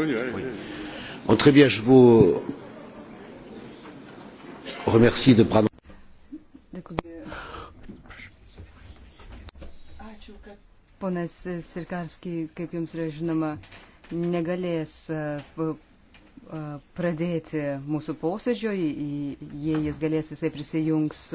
connu. Hein, oui. bon, très bien, je vous remercie de prendre. Ačiū, kad ponas Sirkarski, kaip jums yra žinoma, negalės e, e, pradėti mūsų posėdžio, jei jis galės, jisai prisijungs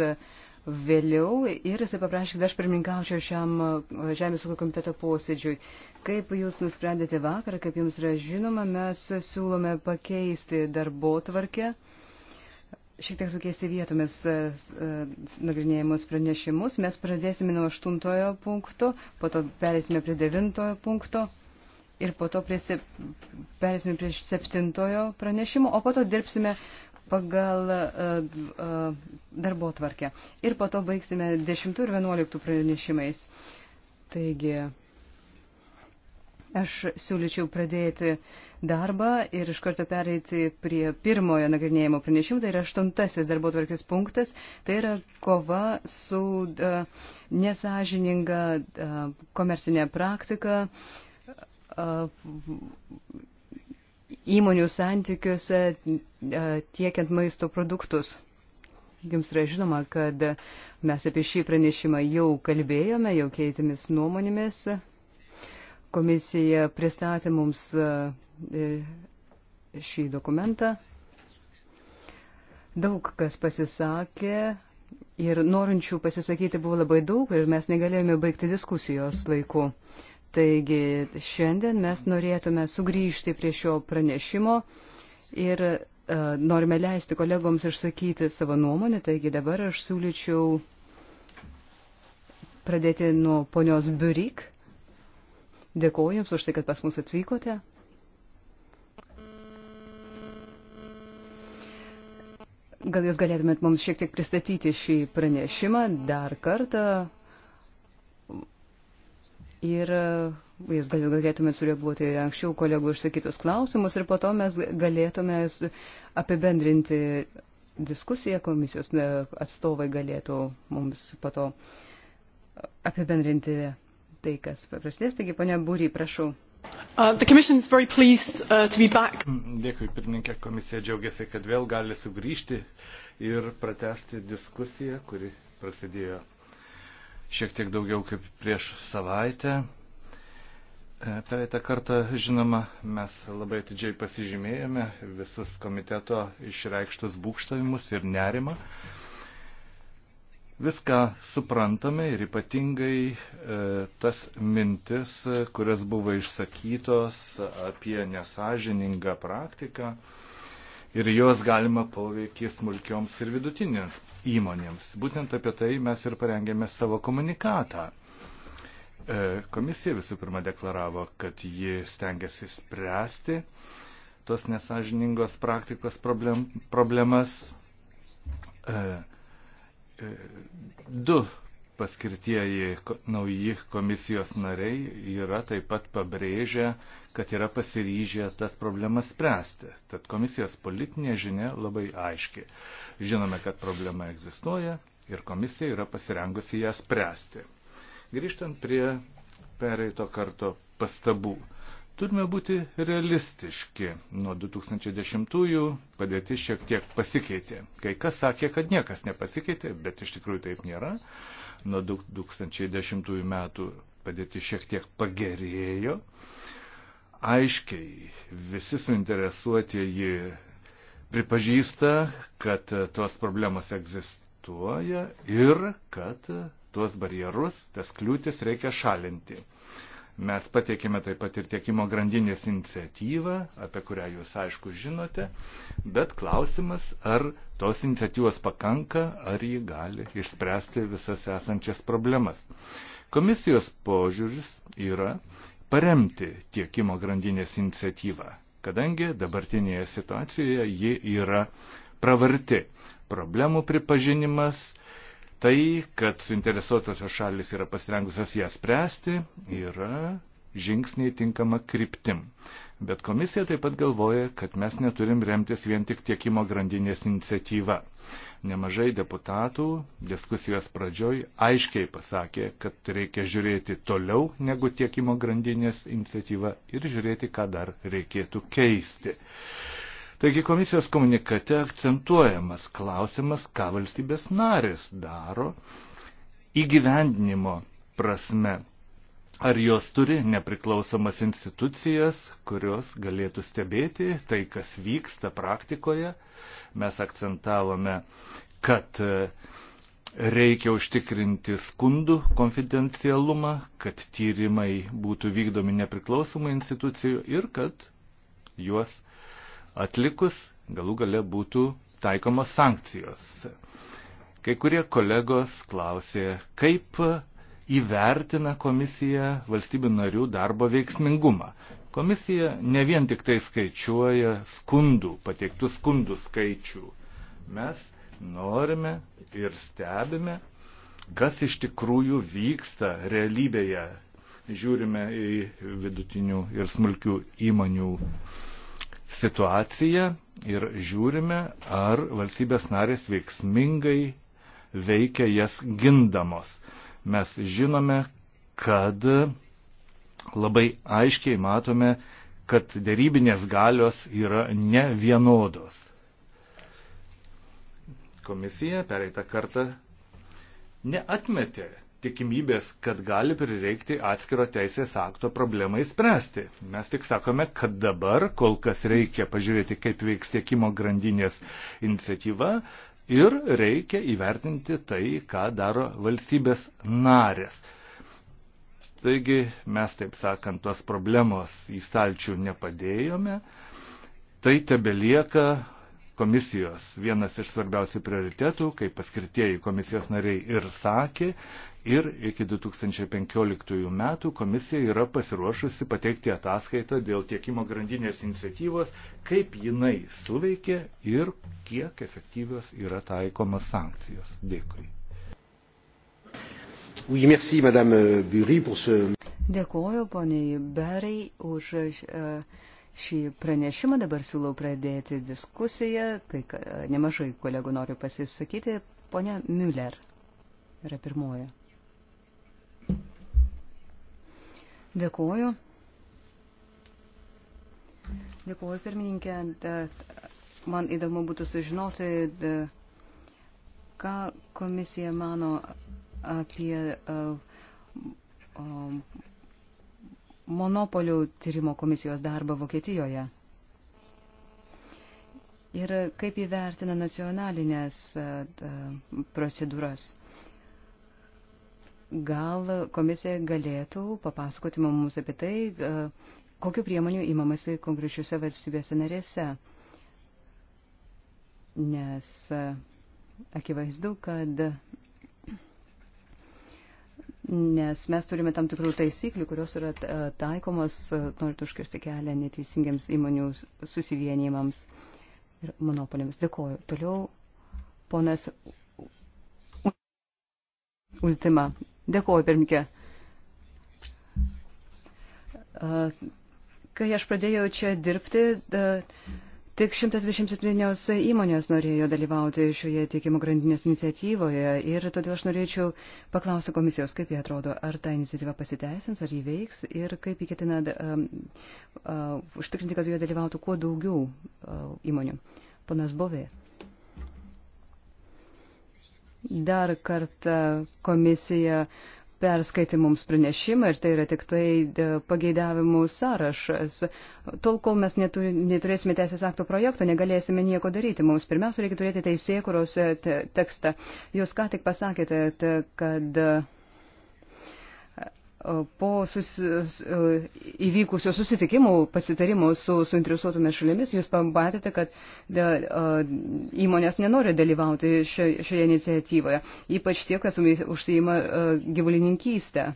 vėliau ir jisai paprašė, kad aš pirmininkaučiau šiam e, Žemės ūkio komiteto posėdžiui. Kaip jūs nusprendėte vakarą, kaip jums yra žinoma, mes siūlome pakeisti darbo tvarkę, šiek tiek sukeisti vietomis e, e, nagrinėjimus pranešimus. Mes pradėsime nuo aštuntojo punkto, po to perėsime prie devintojo punkto. Ir po to prie, perėsime prie septintojo pranešimo, o po to dirbsime pagal e, e, darbo tvarkę. Ir po to baigsime 10 ir 11 pranešimais. Taigi, aš siūlyčiau pradėti darbą ir iš karto pereiti prie pirmojo nagrinėjimo pranešimų. Tai yra aštuntasis darbo tvarkės punktas. Tai yra kova su uh, nesažininga uh, komercinė praktika. Uh, įmonių santykiuose e, tiekiant maisto produktus. Jums yra žinoma, kad mes apie šį pranešimą jau kalbėjome, jau keitėmis nuomonėmis. Komisija pristatė mums e, šį dokumentą. Daug kas pasisakė ir norinčių pasisakyti buvo labai daug ir mes negalėjome baigti diskusijos laiku. Mm. Taigi šiandien mes norėtume sugrįžti prie šio pranešimo ir e, norime leisti kolegoms išsakyti savo nuomonę. Taigi dabar aš siūlyčiau pradėti nuo ponios Biurik. Dėkuoju Jums už tai, kad pas mus atvykote. Gal Jūs galėtumėt mums šiek tiek pristatyti šį pranešimą dar kartą, Ir e, jūs gal, galėtumėt sureaguoti anksčiau kolegų išsakytus klausimus ir po to mes galėtume apibendrinti diskusiją, komisijos e, atstovai galėtų mums po to apibendrinti tai, kas paprastės. Taigi, ponia Būry, prašau. Uh, pleased, uh, mm, Dėkui, pirmininkė, komisija džiaugiasi, kad vėl gali sugrįžti ir pratesti diskusiją, kuri prasidėjo šiek tiek daugiau kaip prieš savaitę. Pereitą kartą, žinoma, mes labai atidžiai pasižymėjome visus komiteto išreikštus būkštavimus ir nerimą. Viską suprantame ir ypatingai e, tas mintis, kurias buvo išsakytos apie nesažiningą praktiką, e, ir jos galima poveikį smulkioms ir vidutinėms įmonėms. Būtent apie tai mes ir parengėme savo komunikatą. E, komisija visų pirma deklaravo, kad ji stengiasi spręsti tos nesažiningos praktikos problem, problemas. E, e, du paskirtieji nauji komisijos nariai yra taip pat pabrėžę, kad yra pasiryžę tas problemas spręsti. Tad komisijos politinė žinia labai aiški. Žinome, kad problema egzistuoja ir komisija yra pasirengusi ją spręsti. Grįžtant prie pereito karto pastabų. Turime būti realistiški. Nuo 2010-ųjų padėtis šiek tiek pasikeitė. Kai kas sakė, kad niekas nepasikeitė, bet iš tikrųjų taip nėra nuo 2010 metų padėti šiek tiek pagerėjo. Aiškiai visi suinteresuotieji pripažįsta, kad tos problemos egzistuoja ir kad tuos barjerus, tas kliūtis reikia šalinti. Mes pateikėme taip pat ir tiekimo grandinės iniciatyvą, apie kurią jūs aišku žinote, bet klausimas, ar tos iniciatyvos pakanka, ar ji gali išspręsti visas esančias problemas. Komisijos požiūris yra paremti tiekimo grandinės iniciatyvą, kadangi dabartinėje situacijoje ji yra pravarti. Problemų pripažinimas, Tai, kad suinteresuotosios šalis yra pasirengusios ją spręsti, yra žingsniai tinkama kryptim. Bet komisija taip pat galvoja, kad mes neturim remtis vien tik tiekimo grandinės iniciatyva. Nemažai deputatų diskusijos pradžioj aiškiai pasakė, kad reikia žiūrėti toliau negu tiekimo grandinės iniciatyva ir žiūrėti, ką dar reikėtų keisti. Taigi komisijos komunikate akcentuojamas klausimas, ką valstybės narės daro įgyvendinimo prasme. Ar jos turi nepriklausomas institucijas, kurios galėtų stebėti tai, kas vyksta praktikoje? Mes akcentavome, kad e, reikia užtikrinti skundų konfidencialumą, kad tyrimai būtų vykdomi nepriklausomų institucijų ir kad juos atlikus galų gale būtų taikomos sankcijos. Kai kurie kolegos klausė, kaip įvertina komisija valstybių narių darbo veiksmingumą. Komisija ne vien tik tai skaičiuoja skundų, pateiktų skundų skaičių. Mes norime ir stebime, kas iš tikrųjų vyksta realybėje. Žiūrime į vidutinių ir smulkių įmonių situaciją ir žiūrime, ar valstybės narės veiksmingai veikia jas gindamos. Mes žinome, kad labai aiškiai matome, kad dėrybinės galios yra ne vienodos. Komisija pereitą kartą neatmetė tikimybės, kad gali prireikti atskiro teisės akto problemai spręsti. Mes tik sakome, kad dabar kol kas reikia pažiūrėti, kaip veiks tiekimo grandinės iniciatyva ir reikia įvertinti tai, ką daro valstybės narės. Taigi mes, taip sakant, tos problemos į stalčių nepadėjome. Tai tebelieka komisijos vienas iš svarbiausių prioritetų, kaip paskirtieji komisijos nariai ir sakė, ir iki 2015 metų komisija yra pasiruošusi pateikti ataskaitą dėl tiekimo grandinės iniciatyvos, kaip jinai suveikė ir kiek efektyvios yra taikomas sankcijos. Dėkui. Oui, merci, Madame Bury, pour ce... Dėkuoju, poniai Berai, už e, šį pranešimą. Dabar siūlau pradėti diskusiją. Kai nemažai kolegų noriu pasisakyti. Ponia Müller yra pirmoji. Dėkuoju. Dėkuoju, pirmininkė. Man įdomu būtų sužinoti, ką komisija mano apie monopolių tyrimo komisijos darbą Vokietijoje. Ir kaip įvertina nacionalinės procedūras. Gal komisija galėtų papasakoti mums apie tai, e, kokiu priemonių įmamasi konkrečiuose valstybėse narėse. Nes e, akivaizdu, kad nes mes turime tam tikrų taisyklių, kurios yra e, taikomos, norint užkirsti kelią neteisingiams įmonių susivienimams ir monopoliams. Dėkoju. Toliau ponas Ultima. Dėkuoju, pirmikė. Kai aš pradėjau čia dirbti, tik 127 įmonės norėjo dalyvauti šioje tiekimo grandinės iniciatyvoje ir todėl aš norėčiau paklausti komisijos, kaip jie atrodo, ar ta iniciatyva pasiteisins, ar jį veiks ir kaip jie ketina um, uh, užtikrinti, kad joje dalyvautų kuo daugiau uh, įmonių. Ponas Bovė. Uh, Dar kartą komisija perskaitė mums pranešimą ir tai yra tik tai e, pageidavimų sąrašas. Tol, kol mes neturi, neturėsime teisės akto projekto, negalėsime nieko daryti. Mums pirmiausia reikia turėti teisėkuros e, tekstą. Jūs ką tik pasakėte, kad po sus, e, įvykusio susitikimo, pasitarimo su suinteresuotomis šalimis, jūs pamatėte, kad e, įmonės nenori dalyvauti šioje iniciatyvoje, ypač tie, kas užsijima e, gyvulininkystę.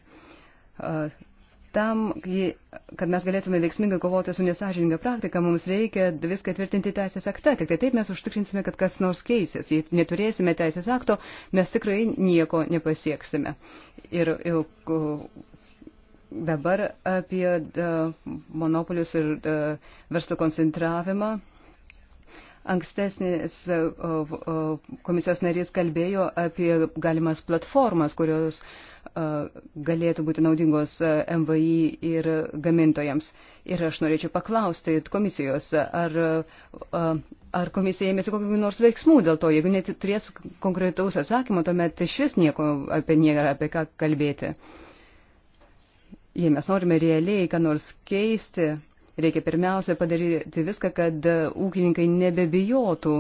Tam, kad mes galėtume veiksmingai kovoti su nesažininga praktika, mums reikia viską tvirtinti teisės akte. Tik tai taip mes užtikrinsime, kad kas nors keisės. Jei neturėsime teisės akto, mes tikrai nieko nepasieksime. Ir, ir Dabar apie e, monopolius ir e, verslo koncentravimą. Ankstesnis e, komisijos narys kalbėjo apie galimas platformas, kurios galėtų būti naudingos MVI ir gamintojams. Ir aš norėčiau paklausti komisijos, ar, ar komisija ėmėsi kokių nors veiksmų dėl to. Jeigu neturės konkretaus atsakymo, tuomet iš vis nieko apie nėra apie ką kalbėti. Uh, Jei mes norime realiai ką nors keisti, reikia pirmiausia padaryti viską, kad ūkininkai nebebijotų.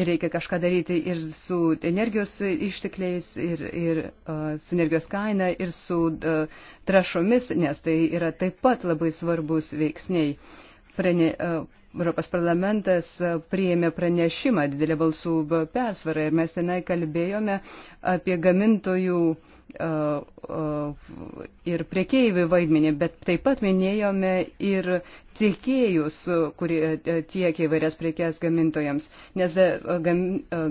Ir reikia kažką daryti ir su energijos ištekliais, ir, ir uh, su energijos kaina, ir su uh, trašomis, nes tai yra taip pat labai svarbus veiksniai. Prane, uh, Europos parlamentas priėmė pranešimą didelę balsų persvarą ir mes tenai kalbėjome apie gamintojų uh, E, e, ir priekeivių vaidmenį, bet taip pat minėjome ir tiekėjus, kurie e, tiekia įvairias priekes gamintojams, nes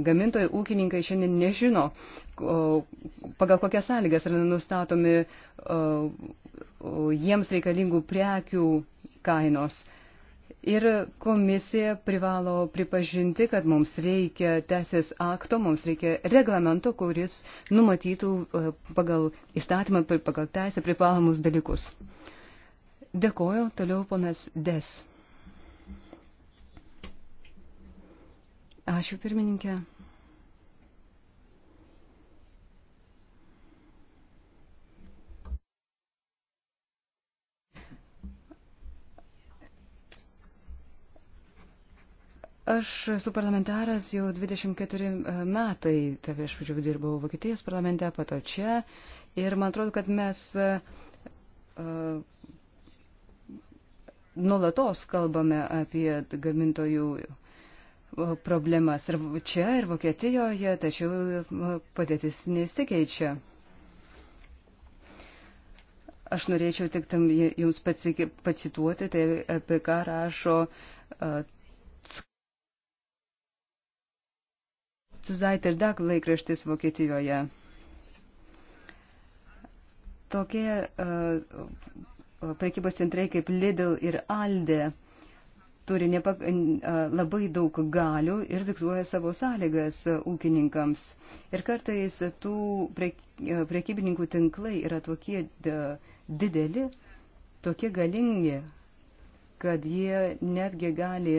gamintojai, ūkininkai šiandien nežino, pagal kokias sąlygas yra nustatomi jiems reikalingų prekių kainos. Uh, Ir komisija privalo pripažinti, kad mums reikia teisės akto, mums reikia reglamento, kuris numatytų e, pagal įstatymą, pagal teisę privalomus dalykus. Dėkoju, toliau ponas Des. Ačiū pirmininkė. Aš esu parlamentaras jau 24 e, metai, tai aš jau dirbau Vokietijos parlamente, pato čia. Ir man atrodo, kad mes uh, e, e, nulatos kalbame apie gamintojų problemas ir čia, ir Vokietijoje, tačiau padėtis nesikeičia. Aš norėčiau tik tam jums pacituoti, tai apie ką rašo uh, Zaiter Dag laikraštis Vokietijoje. Tokie uh, prekybos centrai kaip Lidl ir Alde turi nepak, e, labai daug galių ir diktuoja savo sąlygas ūkininkams. Ir kartais tų e, prekybininkų tinklai yra tokie dideli, tokie galingi, kad jie netgi gali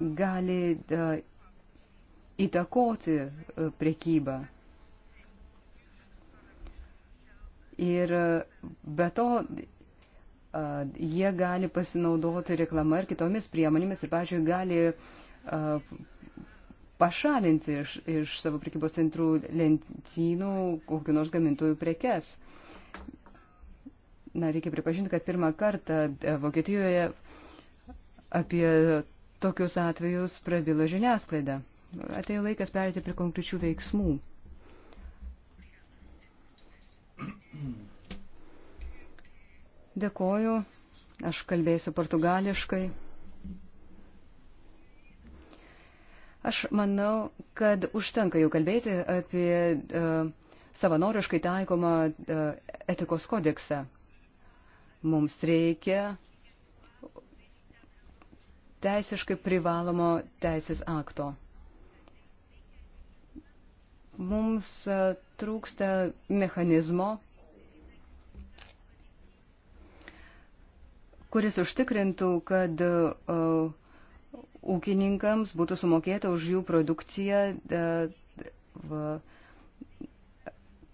gali e, įtakoti e, prekybą. Ir e, be to jie gali pasinaudoti reklamą ir kitomis priemonėmis ir, pažiūrėjau, gali pašalinti iš, iš savo prekybos centrų lentynų kokiu nors gamintojų prekes. Na, reikia pripažinti, kad pirmą kartą Vokietijoje apie tokius atvejus prabilo žiniasklaida. Atėjo laikas perėti prie konkrečių veiksmų. Dėkoju, aš kalbėsiu portugališkai. Aš manau, kad užtenka jau kalbėti apie uh, savanoriškai taikomą uh, etikos kodeksą. Mums reikia teisiškai privalomo teisės akto. Mums e, trūksta mechanizmo, kuris užtikrintų, kad uh, ūkininkams būtų sumokėta už jų produkciją uh,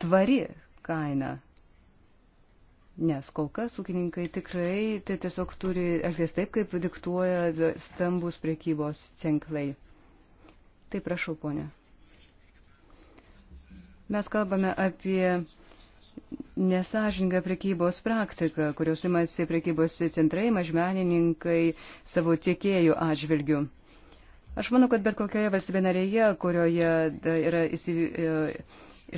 tvari kaina. Nes kol kas ūkininkai tikrai tai tiesiog turi elgtis taip, kaip diktuoja stambus priekybos tinklai. Tai prašau, ponė. Mes kalbame apie nesažinga prekybos praktika, kurios imasi prekybos centrai, mažmenininkai savo tiekėjų atžvilgių. Aš manau, kad bet kokioje valstybė narėje, kurioje yra e,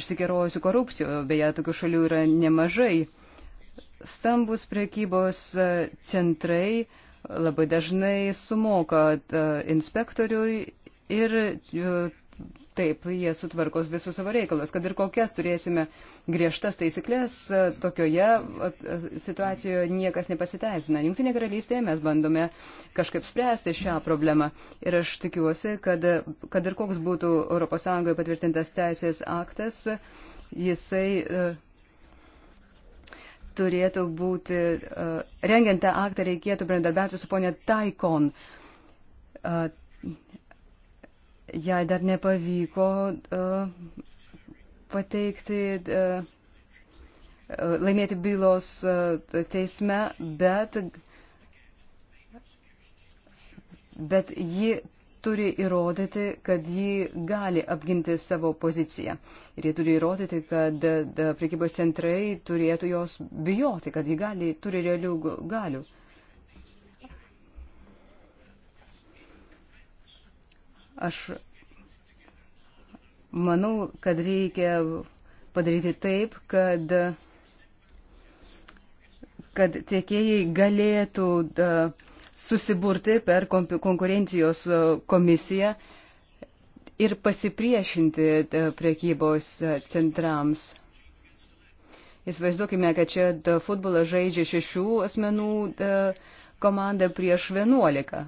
išsikerojusi korupcijų, beje, tokių šalių yra nemažai, Stambus prekybos e, centrai labai dažnai sumoka e, inspektoriui ir e, taip jie sutvarkos visus savo reikalus. Kad ir kokias turėsime griežtas taisyklės, tokioje situacijoje niekas nepasiteisina. Junktinė karalystėje mes bandome kažkaip spręsti šią problemą. Ir aš tikiuosi, kad, kad ir koks būtų ES patvirtintas teisės aktas, jisai turėtų būti, e, rengiant tą aktą reikėtų bendarbiauti su ponė Taikon. E, Jei dar nepavyko e, pateikti, laimėti bylos teisme, bet, bet ji turi įrodyti, kad ji gali apginti savo poziciją. Ir jie turi įrodyti, kad priekybos centrai turėtų jos bijoti, kad ji gali, turi realių galių. Aš manau, kad reikia padaryti taip, kad, kad tiekėjai galėtų uh, susiburti per konkurencijos e, komisiją ir pasipriešinti e, priekybos e, centrams. Įsivaizduokime, kad čia futbolą žaidžia šešių asmenų komanda prieš vienuolika.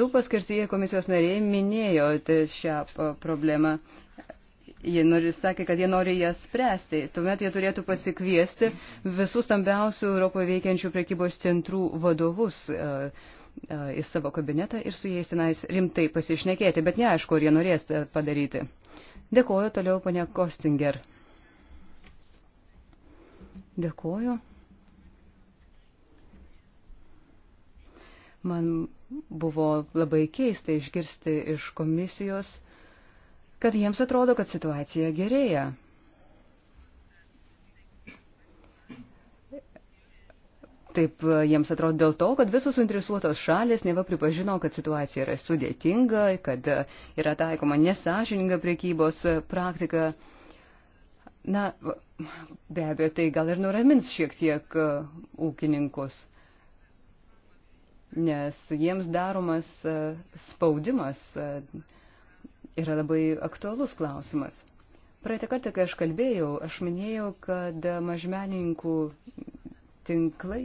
Du paskirtieji komisijos nariai minėjo šią problemą. Jie nori, sakė, kad jie nori jas spręsti. Tuomet jie turėtų pasikviesti visus stambiausių Europoje veikiančių prekybos centrų vadovus e, e, į savo kabinetą ir su jais tenais rimtai pasišnekėti, bet neaišku, ar jie norės padaryti. Dėkoju toliau, ponia Kostinger. Dėkoju. Man buvo labai keista išgirsti iš komisijos kad jiems atrodo, kad situacija gerėja. Taip jiems atrodo dėl to, kad visos suinteresuotos šalės neva pripažino, kad situacija yra sudėtinga, kad yra taikoma nesažininga priekybos praktika. Na, be abejo, tai gal ir nuramins šiek tiek e, ūkininkus, nes jiems daromas e, spaudimas e, yra labai aktualus klausimas. Praeitą kartą, kai aš kalbėjau, aš minėjau, kad mažmenininkų tinklai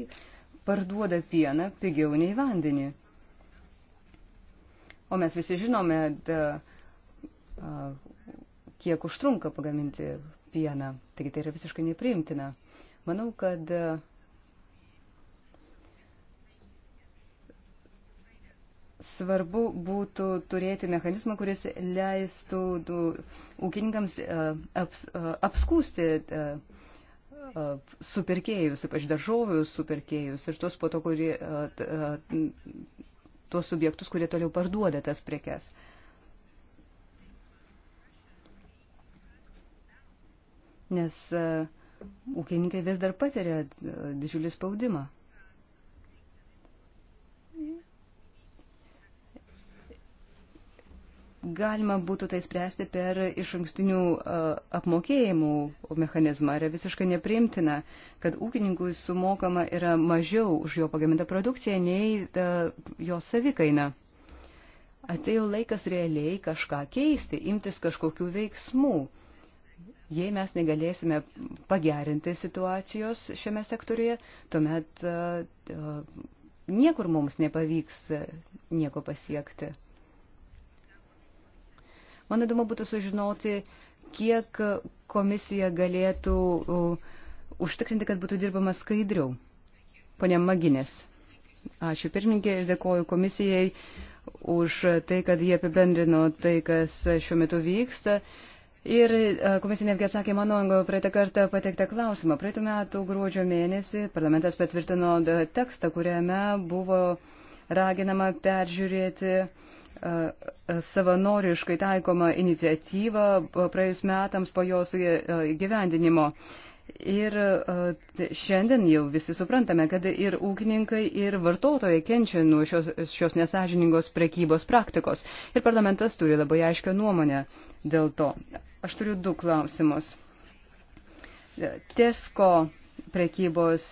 parduoda pieną pigiau nei vandenį. O mes visi žinome, da, a, kiek užtrunka pagaminti pieną. Taigi tai yra visiškai nepriimtina. Manau, kad svarbu būtų turėti mechanizmą, kuris leistų ūkininkams e, aps, e, apskūsti e, supirkėjus, ypač daržovių supirkėjus ir tuos po to, kurie, tuos subjektus, kurie toliau parduoda tas prekes. Nes ūkininkai vis dar patiria didžiulį spaudimą. galima būtų tai spręsti per iš ankstinių apmokėjimų mechanizmą. Yra visiškai neprimtina, kad ūkininkui sumokama yra mažiau už jo pagamintą produkciją nei ta, jos savikaina. Atėjo laikas realiai kažką keisti, imtis kažkokių veiksmų. Jei mes negalėsime pagerinti situacijos šiame sektoriuje, tuomet uh, niekur mums nepavyks nieko pasiekti. Man įdomu būtų sužinoti, kiek komisija galėtų užtikrinti, kad būtų dirbama skaidriau. Pone Maginės, ačiū pirmininkė ir dėkoju komisijai už tai, kad jie apibendrino tai, kas šiuo metu vyksta. Ir e, komisija netgi atsakė mano praeitą kartą pateiktą klausimą. Praeitų metų gruodžio mėnesį parlamentas patvirtino tekstą, kuriame buvo raginama peržiūrėti uh, savanoriškai taikoma iniciatyva praėjus metams po jos e, gyvendinimo. Ir šiandien jau visi suprantame, kad ir ūkininkai, ir vartotojai kenčia nuo šios, šios nesažiningos prekybos praktikos. Ir parlamentas turi labai aiškę nuomonę dėl to. Aš turiu du klausimus. Tesko prekybos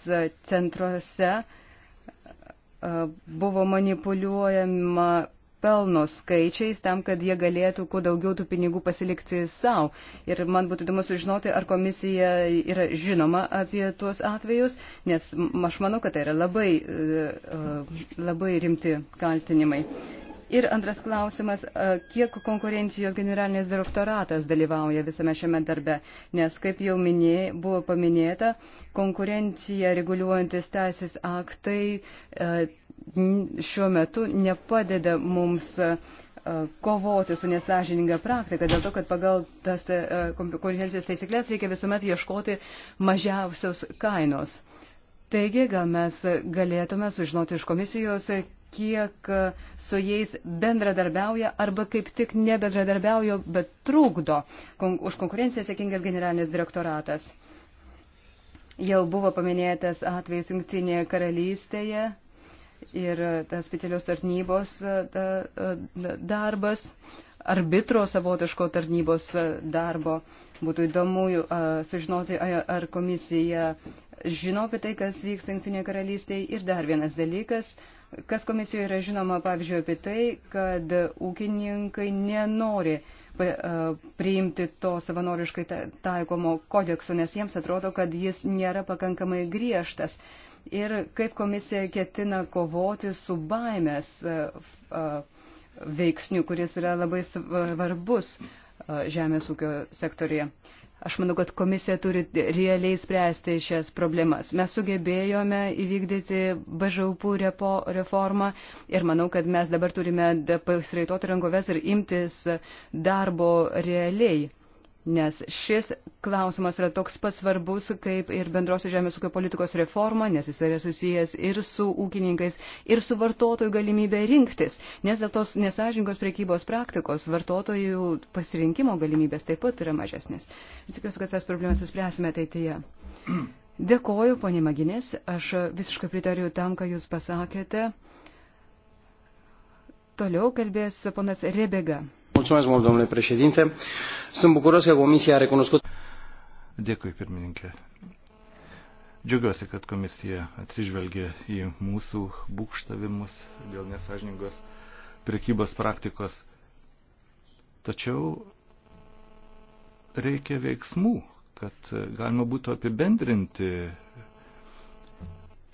centruose buvo manipuliuojama pelno skaičiais tam, kad jie galėtų kuo daugiau tų pinigų pasilikti savo. Ir man būtų įdomu sužinoti, ar komisija yra žinoma apie tuos atvejus, nes aš manau, kad tai yra labai, e, e, labai rimti kaltinimai. Ir antras klausimas, kiek konkurencijos generalinis direktoratas dalyvauja visame šiame darbe, nes, kaip jau minė, buvo paminėta, konkurencija reguliuojantis teisės aktai šiuo metu nepadeda mums kovoti su nesažininga praktika, dėl to, kad pagal tas konkurencijos taisyklės reikia visuomet ieškoti mažiausios kainos. Taigi, gal mes galėtume sužinoti iš komisijos, kiek su jais bendradarbiauja arba kaip tik nebendradarbiauja, bet trukdo kon už konkurenciją sėkingas generalinis direktoratas. Jau buvo paminėtas atvejs Junktinėje karalystėje ir specialios tarnybos e, e, darbas, arbitro savotiško tarnybos e, darbo. Būtų įdomu sužinoti, ar komisija žino apie tai, kas vyksta Junktinėje karalystėje. Ir dar vienas dalykas, Kas komisijoje yra žinoma, pavyzdžiui, apie tai, kad ūkininkai nenori priimti to savanoriškai taikomo kodekso, nes jiems atrodo, kad jis nėra pakankamai griežtas. Ir kaip komisija ketina kovoti su baimės veiksniu, kuris yra labai svarbus žemės ūkio sektorija. Aš manau, kad komisija turi realiai spręsti šias problemas. Mes sugebėjome įvykdyti bažaupų reformą ir manau, kad mes dabar turime pasiraitoti rankoves ir imtis darbo realiai nes šis klausimas yra toks pats svarbus kaip ir bendrosios žemės ūkio politikos reforma, nes jis yra susijęs ir su ūkininkais, ir su vartotojų galimybė rinktis, nes dėl tos nesažingos priekybos praktikos vartotojų pasirinkimo galimybės taip pat yra mažesnės. Ir tikiuosi, kad tas problemas įspręsime ateityje. Dėkoju, ponė Maginės, aš visiškai pritariu tam, ką jūs pasakėte. Toliau kalbės ponas Rebega. Mulțumesc mult, domnule președinte. Sunt bucuros că Comisia a recunoscut. Dėkui, pirmininkė. Džiugiuosi, kad komisija atsižvelgia į mūsų būkštavimus dėl nesažiningos prekybos praktikos. Tačiau reikia veiksmų, kad galima būtų apibendrinti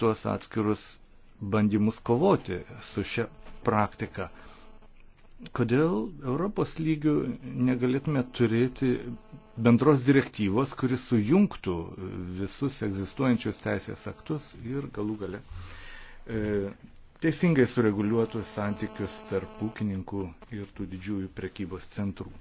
tuos atskirus bandymus kovoti su šia praktika kodėl Europos lygių negalėtume turėti bendros direktyvos, kuris sujungtų visus egzistuojančius teisės aktus ir galų gale e, teisingai sureguliuotų santykius tarp ūkininkų ir tų didžiųjų prekybos centrų.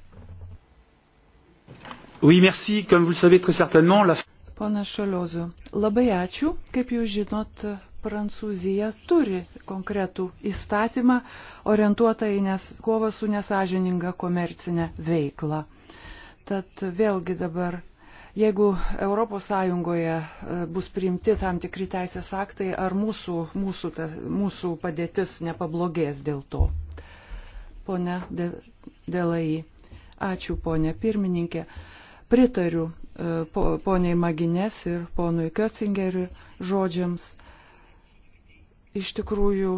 Oui, merci, comme vous le savez très certainement, la... Pana Šaliozu, labai ačiū, kaip jūs žinot, Prancūzija turi konkretų įstatymą orientuotą į nes, kovą su nesažininga komercinė veikla. Tad vėlgi dabar, jeigu ES e, bus priimti tam tikri teisės aktai, ar mūsų, mūsų, ta, mūsų padėtis nepablogės dėl to? Pone Delai, ačiū ponė pirmininkė. Pritariu e, poniai Maginės ir ponui Kötzingeriui žodžiams Iš tikrųjų,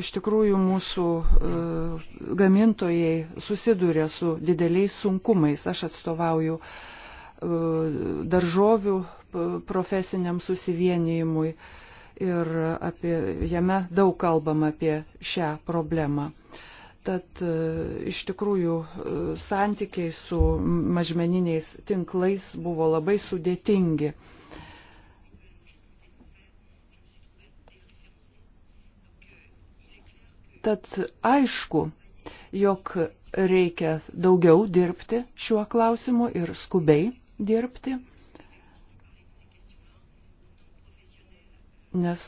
iš tikrųjų mūsų uh, gamintojai susiduria su dideliais sunkumais. Aš atstovauju uh, daržovių profesiniam susivienijimui ir apie, jame daug kalbam apie šią problemą. Tad uh, iš tikrųjų santykiai su mažmeniniais tinklais buvo labai sudėtingi. Uh, Tad aišku, jog reikia daugiau dirbti šiuo klausimu ir skubiai dirbti, nes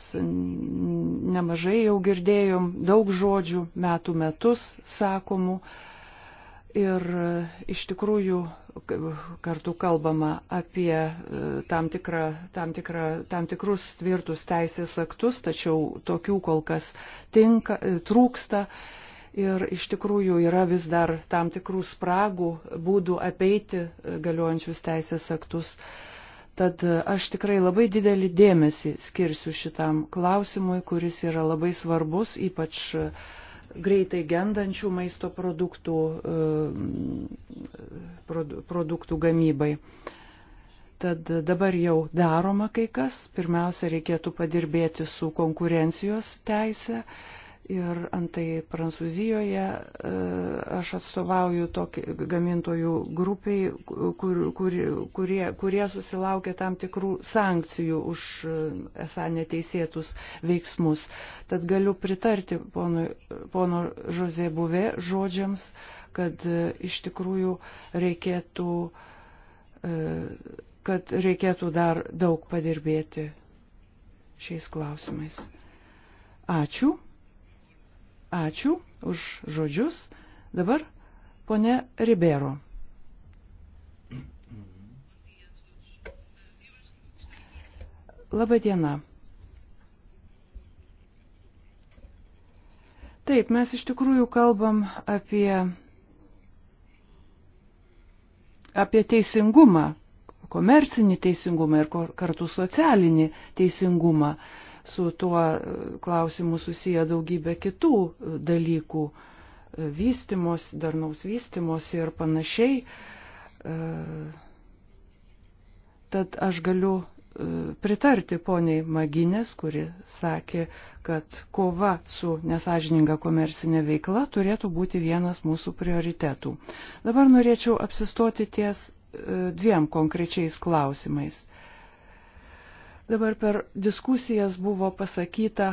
nemažai jau girdėjom daug žodžių metų metus sakomų Ir e, iš tikrųjų kartu kalbama apie e, tam, tikrą, tam, tikrą, tam tikrus tvirtus teisės aktus, tačiau tokių kol kas tinka, e, trūksta. Ir iš tikrųjų yra vis dar tam tikrų spragų, būdų apeiti galiojančius teisės aktus. Tad aš tikrai labai didelį dėmesį skirsiu šitam klausimui, kuris yra labai svarbus, ypač uh, greitai gendančių maisto produktų, e, produktų gamybai. Tad dabar jau daroma kai kas. Pirmiausia, reikėtų padirbėti su konkurencijos teise Ir antai Prancūzijoje e, aš atstovauju tokį gamintojų grupiai, kur, kur, kurie, kurie susilaukė tam tikrų sankcijų už e, esą neteisėtus veiksmus. Tad galiu pritarti pono, pono Žozė Buvė žodžiams, kad e, iš tikrųjų reikėtų, kad reikėtų dar daug padirbėti šiais klausimais. Ačiū. Ačiū už žodžius. Dabar ponė Ribero. Labą dieną. Taip, mes iš tikrųjų kalbam apie, apie teisingumą, komercinį teisingumą ir kartu socialinį teisingumą. Uh, su tuo e, klausimu susiję daugybė kitų e, dalykų e, - vystimos, darnaus vystimos ir panašiai. Tad aš galiu pritarti poniai Maginės, kuri sakė, kad kova su nesažininga komercinė veikla turėtų būti vienas mūsų prioritetų. Dabar norėčiau apsistoti ties dviem konkrečiais klausimais. Dabar per diskusijas buvo pasakyta,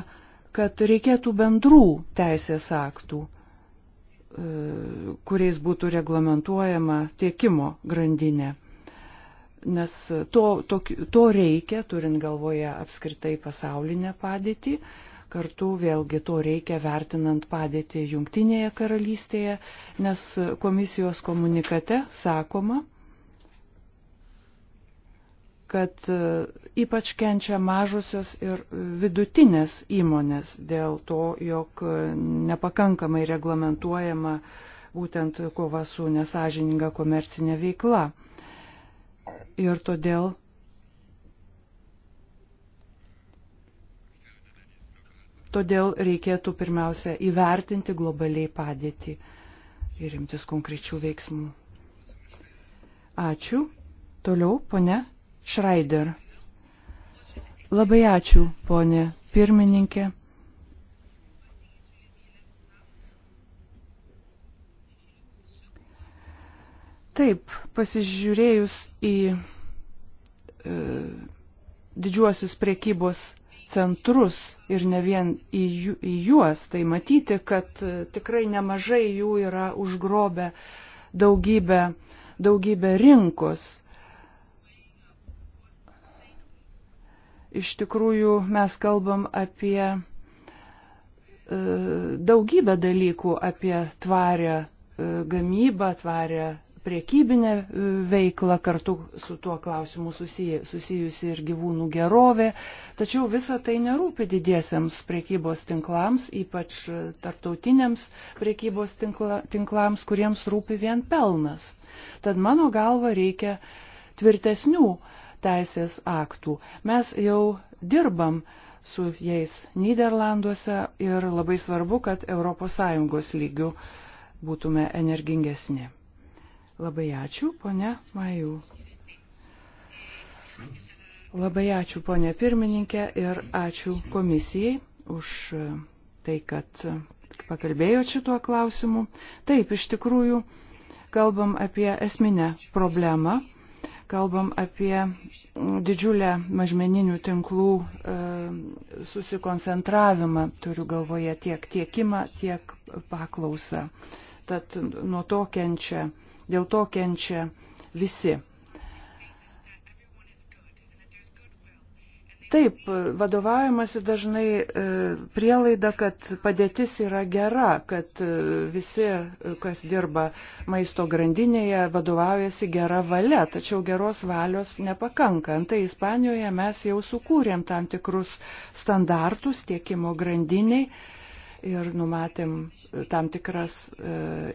kad reikėtų bendrų teisės aktų, e, kuriais būtų reglamentuojama tiekimo grandinė. Nes to, to, to reikia, turint galvoje apskritai pasaulinę padėtį, kartu vėlgi to reikia vertinant padėtį Junktinėje karalystėje, nes komisijos komunikate sakoma, kad e, ypač kenčia mažusios ir vidutinės įmonės dėl to, jog e, nepakankamai reglamentuojama būtent kova su nesažininga komercinė veikla. Ir todėl Todėl reikėtų pirmiausia įvertinti globaliai padėtį ir imtis konkrečių veiksmų. Ačiū. Toliau, ponia Šraider. Labai ačiū, ponė pirmininkė. Taip, pasižiūrėjus į e, didžiuosius priekybos centrus ir ne vien į, ju, į juos, tai matyti, kad e, tikrai nemažai jų yra užgrobę daugybę, daugybę rinkos iš tikrųjų mes kalbam apie e, daugybę dalykų, apie tvarę e, gamybą, tvarę priekybinę e, veiklą, kartu su tuo klausimu susiję, susijusi ir gyvūnų gerovė. Tačiau visa tai nerūpi didiesiems priekybos tinklams, ypač e, tarptautiniams priekybos tinkla, tinklams, kuriems rūpi vien pelnas. Tad mano galva reikia tvirtesnių teisės aktų. Mes jau dirbam su jais Niderlanduose ir labai svarbu, kad ES lygių būtume energingesni. Labai ačiū, ponia Majų. Labai ačiū, ponia pirmininkė, ir ačiū komisijai už tai, kad pakalbėjo šituo klausimu. Taip, iš tikrųjų, kalbam apie esminę problemą kalbam apie mm, didžiulę mažmeninių tinklų e, susikoncentravimą, turiu galvoje tiek tiekimą, tiek paklausą. Tad nuo to kenčia, dėl to kenčia visi Taip, vadovaujamasi dažnai e, prielaida, kad padėtis yra gera, kad e, visi, e, kas dirba maisto grandinėje, vadovaujasi gera valia, tačiau geros valios nepakanka. Antai Ispanijoje mes jau sukūrėm tam tikrus standartus tiekimo grandiniai ir numatėm tam tikras e,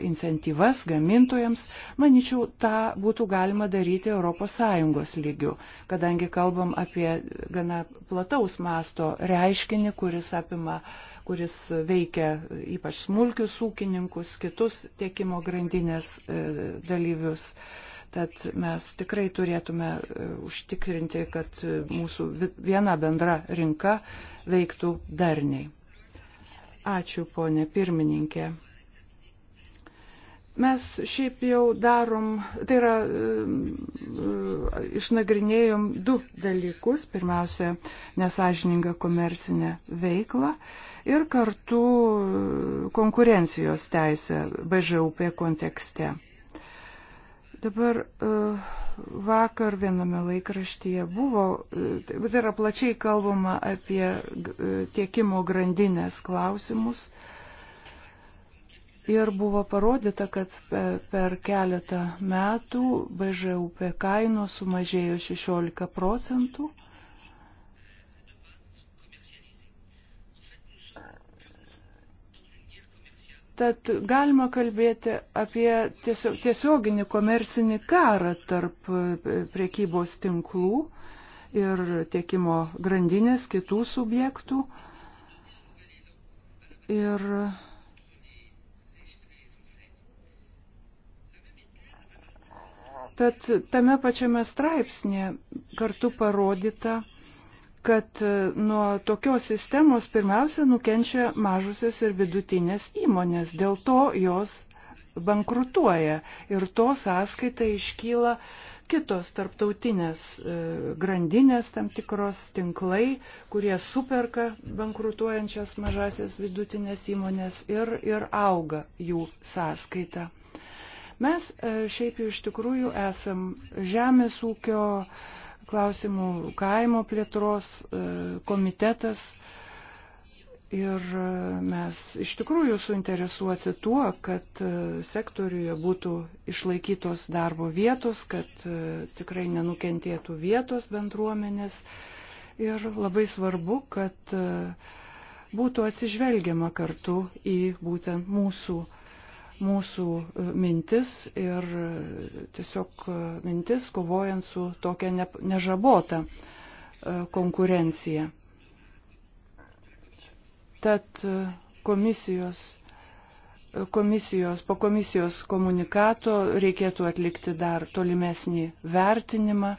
incentyvas gamintojams. Maničiau, tą būtų galima daryti ES lygių, kadangi kalbam apie gana plataus masto reiškinį, kuris apima, kuris veikia ypač smulkius ūkininkus, kitus tiekimo grandinės e, dalyvius. Tad mes tikrai turėtume e, užtikrinti, kad mūsų viena bendra rinka veiktų darniai. Ačiū, ponė pirmininkė. Mes šiaip jau darom, tai yra, e, išnagrinėjom du dalykus. Pirmiausia, nesažininga komercinė veikla ir kartu e, konkurencijos teisė BŽUP kontekste. Dabar uh, vakar viename laikraštyje buvo, uh, tai yra plačiai kalbama apie uh, tiekimo grandinės klausimus. Ir buvo parodyta, kad per keletą metų BŽUP kainos sumažėjo 16 procentų Tad galima kalbėti apie tiesioginį komercinį karą tarp e, priekybos tinklų ir tiekimo grandinės kitų subjektų. Ir tad tame pačiame straipsnėje kartu parodyta, kad e, nuo tokios sistemos pirmiausia nukenčia mažusios ir vidutinės įmonės, dėl to jos bankrutuoja ir to sąskaita iškyla kitos tarptautinės e, grandinės, tam tikros tinklai, kurie superka bankrutuojančias mažasias vidutinės įmonės ir, ir auga jų sąskaita. Mes e, šiaip iš tikrųjų esam žemės ūkio uh, klausimų kaimo plėtros e, komitetas. Ir e, mes iš tikrųjų suinteresuoti tuo, kad e, sektoriuje būtų išlaikytos darbo vietos, kad tikrai nenukentėtų vietos bendruomenės. Ir labai svarbu, kad būtų atsižvelgiama kartu į būtent mūsų uh, mūsų e, mintis ir e, tiesiog e, mintis kovojant su tokia ne, nežabota konkurencija. Tad komisijos, komisijos, po komisijos komunikato reikėtų atlikti dar tolimesnį vertinimą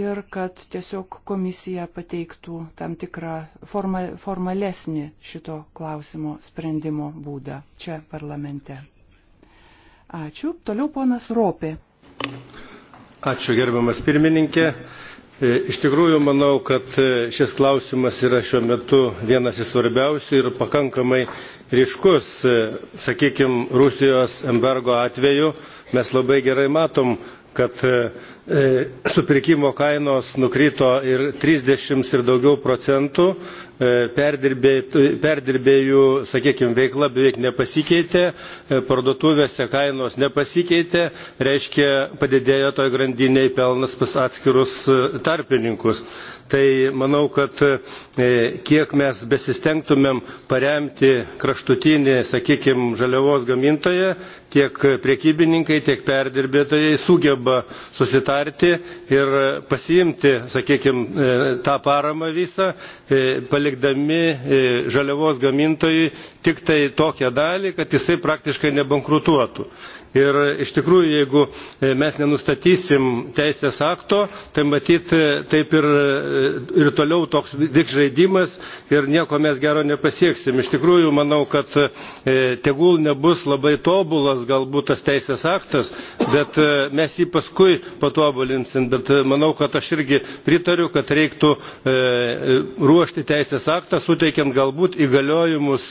ir kad tiesiog komisija pateiktų tam tikrą forma, formalesnį šito klausimo sprendimo būdą čia parlamente. Ačiū. Toliau ponas Ropė. Ačiū gerbiamas pirmininkė. E, iš tikrųjų manau, kad e, šis klausimas yra šiuo metu vienas iš svarbiausių ir pakankamai ryškus. E, Sakykime, Rusijos embargo atveju mes labai gerai matom, kad supirkimo kainos nukrito ir 30 ir daugiau procentų E, perdirbėjų sakykime veikla beveik nepasikeitė e, parduotuvėse kainos nepasikeitė reiškia padidėjo toj grandinėj pelnas pas atskirus e, tarpininkus. tai manau kad kiek mes besistengtumėm paremti kraštutinį sakykime žaliavos gamintoją tiek prekybininkai tiek perdirbėtojai sugeba susitarti ir pasiimti sakykime tą paramą visą palikdami e, žaliavos gamintojui tik tai tokią dalį kad jisai praktiškai nebankrutuotų ir iš tikrųjų jeigu e, mes nenustatysim teisės akto tai matyt e, taip ir, e, ir toliau toks vyks žaidimas ir nieko mes gero nepasieksim. iš tikrųjų manau kad tegul nebus labai tobulas galbūt tas teisės aktas bet mes jį paskui patobulinsim bet manau kad aš irgi pritariu kad reiktų ruošti teisės aktą suteikiant galbūt įgaliojimus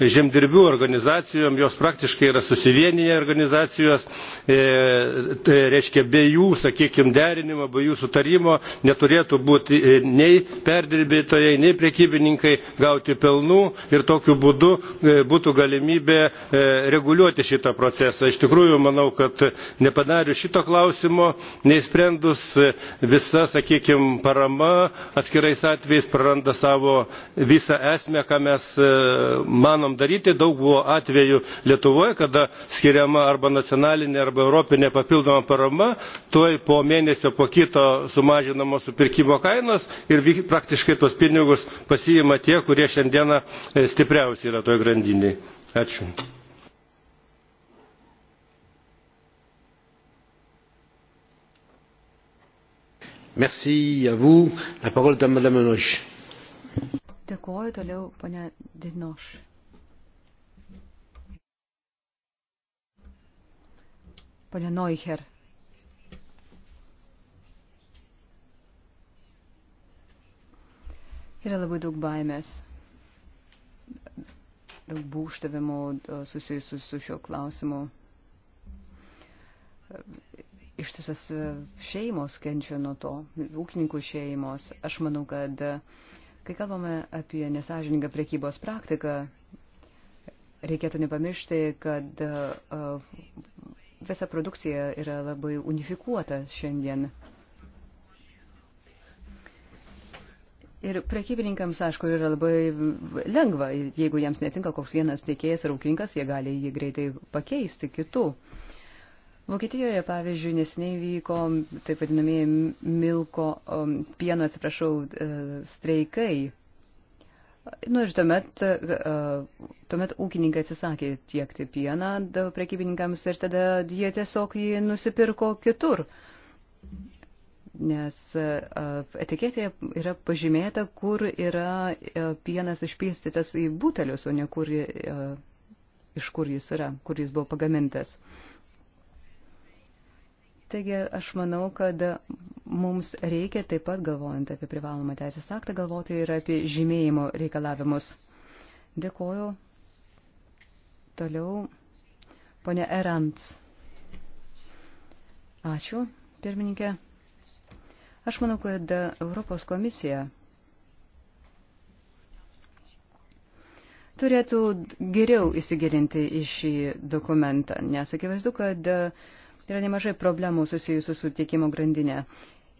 žemdirbių organizacijom jos praktiškai yra susivieniję organizacijos rekomendacijos e, reiškia be jų sakykime derinimo be jų sutarimo neturėtų būti e, nei perdirbėtojai nei prekybininkai gauti pelnų ir tokiu būdu e, būtų galimybė reguliuoti šitą procesą. iš tikrųjų manau kad nepadarius šito klausimo neišsprendus visa sakykime parama atskirais atvejais praranda savo visą esmę ką mes manom daryti daug buvo atvejų lietuvoje kada skiriama arba arba nacionalinė arba europinė papildoma parama tuoj po mėnesio po kito sumažinamos supirkimo kainos ir praktiškai tuos pinigus pasiima tie kurie šiandieną e, stipriausi yra toje grandinėje. Ačiū. Merci à vous. La parole est à Madame Denoche. Dėkuoju toliau, ponia Denoche. Pone Noicher. Yra labai daug baimės, daug būštavimų susijusių su šiuo klausimu. Ištisas e, šeimos kenčia nuo to, ūkininkų šeimos. Aš manau, kad kai kalbame apie nesažininką prekybos praktiką, reikėtų nepamiršti, kad e, visa produkcija yra labai unifikuota šiandien. Ir prekybininkams, aišku, yra labai lengva, jeigu jiems netinka koks vienas tiekėjas ar ūkininkas, jie gali jį greitai pakeisti kitų. Vokietijoje, pavyzdžiui, nesiniai vyko taip vadinamieji milko, um, pieno, atsiprašau, uh, streikai. Nu ir tuomet, e, tuomet ūkininkai atsisakė tiekti pieną prekybininkams ir tada jie tiesiog jį nusipirko kitur. Nes e, etiketėje yra pažymėta, kur yra e, pienas išpilstytas į butelius, o ne kur, iš kur jis yra, kur jis buvo pagamintas. Taigi aš manau, kad mums reikia taip pat galvojant apie privalomą teisės aktą galvoti ir apie žymėjimo reikalavimus. Dėkoju. Toliau, ponė Erants. Ačiū, pirmininkė. Aš manau, kad Europos komisija turėtų geriau įsigilinti į šį dokumentą, nes akivaizdu, kad uh, yra nemažai problemų susijusių su tiekimo grandinė.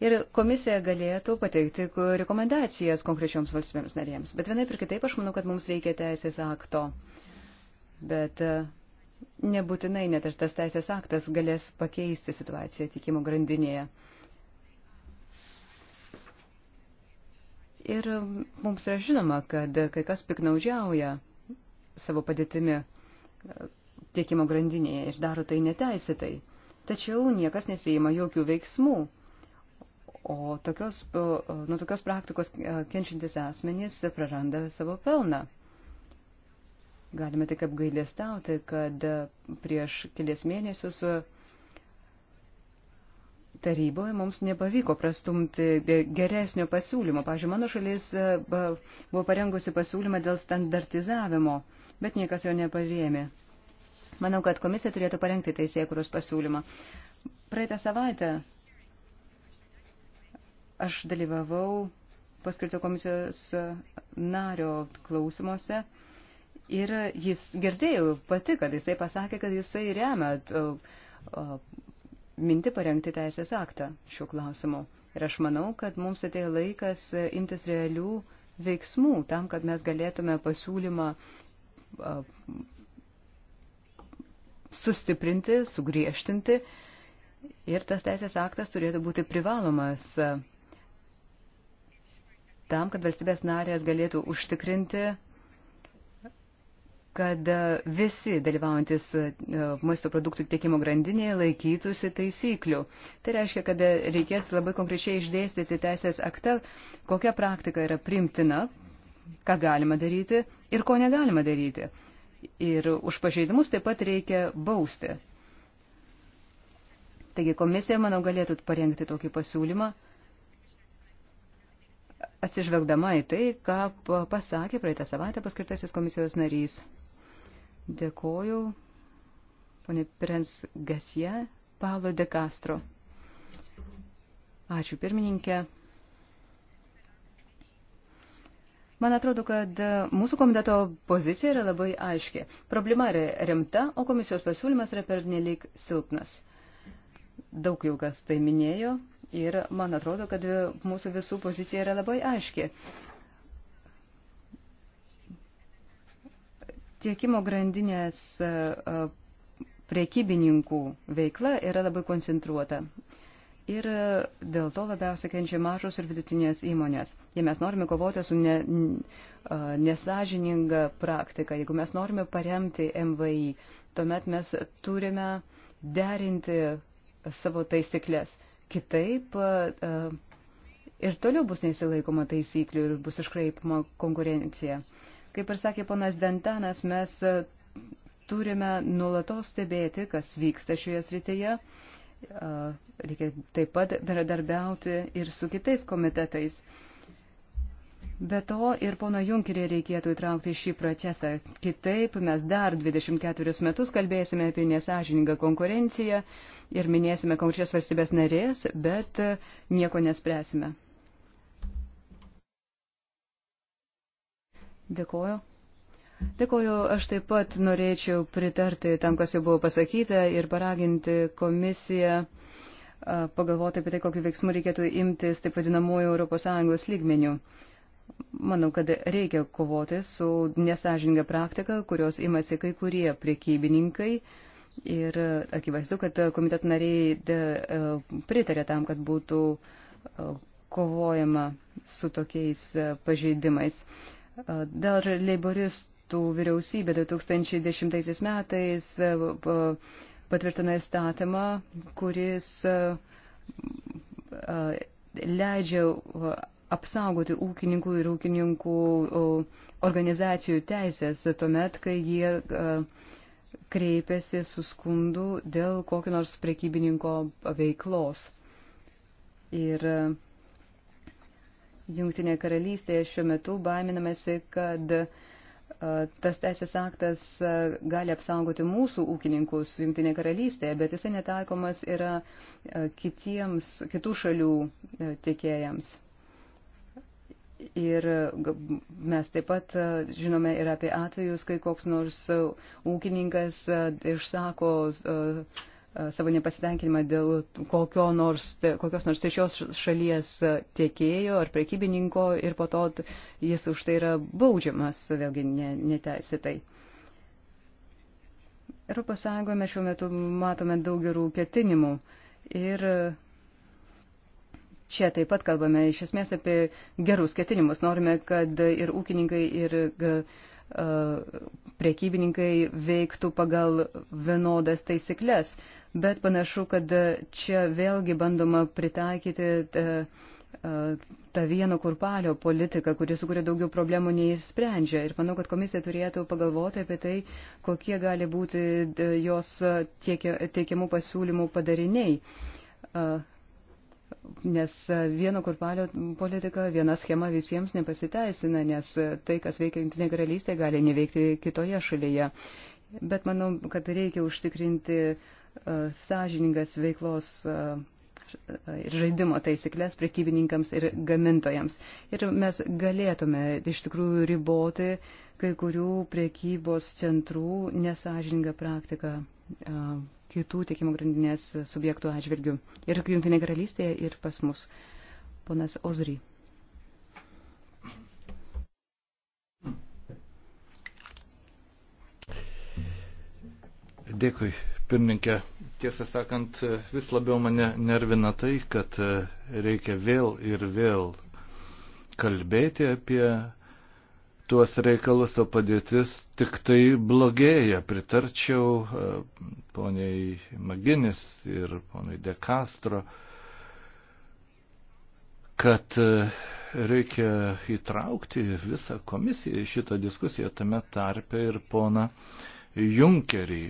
Ir komisija galėtų pateikti rekomendacijas konkrečioms valstybėms narėms. Bet vienaip ir kitaip aš manau, kad mums reikia teisės akto. Bet e, nebūtinai net ir tas teisės aktas galės pakeisti situaciją tiekimo grandinėje. Ir e, mums yra žinoma, kad kai kas piknaudžiauja savo padėtimi e, tiekimo grandinėje ir daro tai neteisėtai tačiau niekas nesijima jokių veiksmų. O tokios, nuo tokios praktikos e, kenčiantis asmenys praranda savo pelną. Galime tik apgailėstauti, kad prieš kelias mėnesius taryboje mums nepavyko prastumti geresnio pasiūlymo. Pavyzdžiui, mano šalis e, buvo parengusi pasiūlymą dėl standartizavimo, bet niekas jo neparėmė. Manau, kad komisija turėtų parengti teisėkuros pasiūlymą. Praeitą savaitę aš dalyvavau paskirto komisijos nario klausimuose ir jis girdėjau pati, kad jisai pasakė, kad jisai remia minti parengti teisės aktą šiuo klausimu. Ir aš manau, kad mums atėjo laikas imtis realių veiksmų tam, kad mes galėtume pasiūlymą sustiprinti, sugriežtinti ir tas teisės aktas turėtų būti privalomas e, tam, kad valstybės narės galėtų užtikrinti, kad e, visi dalyvaujantis e, maisto produktų tiekimo grandinėje laikytųsi taisyklių. Tai reiškia, kad reikės labai konkrečiai išdėstyti teisės akte, kokia praktika yra primtina, ką galima daryti ir ko negalima daryti ir už pažeidimus taip pat reikia bausti. Taigi komisija, manau, galėtų parengti tokį pasiūlymą, atsižvelgdama į tai, ką pasakė praeitą savaitę paskirtasis komisijos narys. Dėkoju, ponė Prens Gasie, Paulo de Castro. Ačiū pirmininkė. Man atrodo, kad mūsų komiteto pozicija yra labai aiški. Problema yra rimta, o komisijos pasiūlymas yra pernelyg silpnas. Daug jau kas tai minėjo ir man atrodo, kad mūsų visų pozicija yra labai aiški. Tiekimo grandinės priekybininkų veikla yra labai koncentruota ir e, dėl to labiausiai kenčia mažos ir vidutinės įmonės. Jei mes norime kovoti su ne, e, nesažininga praktika, jeigu mes norime paremti MVI, tuomet mes turime derinti savo taisyklės. Kitaip e, ir toliau bus neįsilaikoma taisyklių ir bus iškraipama konkurencija. Kaip ir sakė ponas Dentanas, mes turime nulatos stebėti, kas vyksta šioje srityje Reikia taip pat bendradarbiauti ir su kitais komitetais. Be to ir pono Junkerį reikėtų įtraukti šį procesą. Kitaip mes dar 24 metus kalbėsime apie nesažiningą konkurenciją ir minėsime konkrečias valstybės narės, bet e, nieko nespręsime. Dėkuoju. Dėkuoju, aš taip pat norėčiau pritarti tam, kas jau buvo pasakyta ir paraginti komisiją pagalvoti apie tai, kokiu veiksmu reikėtų imtis taip vadinamųjų ES lygmenių. Manau, kad reikia kovoti su nesažininga praktika, kurios imasi kai kurie priekybininkai. Ir akivaizdu, kad komiteto nariai de, pritarė tam, kad būtų e, kovojama su tokiais e, pažeidimais. Dar leiboristų metų vyriausybė 2010 metais e, patvirtina įstatymą, kuris e, leidžia e, apsaugoti ūkininkų ir ūkininkų organizacijų teisės tuomet, kai jie kreipiasi su skundu dėl kokio nors prekybininko veiklos. Ir Jungtinėje karalystėje šiuo metu baiminamasi, kad uh, tas teisės aktas gali apsaugoti mūsų ūkininkus Junktinė karalystėje, bet jisai netaikomas yra kitiems, kitų šalių tiekėjams. Ir mes taip pat žinome ir apie atvejus, kai koks nors ūkininkas išsako uh, E, savo nepasitenkinimą dėl kokio nors, kokios nors trečios šalies tiekėjo ar prekybininko ir po to jis už tai yra baudžiamas, vėlgi neteisėtai. Europos Sąjungoje mes šiuo metu matome daug gerų ketinimų ir čia taip pat kalbame iš esmės apie gerus ketinimus. Norime, kad ir ūkininkai, ir E, prekybininkai veiktų pagal vienodas taisyklės, bet panašu, kad čia vėlgi bandoma pritaikyti e, e, tą vieno kurpalio politiką, kuri sukuria daugiau problemų nei sprendžia. Ir manau, kad komisija turėtų pagalvoti apie tai, kokie gali būti jos teikiamų pasiūlymų padariniai. Uh, Nes vieno kurpalio politika, viena schema visiems nepasiteisina, nes tai, kas veikia Junktinė karalystė, gali neveikti kitoje šalyje. Bet manau, kad reikia užtikrinti uh, sąžiningas veiklos uh, ir žaidimo taisyklės prekybininkams ir gamintojams. Ir mes galėtume iš tikrųjų riboti kai kurių prekybos centrų nesažiningą praktiką uh, kitų tiekimo grandinės subjektų atžvilgių. Ir Junktinė karalystėje, ir pas mus. Ponas Ozry. Dėkui, pirmininkė. Tiesą sakant, vis labiau mane nervina tai, kad reikia vėl ir vėl kalbėti apie tuos reikalus, o padėtis tik tai blogėja. Pritarčiau e, poniai Maginis ir poniai De Castro, kad e, reikia įtraukti visą komisiją į šitą diskusiją, tame tarpe ir pona Junkerį.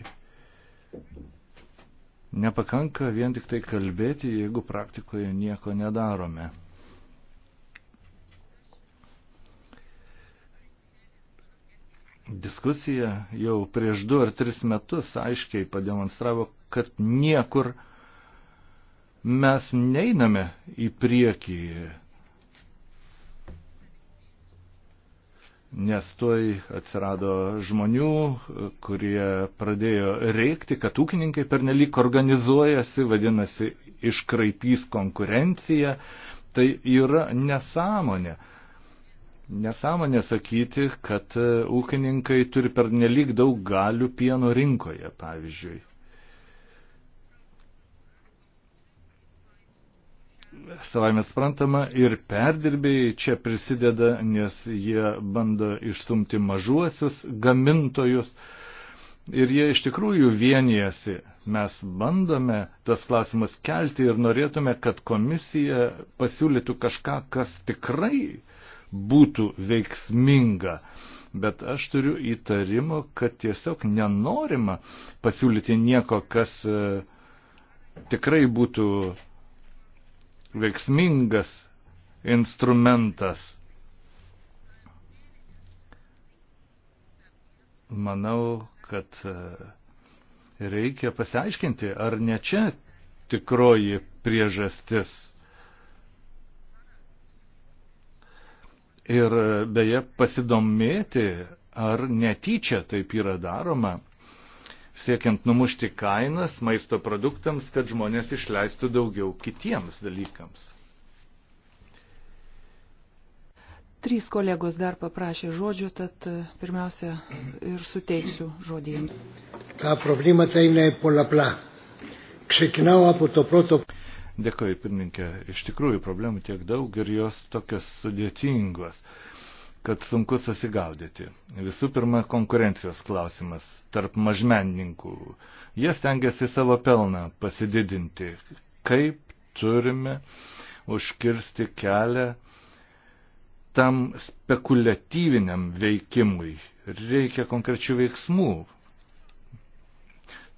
Nepakanka vien tik tai kalbėti, jeigu praktikoje nieko nedarome. diskusija jau prieš du ar tris metus aiškiai pademonstravo, kad niekur mes neiname į priekį. Nes tuoj atsirado žmonių, kurie pradėjo reikti, kad ūkininkai pernelik organizuojasi, vadinasi, iškraipys konkurenciją. Tai yra nesąmonė nesąmonė sakyti, kad e, ūkininkai turi per nelik daug galių pieno rinkoje, pavyzdžiui. Savame sprantama ir perdirbėjai čia prisideda, nes jie bando išstumti mažuosius gamintojus ir jie iš tikrųjų vienijasi. Mes bandome tas klausimas kelti ir norėtume, kad komisija pasiūlytų kažką, kas tikrai uh, būtų veiksminga. Bet aš turiu įtarimo, kad tiesiog nenorima pasiūlyti nieko, kas e, tikrai būtų veiksmingas instrumentas. Manau, kad e, reikia pasiaiškinti, ar ne čia tikroji priežastis. ir e, beje pasidomėti, ar netyčia taip yra daroma, siekiant numušti kainas maisto produktams, kad žmonės išleistų daugiau kitiems dalykams. Trys kolegos dar paprašė žodžių, tad e, pirmiausia ir suteiksiu žodį. Ta problema tai yra polapla. Ξεκινάω από το πρώτο. Dėkoju, pirmininkė. Iš tikrųjų, problemų tiek daug ir jos tokios sudėtingos, kad sunku susigaudyti. Visų pirma, konkurencijos klausimas tarp mažmenininkų. Jie stengiasi savo pelną pasididinti. Kaip turime užkirsti kelią tam spekuliatyviniam veikimui? Reikia konkrečių veiksmų,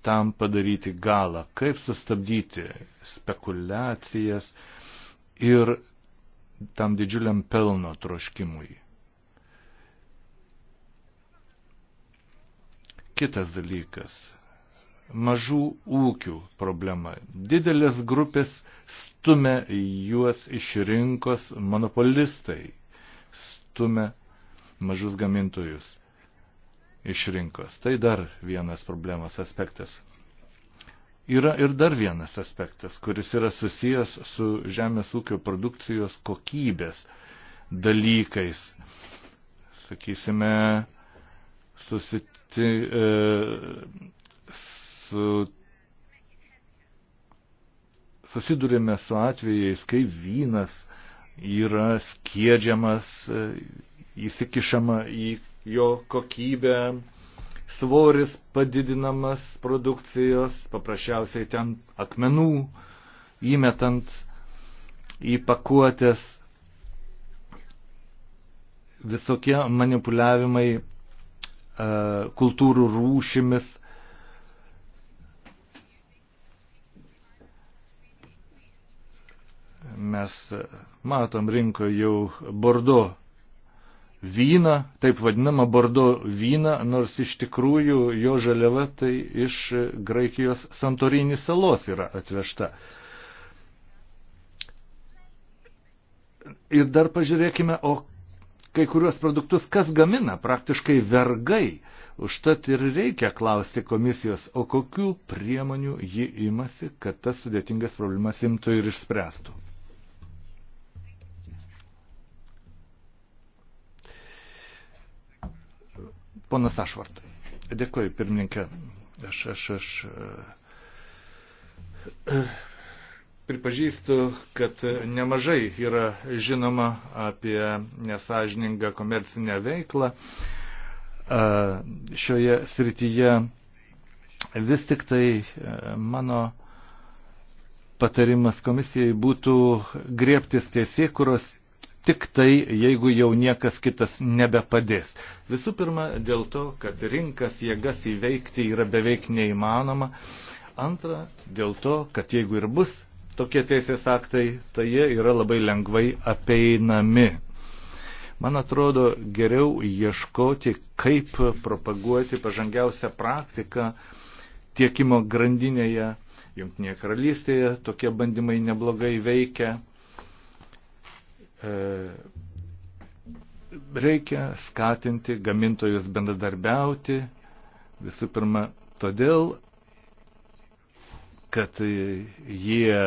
tam padaryti galą, kaip sustabdyti spekulacijas ir tam didžiuliam pelno troškimui. Kitas dalykas - mažų ūkių problema. Didelės grupės stumia juos iš rinkos monopolistai, stumia mažus gamintojus iš rinkos. Tai dar vienas problemos aspektas. Yra ir dar vienas aspektas, kuris yra susijęs su žemės ūkio produkcijos kokybės dalykais. Sakysime, susiti, e, su, susidurime su atvejais, kai vynas yra skiedžiamas, e, įsikišama į jo kokybė, svoris padidinamas produkcijos, paprasčiausiai ten akmenų įmetant į pakuotės. Visokie manipuliavimai e, kultūrų rūšimis mes e, matom rinkoje jau Bordo vyną, taip vadinamą bordo vyną, nors iš tikrųjų jo žaliava tai iš Graikijos Santorinį salos yra atvežta. Ir dar pažiūrėkime, o kai kuriuos produktus kas gamina, praktiškai vergai. Užtat ir reikia klausti komisijos, o kokių priemonių ji imasi, kad tas sudėtingas problemas imtų ir išspręstų. Ponas Ašvartai. Dėkuoju, pirmininkė. Aš, aš, aš e, pripažįstu, kad nemažai yra žinoma apie nesažiningą komercinę veiklą e, šioje srityje. Vis tik tai e, mano patarimas komisijai būtų griebtis tiesiekuros tik tai, jeigu jau niekas kitas nebepadės. Visų pirma, dėl to, kad rinkas jėgas įveikti yra beveik neįmanoma. Antra, dėl to, kad jeigu ir bus tokie teisės aktai, tai jie yra labai lengvai apeinami. Man atrodo, geriau ieškoti, kaip propaguoti pažangiausią praktiką tiekimo grandinėje. Junktinėje karalystėje tokie bandymai neblogai veikia. E, reikia skatinti gamintojus bendradarbiauti. Visų pirma, todėl, kad jie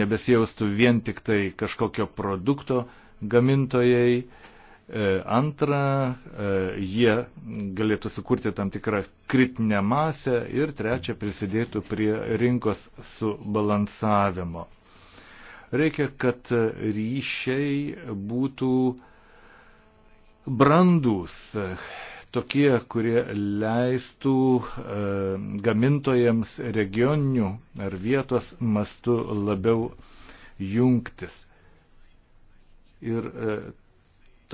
nebesijaustų vien tik tai kažkokio produkto gamintojai. E, antra, e, jie galėtų sukurti tam tikrą kritinę masę ir trečia, prisidėtų prie rinkos subalansavimo. Reikia, kad ryšiai būtų brandus, tokie, kurie leistų e, gamintojams regioninių ar vietos mastu labiau jungtis. Ir e,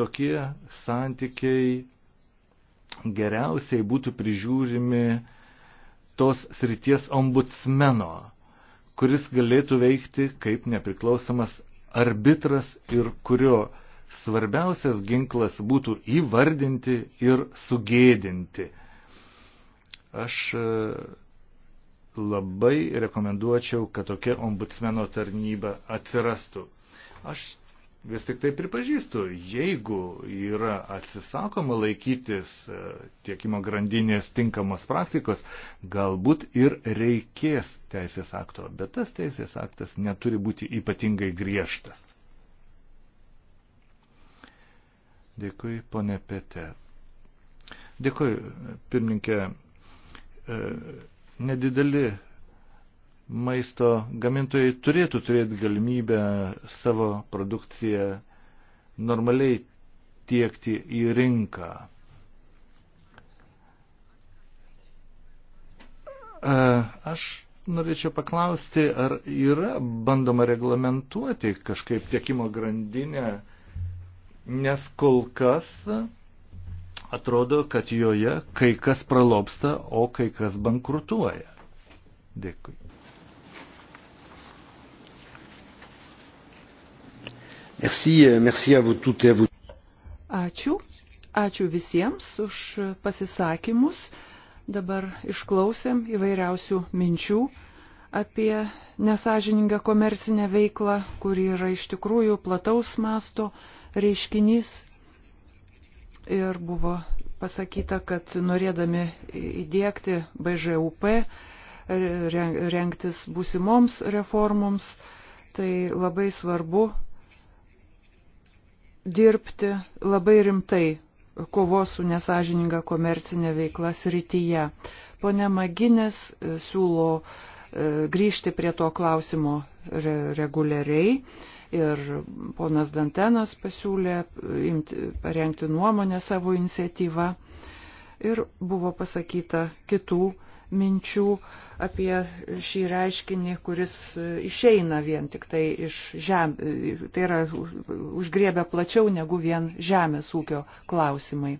tokie santykiai geriausiai būtų prižiūrimi tos srities ombudsmeno kuris galėtų veikti kaip nepriklausomas arbitras ir kurio svarbiausias ginklas būtų įvardinti ir sugėdinti. Aš e, labai rekomenduočiau, kad tokia ombudsmeno tarnyba atsirastų. Aš vis tik tai pripažįstu, jeigu yra atsisakoma laikytis e, tiekimo grandinės tinkamos praktikos, galbūt ir reikės teisės akto, bet tas teisės aktas neturi būti ypatingai griežtas. Dėkui, ponė Pete. Dėkui, pirmininkė. E, nedideli maisto gamintojai turėtų turėti galimybę savo produkciją normaliai tiekti į rinką. E, aš norėčiau paklausti, ar yra bandoma reglamentuoti kažkaip tiekimo grandinę, nes kol kas atrodo, kad joje kai kas pralopsta, o kai kas bankrutuoja. Dėkui. Merci, euh, merci à vous toutes et à vous. Ačiū. Ačiū visiems už pasisakymus. Dabar išklausėm įvairiausių minčių apie nesažiningą komercinę veiklą, kuri yra iš tikrųjų plataus masto reiškinys. Ir buvo pasakyta, kad norėdami įdėkti BŽUP, renktis būsimoms reformoms, tai labai svarbu dirbti labai rimtai kovos su nesažininga komercinė veikla srityje. Pone Maginės e, siūlo e, grįžti prie to klausimo re reguliariai ir ponas Dantenas pasiūlė e, imti, parengti nuomonę savo iniciatyvą ir buvo pasakyta kitų minčių apie šį reiškinį, kuris išeina vien tik tai iš žemės, tai yra užgriebę plačiau negu vien žemės ūkio klausimai.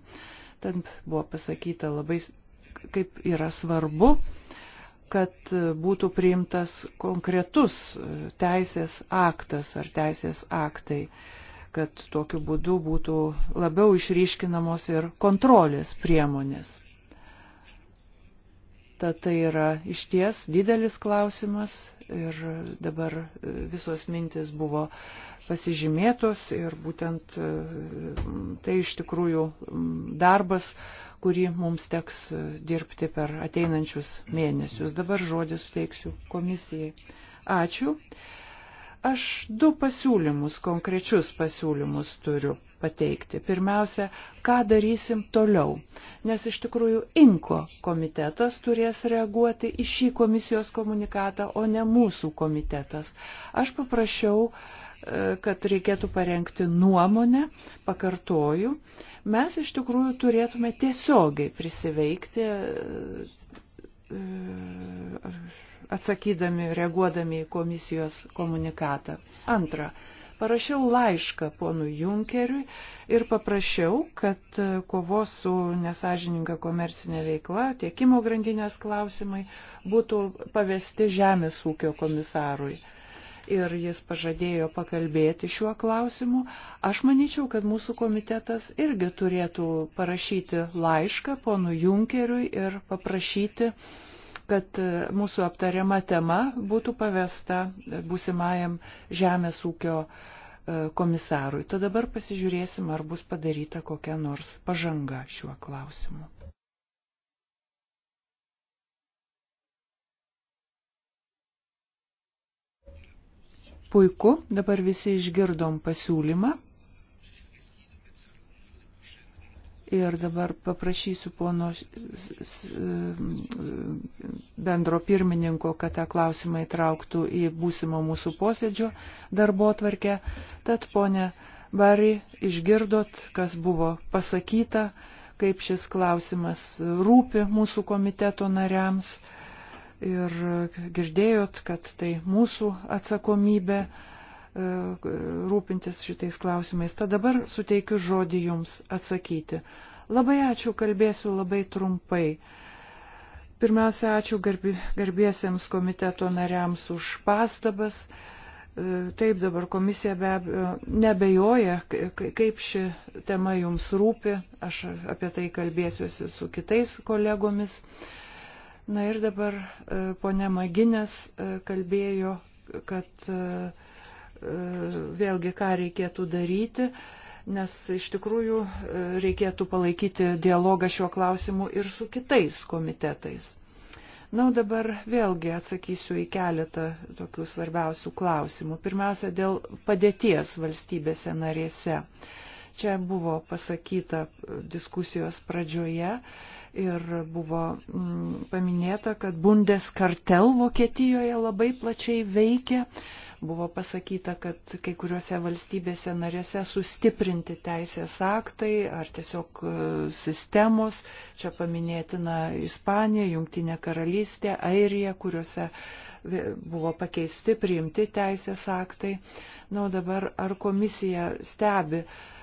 Ten buvo pasakyta labai, kaip yra svarbu, kad būtų priimtas konkretus teisės aktas ar teisės aktai kad tokiu būdu būtų labiau išryškinamos ir kontrolės priemonės. Tad tai yra išties didelis klausimas ir dabar e, visos mintis buvo pasižymėtos ir būtent e, tai iš tikrųjų darbas, kurį mums teks e, dirbti per ateinančius mėnesius. Dabar žodį suteiksiu komisijai. Ačiū. Aš du pasiūlymus, konkrečius pasiūlymus turiu pateikti. Pirmiausia, ką darysim toliau. Nes iš tikrųjų INKO komitetas turės reaguoti į šį komisijos komunikatą, o ne mūsų komitetas. Aš paprašiau, e, kad reikėtų parengti nuomonę, pakartoju. Mes iš tikrųjų turėtume tiesiogiai prisiveikti e, atsakydami, reaguodami į komisijos komunikatą. Antra, Parašiau laišką ponui Junkeriui ir paprašiau, kad e, kovos su nesažininga komercinė veikla, tiekimo grandinės klausimai būtų pavesti Žemės ūkio komisarui ir jis pažadėjo pakalbėti šiuo klausimu, aš manyčiau, kad mūsų komitetas irgi turėtų parašyti laišką ponu Junkeriui ir paprašyti uh, kad mūsų aptariama tema būtų pavesta būsimajam žemės ūkio e, komisarui. Tad dabar pasižiūrėsim, ar bus padaryta kokia nors pažanga šiuo klausimu. Puiku, dabar visi išgirdom pasiūlymą Ir dabar paprašysiu pono bendro pirmininko, kad tą klausimą įtrauktų į būsimo mūsų posėdžio darbo tvarkę. Tad, ponė Bari, išgirdot, kas buvo pasakyta, kaip šis klausimas rūpi mūsų komiteto nariams. Ir girdėjot, kad tai mūsų atsakomybė E, rūpintis šitais klausimais. Tad dabar suteikiu žodį jums atsakyti. Labai ačiū, kalbėsiu labai trumpai. Pirmiausia, ačiū garbi, garbiesiems komiteto nariams už pastabas. E, taip dabar komisija be abejo nebejoja, kaip ši tema jums rūpi. Aš apie tai kalbėsiuosi su kitais kolegomis. Na ir dabar e, ponia Maginės kalbėjo, kad uh, E, vėlgi ką reikėtų daryti, nes iš tikrųjų e, reikėtų palaikyti dialogą šiuo klausimu ir su kitais komitetais. Na, o dabar vėlgi atsakysiu į keletą tokių svarbiausių klausimų. Pirmiausia, dėl padėties valstybėse narėse. Čia buvo pasakyta diskusijos pradžioje ir buvo mm, paminėta, kad Bundeskartel Vokietijoje labai plačiai veikia. Uh, buvo pasakyta, kad kai kuriuose valstybėse narėse sustiprinti teisės aktai ar tiesiog e, sistemos, čia paminėtina Ispanija, Jungtinė karalystė, Airija, kuriuose buvo pakeisti priimti teisės aktai. Na, o dabar ar komisija stebi, uh,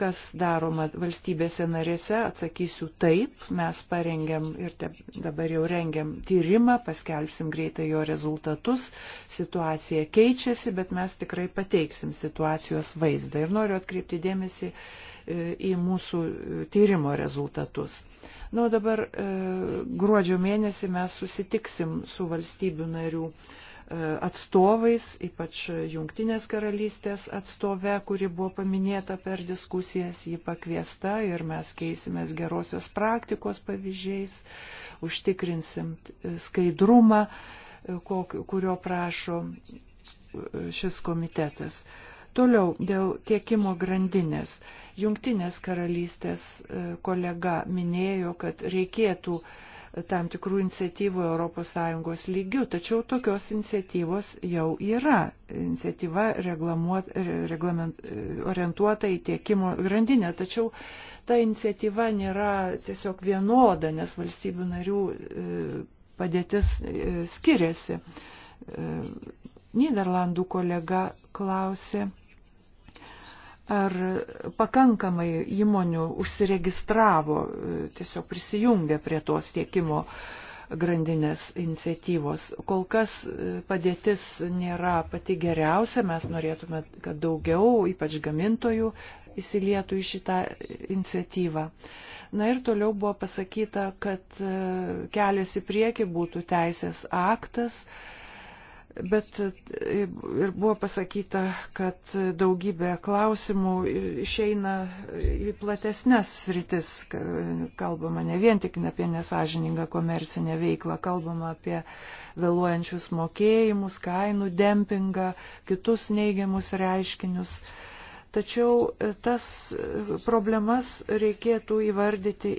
kas daroma valstybėse narėse, atsakysiu taip. Mes parengėm ir te, dabar jau rengiam tyrimą, paskelbsim greitai jo rezultatus. Situacija keičiasi, bet mes tikrai pateiksim situacijos vaizdą. Ir noriu atkreipti dėmesį e, į mūsų tyrimo rezultatus. Na, nu, dabar e, gruodžio mėnesį mes susitiksim su valstybių narių atstovais, ypač Junktinės karalystės atstove, kuri buvo paminėta per diskusijas, ji pakviesta ir mes keisimės gerosios praktikos pavyzdžiais, užtikrinsim skaidrumą, kurio prašo šis komitetas. Toliau dėl tiekimo grandinės. Junktinės karalystės e, kolega minėjo, kad reikėtų uh, tam tikrų iniciatyvų ES lygių, tačiau tokios iniciatyvos jau yra. Iniciatyva reglament, orientuota į tiekimo grandinę, tačiau ta iniciatyva nėra tiesiog vienoda, nes valstybių narių e, padėtis e, skiriasi. E, Niderlandų kolega klausė ar pakankamai įmonių užsiregistravo, e, tiesiog prisijungė prie tos tiekimo grandinės iniciatyvos. Kol kas e, padėtis nėra pati geriausia, mes norėtume, kad daugiau, ypač gamintojų, įsilietų į šitą e, iniciatyvą. Na ir toliau buvo pasakyta, kad kelias į priekį būtų teisės aktas, Bet e, ir buvo pasakyta, kad daugybė klausimų išeina į platesnės rytis. Kalbama ne vien tik apie nesažiningą komercinę veiklą, kalbama apie vėluojančius mokėjimus, kainų dempingą, kitus neigiamus reiškinius. Tačiau e, tas e, problemas reikėtų įvardyti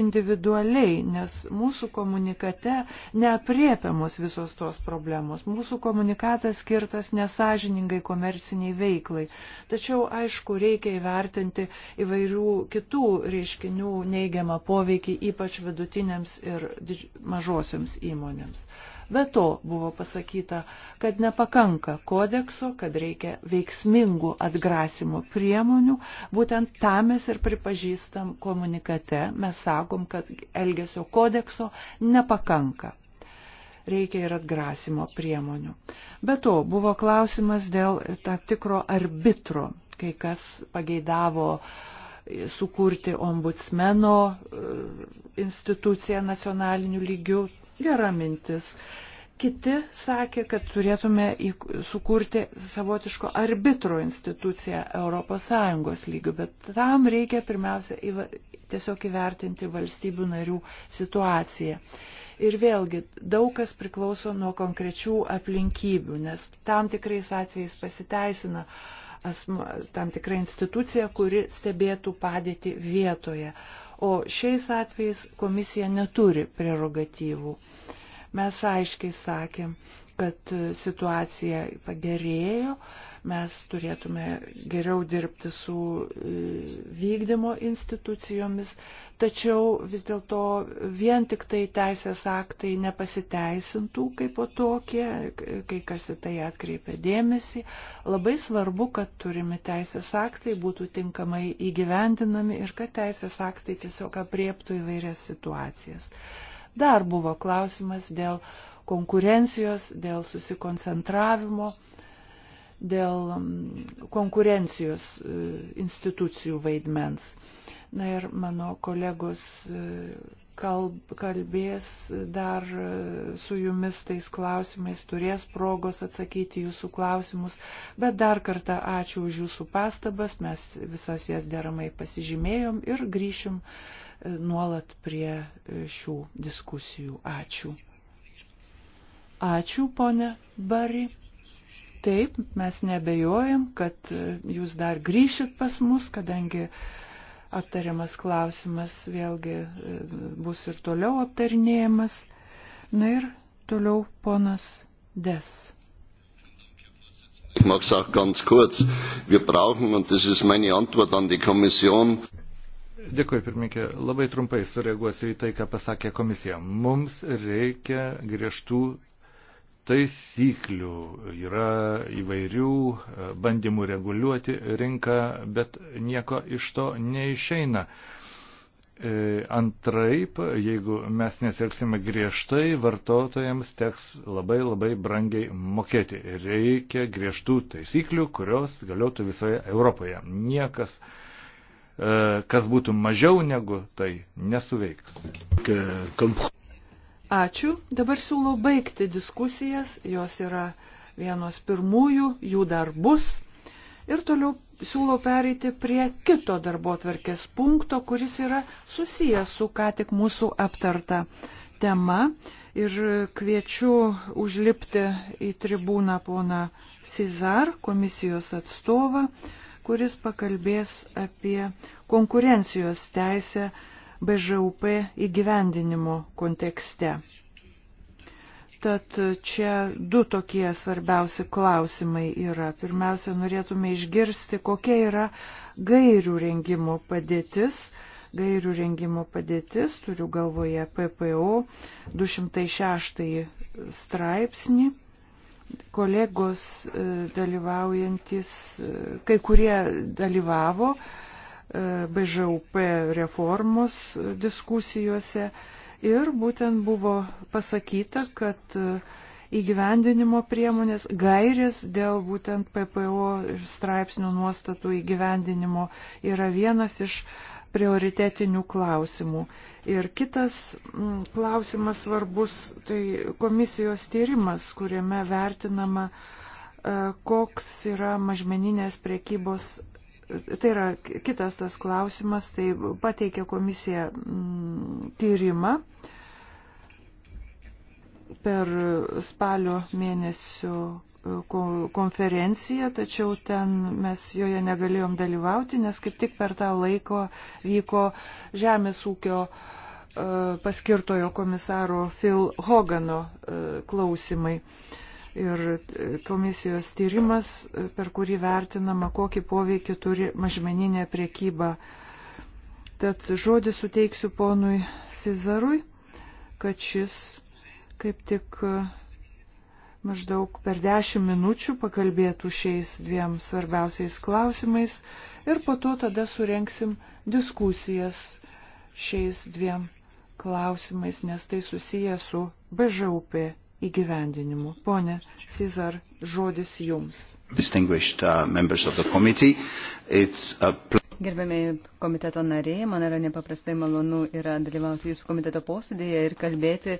individualiai, nes mūsų komunikate neapriepiamos visos tos problemos. Mūsų komunikatas skirtas nesažiningai komerciniai veiklai. Tačiau, aišku, reikia įvertinti įvairių kitų reiškinių neigiamą poveikį, ypač vidutinėms ir mažosiams įmonėms. Be to buvo pasakyta, kad nepakanka kodekso, kad reikia veiksmingų atgrasimo priemonių. Būtent tą mes ir pripažįstam komunikate. Mes sakom, kad elgesio kodekso nepakanka. Reikia ir atgrasimo priemonių. Be to buvo klausimas dėl tam tikro arbitro, kai kas pageidavo uh, sukurti ombudsmeno e, instituciją nacionaliniu lygiu gera mintis. Kiti sakė, kad turėtume sukurti savotiško arbitro instituciją ES lygių, bet tam reikia pirmiausia įva, tiesiog įvertinti valstybių narių situaciją. Ir vėlgi, daug kas priklauso nuo konkrečių aplinkybių, nes tam tikrais atvejais pasiteisina asmo, tam tikra institucija, kuri stebėtų padėti vietoje o šiais atvejais komisija neturi prerogatyvų. Mes aiškiai sakėm, kad situacija pagerėjo, Mes turėtume geriau dirbti su e, vykdymo institucijomis, tačiau vis dėlto vien tik tai teisės aktai nepasiteisintų kaip po tokie, kai kas į tai atkreipia dėmesį. Labai svarbu, kad turimi teisės aktai būtų tinkamai įgyvendinami ir kad teisės aktai tiesiog apriektų įvairias situacijas. Dar buvo klausimas dėl konkurencijos, dėl susikoncentravimo. Uh, dėl mm, konkurencijos e, institucijų vaidmens. Na ir mano kolegos e, kalb, kalbės dar e, su jumis tais klausimais, turės progos atsakyti jūsų klausimus, bet dar kartą ačiū už jūsų pastabas, mes visas jas deramai pasižymėjom ir grįšim nuolat prie šių diskusijų. Ačiū. Ačiū, ponė Bari. Taip, mes nebejojam, kad jūs dar grįšit pas mus, kadangi aptariamas klausimas vėlgi e, bus ir toliau aptarinėjamas. Na ir toliau ponas Des. Ich mache es auch ganz kurz. Wir brauchen, und das ist meine Antwort an die Kommission. Dėkui, pirmininkė. Labai trumpai sureaguosiu į tai, ką pasakė komisija. Mums reikia griežtų taisyklių, yra įvairių e, bandymų reguliuoti rinką, bet nieko iš to neišeina. E, antraip, jeigu mes nesielgsime griežtai, vartotojams teks labai labai brangiai mokėti. Reikia griežtų taisyklių, kurios galiotų visoje Europoje. Niekas, e, kas būtų mažiau negu tai, nesuveiks. Kompr Ačiū. Dabar siūlau baigti diskusijas. Jos yra vienos pirmųjų, jų dar bus. Ir toliau siūlau pereiti prie kito darbo tvarkės punkto, kuris yra susijęs su ką tik mūsų aptarta tema. Ir kviečiu užlipti į tribūną poną Cizar, komisijos atstovą, kuris pakalbės apie konkurencijos teisę BŽUP įgyvendinimo kontekste. Tad čia du tokie svarbiausi klausimai yra. Pirmiausia, norėtume išgirsti, kokia yra gairių rengimo padėtis. Gairių rengimo padėtis, turiu galvoje PPO 206 straipsnį kolegos e, dalyvaujantis, e, kai kurie dalyvavo BŽUP reformos diskusijose ir būtent buvo pasakyta, kad įgyvendinimo priemonės gairis dėl būtent PPO straipsnių nuostatų įgyvendinimo yra vienas iš prioritetinių klausimų. Ir kitas mm, klausimas svarbus - tai komisijos tyrimas, kuriame vertinama, e, koks yra mažmeninės priekybos Tai yra kitas tas klausimas, tai pateikė komisija mm, tyrimą per spalio mėnesio e, konferenciją, tačiau ten mes joje negalėjom dalyvauti, nes kaip tik per tą laiko vyko žemės ūkio e, paskirtojo komisaro Phil Hogano e, klausimai ir e, komisijos tyrimas, e, per kurį vertinama, kokį poveikį turi mažmeninė priekyba. Tad žodį suteiksiu ponui Cizarui, kad šis kaip tik e, maždaug per dešimt minučių pakalbėtų šiais dviem svarbiausiais klausimais ir po to tada surenksim diskusijas šiais dviem klausimais, nes tai susiję su BŽUP įgyvendinimu. Pone Cizar, žodis jums. Uh, Gerbėmiai komiteto nariai, man yra nepaprastai malonu yra dalyvauti jūsų komiteto posėdėje ir kalbėti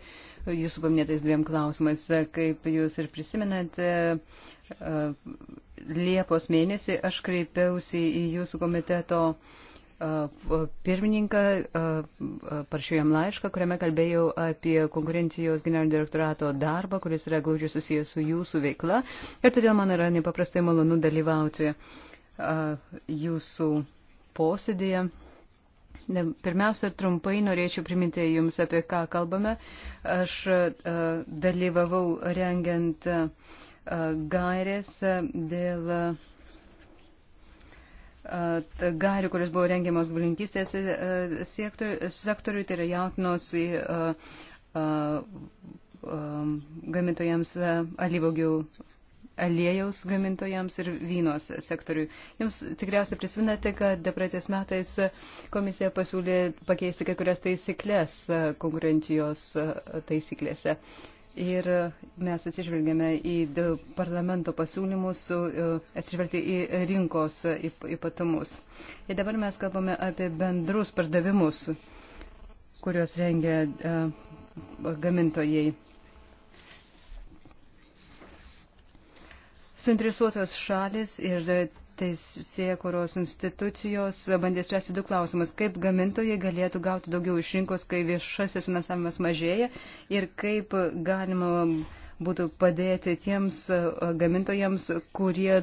jūsų paminėtais dviem klausimais. Kaip jūs ir prisimenate, uh, Liepos mėnesį aš kreipiausi į jūsų komiteto uh, pirmininką, parašiau jam laišką, kuriame kalbėjau apie konkurencijos generalinio direktorato darbą, kuris yra glaudžiai susijęs su jūsų veikla ir todėl man yra nepaprastai malonu dalyvauti jūsų posėdėje. Pirmiausia, trumpai norėčiau priminti Jums, apie ką kalbame. Aš dalyvavau rengiant gairės dėl garių, kuris buvo rengiamas gulintystės e, e, sektoriui, tai yra jautinos e, gamintojams alyvogių aliejaus gamintojams ir vynos sektoriui. Jums tikriausiai prisiminate, kad praeitais metais komisija pasiūlė pakeisti kai kurias taisyklės konkurencijos taisyklėse. Uh, Ir mes atsižvelgiame į parlamento pasiūlymus, e, atsižvelgti į rinkos ypatumus. Ir dabar mes kalbame apie bendrus pardavimus, kuriuos rengia e, gamintojai. Suinteresuotos šalis ir teisėkuros institucijos bandė spręsti du klausimus. Kaip gamintojai galėtų gauti daugiau iš rinkos, kai viešasis finansavimas mažėja ir kaip galima būtų padėti tiems e, gamintojams, kurie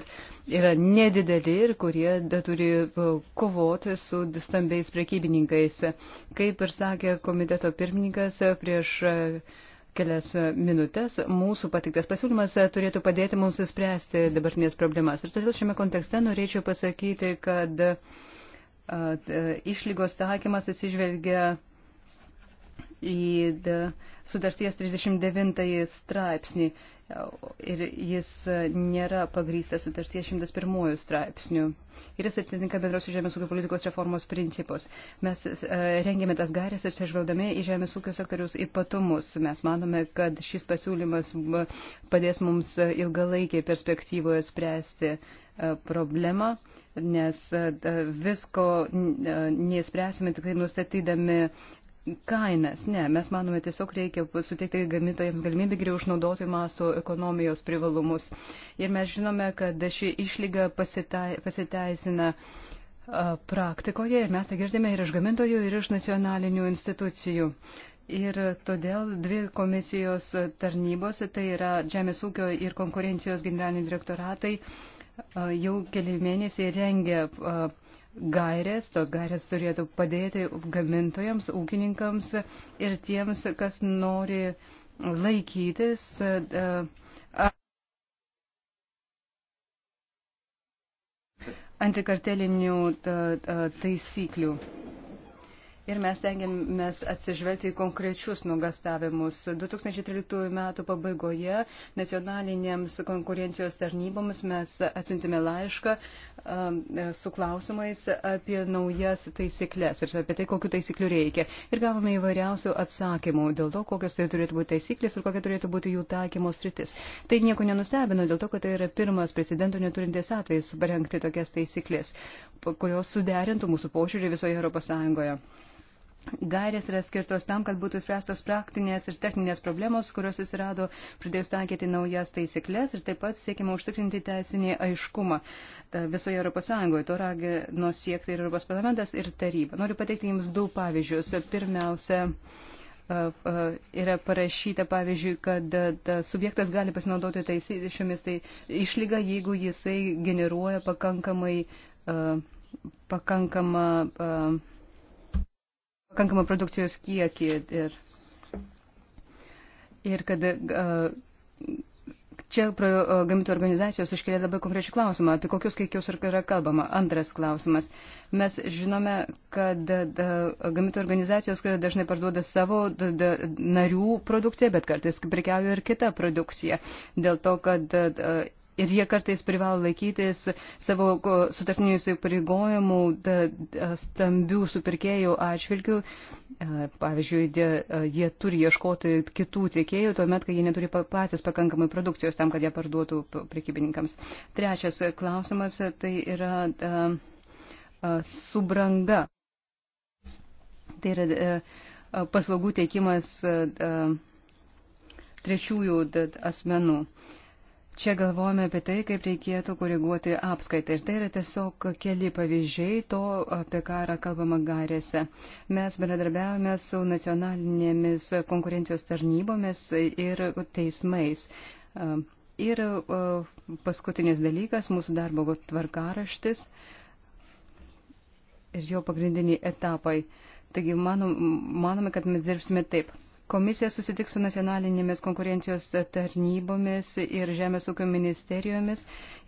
yra nedideli ir kurie turi e, kovoti su stambiais prekybininkais. Kaip ir sakė komiteto pirmininkas prieš e, kelias minutės, mūsų patiktas pasiūlymas turėtų padėti mums įspręsti dabartinės problemas. Ir todėl šiame kontekste norėčiau pasakyti, kad išlygos taikymas atsižvelgia į sudarties 39 straipsnį ir jis e, nėra pagrystas sutarties 101 straipsnių. Ir jis atitinka bendros žemės ūkio politikos reformos principus. Mes e, rengėme tas garės ir sežvelgdami į žemės ūkio sektoriaus ypatumus. Mes manome, kad šis pasiūlymas padės mums e, ilgalaikiai perspektyvoje spręsti problemą, nes visko nespręsime tik tai nustatydami kainas. Ne, mes manome, tiesiog reikia suteikti gamintojams galimybę geriau išnaudoti masto ekonomijos privalumus. Ir mes žinome, kad ši išlyga pasiteisina praktikoje ir mes tai girdime ir iš gamintojų, ir iš nacionalinių institucijų. Ir todėl dvi komisijos tarnybos, tai yra Žemės ūkio ir konkurencijos generaliniai direktoratai, jau keli mėnesiai rengia gairės, tos gairės turėtų padėti gamintojams, ūkininkams ir tiems, kas nori laikytis. E, antikartelinių e, e, taisyklių ir mes tengiamės atsižvelgti į konkrečius nugastavimus. 2013 metų pabaigoje nacionalinėms konkurencijos tarnyboms mes atsintėme laišką um, su klausimais apie naujas taisyklės ir apie tai, kokiu taisykliu reikia. Ir gavome įvairiausių atsakymų dėl to, kokios tai turėtų būti taisyklės ir kokia turėtų būti jų taikymo sritis. Tai nieko nenustebino dėl to, kad tai yra pirmas precedento neturintis atvejis parengti tokias taisyklės, kurios suderintų mūsų požiūrį visoje Europos Sąjungoje. Gairės yra skirtos tam, kad būtų spręstos praktinės ir techninės problemos, kurios atsirado pradėjus taikyti naujas taisyklės ir taip pat siekima užtikrinti teisinį aiškumą visoje Europos Sąjungoje. To ragino siekti ir Europos parlamentas, ir taryba. Noriu pateikti Jums du pavyzdžius. Pirmiausia, yra parašyta, pavyzdžiui, kad subjektas gali pasinaudoti taisy, šiomis tai išlyga, jeigu jisai generuoja pakankamai, pakankamą pakankamą produkcijos kiekį ir, ir kad čia gamintų organizacijos iškelia labai konkrečių klausimą, apie kokius kiekius yra kalbama. Antras klausimas. Mes žinome, kad gamintų organizacijos dažnai parduoda savo narių produkciją, bet kartais prekiauja ir kitą produkciją. Dėl to, kad ir jie kartais privalo laikytis savo sutartinių įsipareigojimų stambių supirkėjų atžvilgių. E, pavyzdžiui, jie, e, jie turi ieškoti kitų tiekėjų, tuomet, kai jie neturi patys pakankamai produkcijos tam, kad jie parduotų prekybininkams. Trečias klausimas tai yra a, e, a, subranga. Tai yra a, paslaugų teikimas trečiųjų asmenų. Uh, Čia galvojame apie tai, kaip reikėtų koreguoti apskaitą. Ir tai yra tiesiog keli pavyzdžiai to, apie ką yra kalbama garėse. Mes bendradarbiavome su nacionalinėmis konkurencijos tarnybomis ir teismais. Ir paskutinis dalykas - mūsų darbo tvarkaraštis ir jo pagrindiniai etapai. Taigi manom, manome, kad mes dirbsime taip. Komisija susitiks su nacionalinėmis konkurencijos tarnybomis ir Žemės ūkio ministerijomis.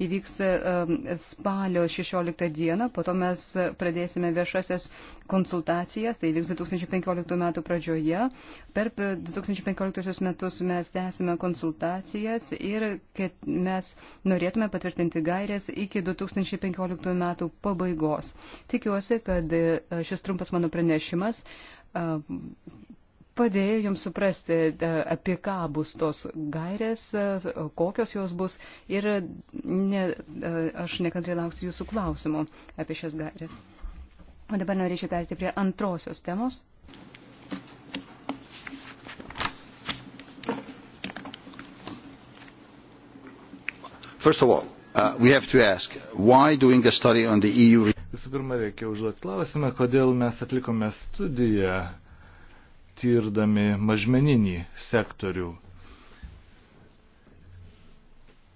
Įvyks um, spalio 16 dieną, po to mes pradėsime viešasias konsultacijas, tai vyks 2015 metų pradžioje. Per 2015 metus mes tęsime konsultacijas ir mes norėtume patvirtinti gairės iki 2015 metų pabaigos. Tikiuosi, kad uh, šis trumpas mano pranešimas uh, padėjo jums suprasti, e, apie ką bus tos gairės, e, kokios jos bus ir ne, e, aš nekantriai lauksiu jūsų klausimų apie šias gairės. O dabar norėčiau perėti prie antrosios temos. First of all, uh, we have to ask, why doing a study on the EU... Visų pirma, reikia užduoti klausimą, kodėl mes atlikome studiją tirdami mažmeninį sektorių.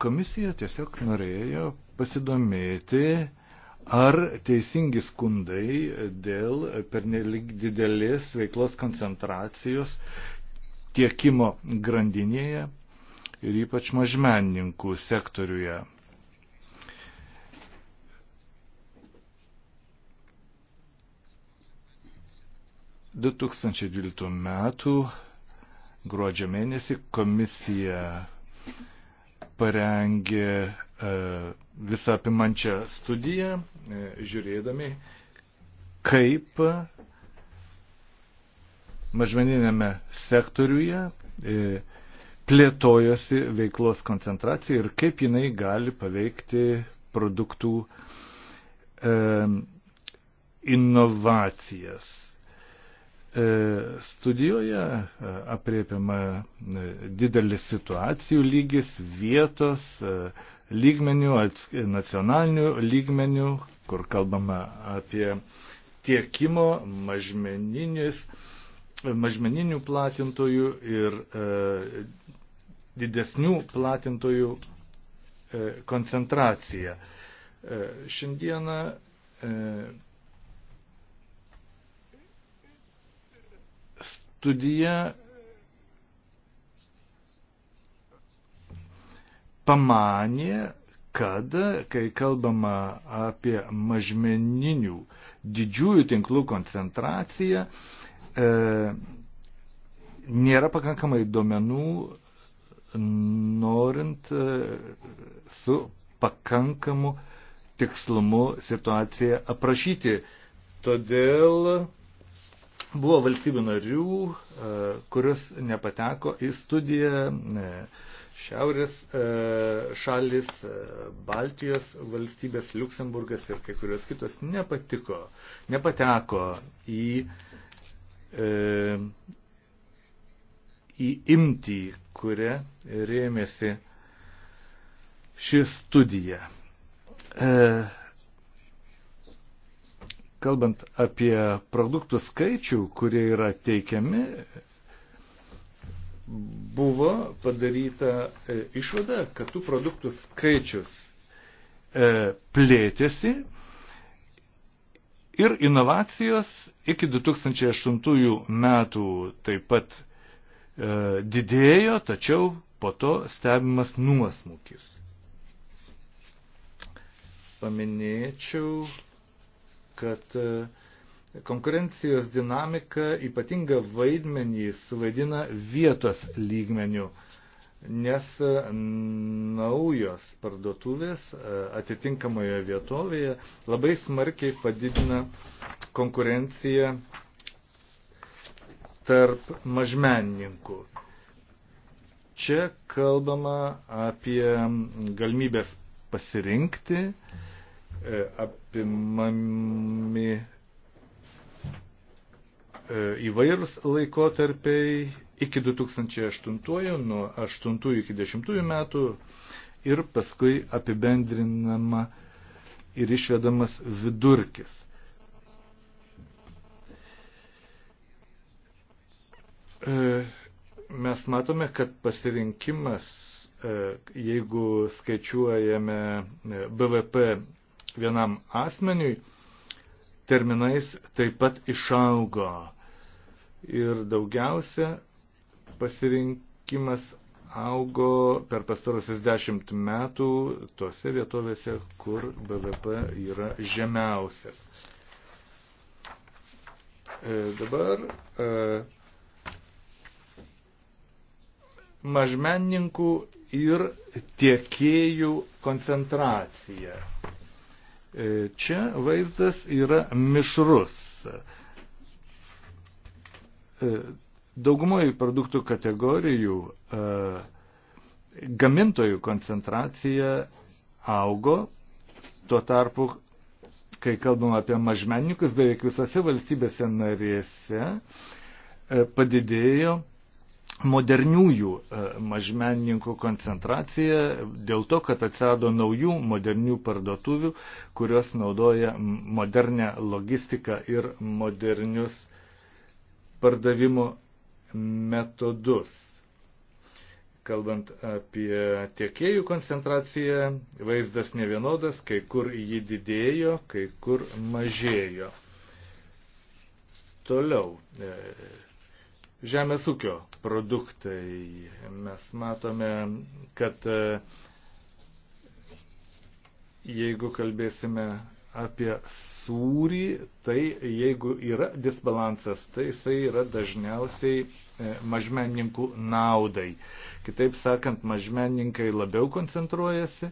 Komisija tiesiog norėjo pasidomėti, ar teisingi skundai dėl pernelik didelės veiklos koncentracijos tiekimo grandinėje ir ypač mažmenininkų sektoriuje 2012 metų gruodžio mėnesį komisija parengė e, visą apimančią studiją, e, žiūrėdami, kaip mažmeninėme sektoriuje e, plėtojosi veiklos koncentracija ir kaip jinai gali paveikti produktų e, inovacijas. E, studijoje e, apriepiama e, didelis situacijų lygis, vietos, lygmenių, nacionalinių lygmenių, kur kalbama apie tiekimo mažmeninių platintojų ir e, didesnių platintojų e, koncentraciją. E, šiandieną e, studija pamanė, kad kai kalbama apie mažmeninių didžiųjų tinklų koncentraciją, e, nėra pakankamai duomenų, norint e, su pakankamu tikslumu situaciją aprašyti. Todėl Buvo valstybių narių, e, kurios nepateko į studiją. E, Šiaurės e, šalis, Baltijos valstybės, Luksemburgas ir kai kurios kitos nepatiko, nepateko į, į imtį, kurią rėmėsi ši studija kalbant apie produktų skaičių, kurie yra teikiami, buvo padaryta e, išvada, kad tų produktų skaičius e, plėtėsi ir inovacijos iki 2008 metų taip pat e, didėjo, tačiau po to stebimas nuosmukis. Paminėčiau kad e, konkurencijos dinamika ypatingą vaidmenį suvaidina vietos lygmenių, nes e, naujos parduotuvės e, atitinkamoje vietovėje labai smarkiai padidina konkurenciją tarp mažmenininkų. Čia kalbama apie galimybės pasirinkti, uh, E, apimami e, įvairūs laikotarpiai iki 2008, nuo 8 iki 10 metų ir paskui apibendrinama ir išvedamas vidurkis. E, mes matome, kad pasirinkimas, jeigu skaičiuojame BVP vienam asmeniui terminais taip pat išaugo. Ir daugiausia pasirinkimas augo per pastarosius dešimt metų tose vietovėse, kur BVP yra žemiausias. E, dabar e, mažmenininkų ir tiekėjų koncentracija. E, čia vaizdas yra mišrus. E, Daugumoje produktų kategorijų e, gamintojų koncentracija augo, tuo tarpu, kai kalbam apie mažmenininkus, beveik visose valstybėse narėse padidėjo moderniųjų e, mažmenininkų koncentracija dėl to, kad atsirado naujų modernių parduotuvių, kurios naudoja modernę logistiką ir modernius pardavimo metodus. Kalbant apie tiekėjų koncentraciją, vaizdas nevienodas, kai kur ji didėjo, kai kur mažėjo. Toliau. E, žemės ūkio produktai. Mes matome, kad e, jeigu kalbėsime apie sūrį, tai jeigu yra disbalansas, tai jisai yra dažniausiai e, mažmenininkų naudai. Kitaip sakant, mažmeninkai labiau koncentruojasi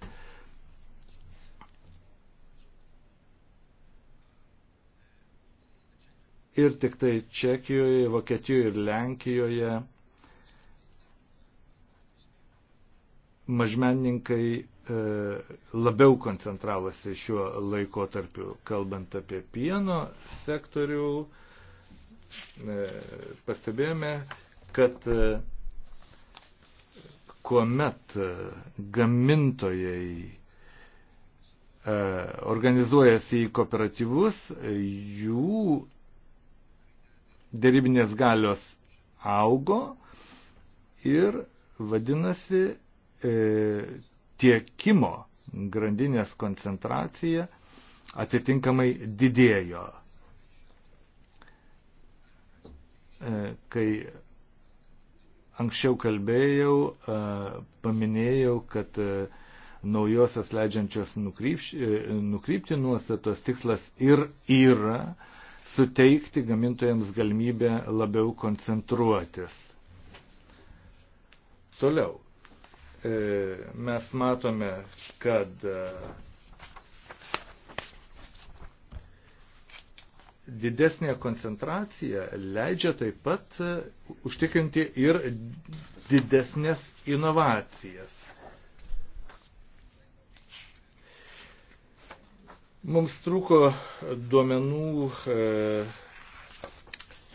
ir tik tai Čekijoje, Vokietijoje ir Lenkijoje mažmenininkai e, labiau koncentravosi šiuo laikotarpiu, kalbant apie pieno sektorių, e, pastebėjome, kad e, kuomet gamintojai organizuojasi į kooperatyvus, jų dėrybinės galios augo ir vadinasi e, tiekimo grandinės koncentracija atitinkamai didėjo. E, kai anksčiau kalbėjau, e, paminėjau, kad e, naujosios leidžiančios nukrypš, e, nukrypti nuostatos tikslas ir yra suteikti gamintojams galimybę labiau koncentruotis. Toliau. E, mes matome, kad e, didesnė koncentracija leidžia taip pat e, užtikrinti ir didesnės inovacijas. Mums trūko duomenų e,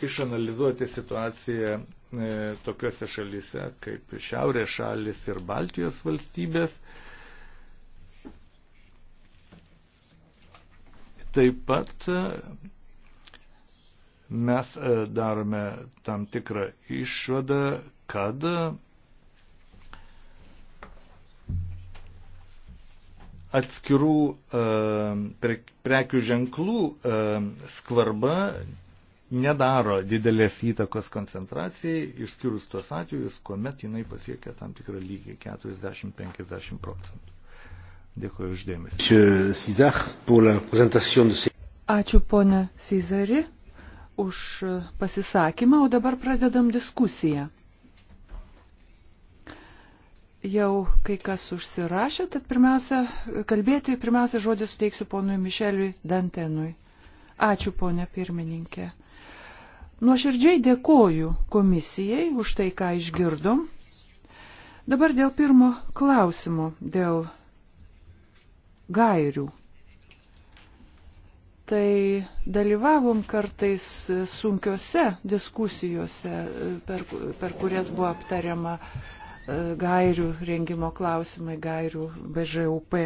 išanalizuoti situaciją e, tokiuose šalyse kaip Šiaurės šalis ir Baltijos valstybės. Taip pat e, mes e, darome tam tikrą išvadą, kad atskirų e, prekių ženklų e, skvarba nedaro didelės įtakos koncentracijai, išskyrus tuos atvejus, kuomet jinai pasiekia tam tikrą lygį 40-50 procentų. Dėkuoju uždėmesį. Ačiū ponė Cizari už pasisakymą, o dabar pradedam diskusiją jau kai kas užsirašė, tad pirmiausia, kalbėti pirmiausia žodį suteiksiu ponui Mišeliui Dantenui. Ačiū, ponė pirmininkė. Nuoširdžiai dėkoju komisijai už tai, ką išgirdom. Dabar dėl pirmo klausimo, dėl gairių. Tai dalyvavom kartais sunkiose diskusijose, per, per kurias buvo aptariama uh, E, gairių rengimo klausimai, gairių BŽUP.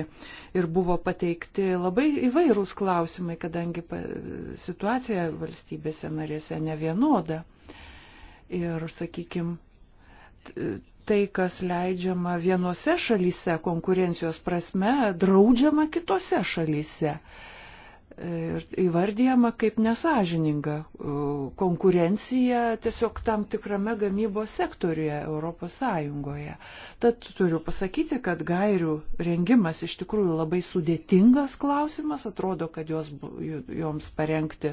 Ir buvo pateikti labai įvairūs klausimai, kadangi situacija valstybėse narėse ne vienoda. Ir, sakykime, tai, kas leidžiama vienose šalyse konkurencijos prasme, draudžiama kitose šalyse įvardyjama kaip nesažininga e, konkurencija tiesiog tam tikrame gamybos sektoriuje Europos Sąjungoje. Tad turiu pasakyti, kad gairių rengimas iš tikrųjų labai sudėtingas klausimas, atrodo, kad jos, joms parengti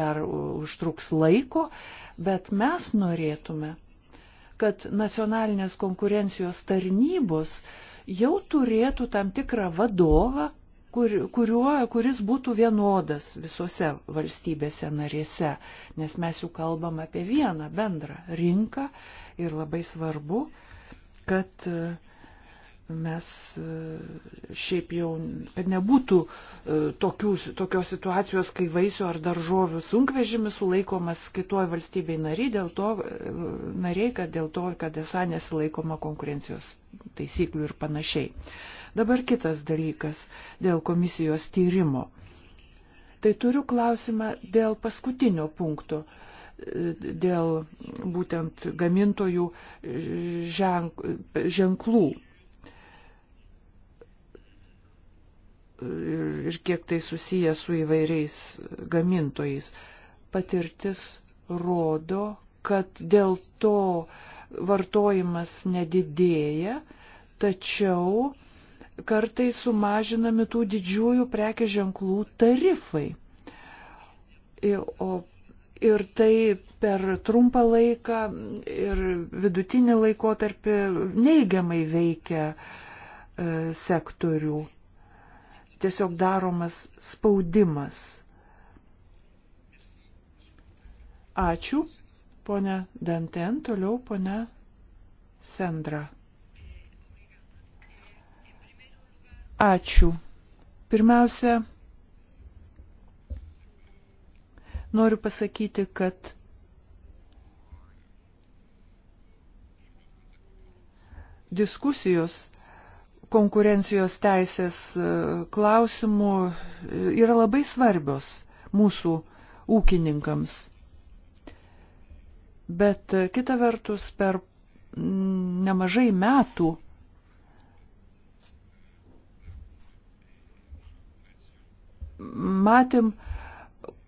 dar užtruks laiko, bet mes norėtume, kad nacionalinės konkurencijos tarnybos jau turėtų tam tikrą vadovą, kur, kuriuo, kuris būtų vienodas visose valstybėse narėse, nes mes jau kalbam apie vieną bendrą rinką ir labai svarbu, kad e, mes e, šiaip jau, kad nebūtų e, tokių, tokios situacijos, kai vaisių ar daržovių sunkvežimis sulaikomas kitoj valstybei nariai, dėl to, nariai, kad dėl to, kad esą nesilaikoma konkurencijos taisyklių ir panašiai. Dabar kitas dalykas dėl komisijos tyrimo. Tai turiu klausimą dėl paskutinio punkto, dėl būtent gamintojų ženk, ženklų. Ir kiek tai susiję su įvairiais gamintojais. Patirtis rodo, kad dėl to vartojimas nedidėja, tačiau kartai sumažinami tų didžiųjų prekės ženklų tarifai. O ir tai per trumpą laiką ir vidutinį laikotarpį neigiamai veikia e, sektorių. Tiesiog daromas spaudimas. Ačiū, ponia Danten, toliau ponia Sendra. Ačiū. Pirmiausia, noriu pasakyti, kad diskusijos konkurencijos teisės e, klausimų e, yra labai svarbios mūsų ūkininkams. Bet e, kita vertus, per nemažai metų matėm,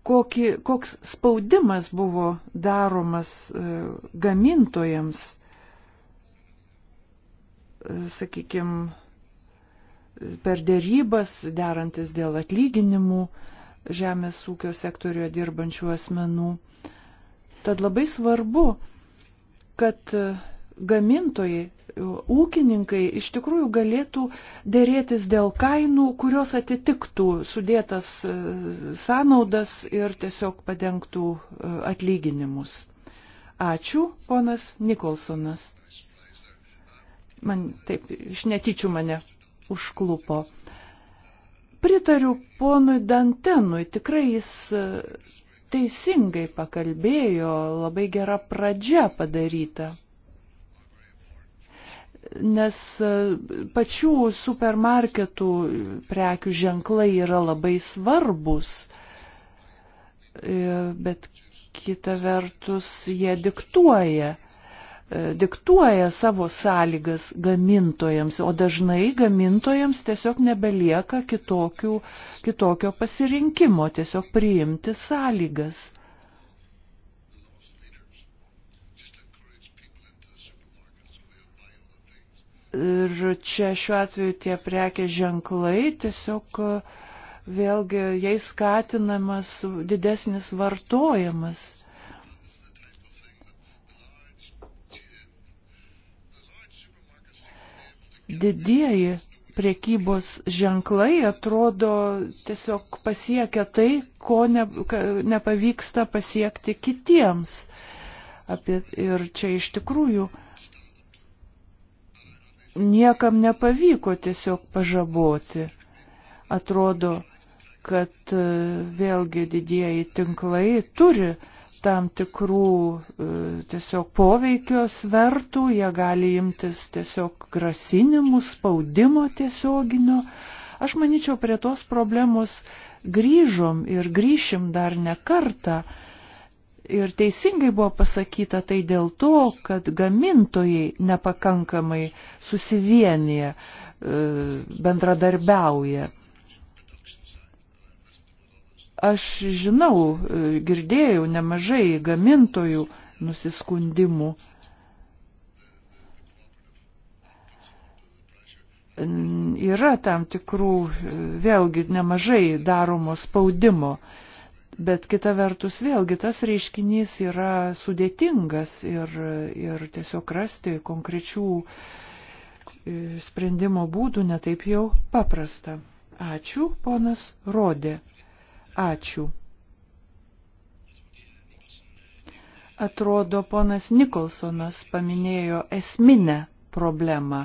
kokį, koks spaudimas buvo daromas e, gamintojams, e, sakykime, per dėrybas, derantis dėl atlyginimų žemės ūkio sektorijoje dirbančių asmenų. Tad labai svarbu, kad gamintojai, ūkininkai iš tikrųjų galėtų dėrėtis dėl kainų, kurios atitiktų sudėtas e, sąnaudas ir tiesiog padengtų e, atlyginimus. Ačiū, ponas Nikolsonas. Man taip iš netyčių mane užklupo. Pritariu ponui Dantenui, tikrai jis e, teisingai pakalbėjo, labai gera pradžia padaryta nes e, pačių supermarketų prekių ženklai yra labai svarbus, e, bet kita vertus jie diktuoja, e, diktuoja savo sąlygas gamintojams, o dažnai gamintojams tiesiog nebelieka kitokių, kitokio pasirinkimo, tiesiog priimti sąlygas. Ir čia šiuo atveju tie prekės ženklai tiesiog e, vėlgi jais skatinamas didesnis vartojimas. Didieji priekybos ženklai atrodo tiesiog pasiekia tai, ko ne, nepavyksta pasiekti kitiems. Apie, ir čia iš tikrųjų uh, niekam nepavyko tiesiog pažaboti. Atrodo, kad e, vėlgi didieji tinklai turi tam tikrų e, tiesiog poveikio svertų, jie gali imtis tiesiog grasinimų, spaudimo tiesioginio. Aš manyčiau, prie tos problemos grįžom ir grįšim dar ne kartą Ir teisingai buvo pasakyta tai dėl to, kad gamintojai nepakankamai susivienyje bendradarbiauja. Aš žinau, e, girdėjau nemažai gamintojų nusiskundimų. Yra tam tikrų, e, vėlgi, nemažai daromo spaudimo Bet kita vertus vėlgi tas reiškinys yra sudėtingas ir, ir tiesiog rasti konkrečių e, sprendimo būdų netaip jau paprasta. Ačiū, ponas Rodė. Ačiū. Atrodo, ponas Nikolsonas paminėjo esminę problemą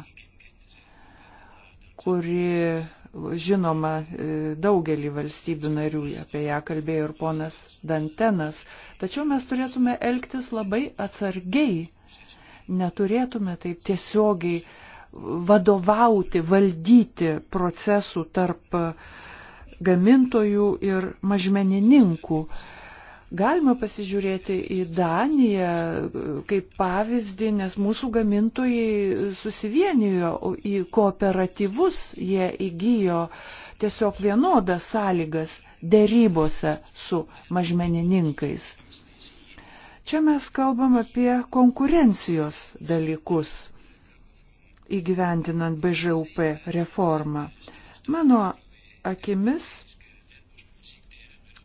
kuri žinoma e, daugelį valstybių narių, apie ją kalbėjo ir ponas Dantenas. Tačiau mes turėtume elgtis labai atsargiai, neturėtume taip tiesiogiai vadovauti, valdyti procesų tarp gamintojų ir mažmenininkų. Galima pasižiūrėti į Daniją kaip pavyzdį, nes mūsų gamintojai susivienijo į kooperatyvus, jie įgyjo tiesiog vienodas sąlygas dėrybose su mažmenininkais. Čia mes kalbam apie konkurencijos dalykus įgyvendinant BŽUP reformą. Mano akimis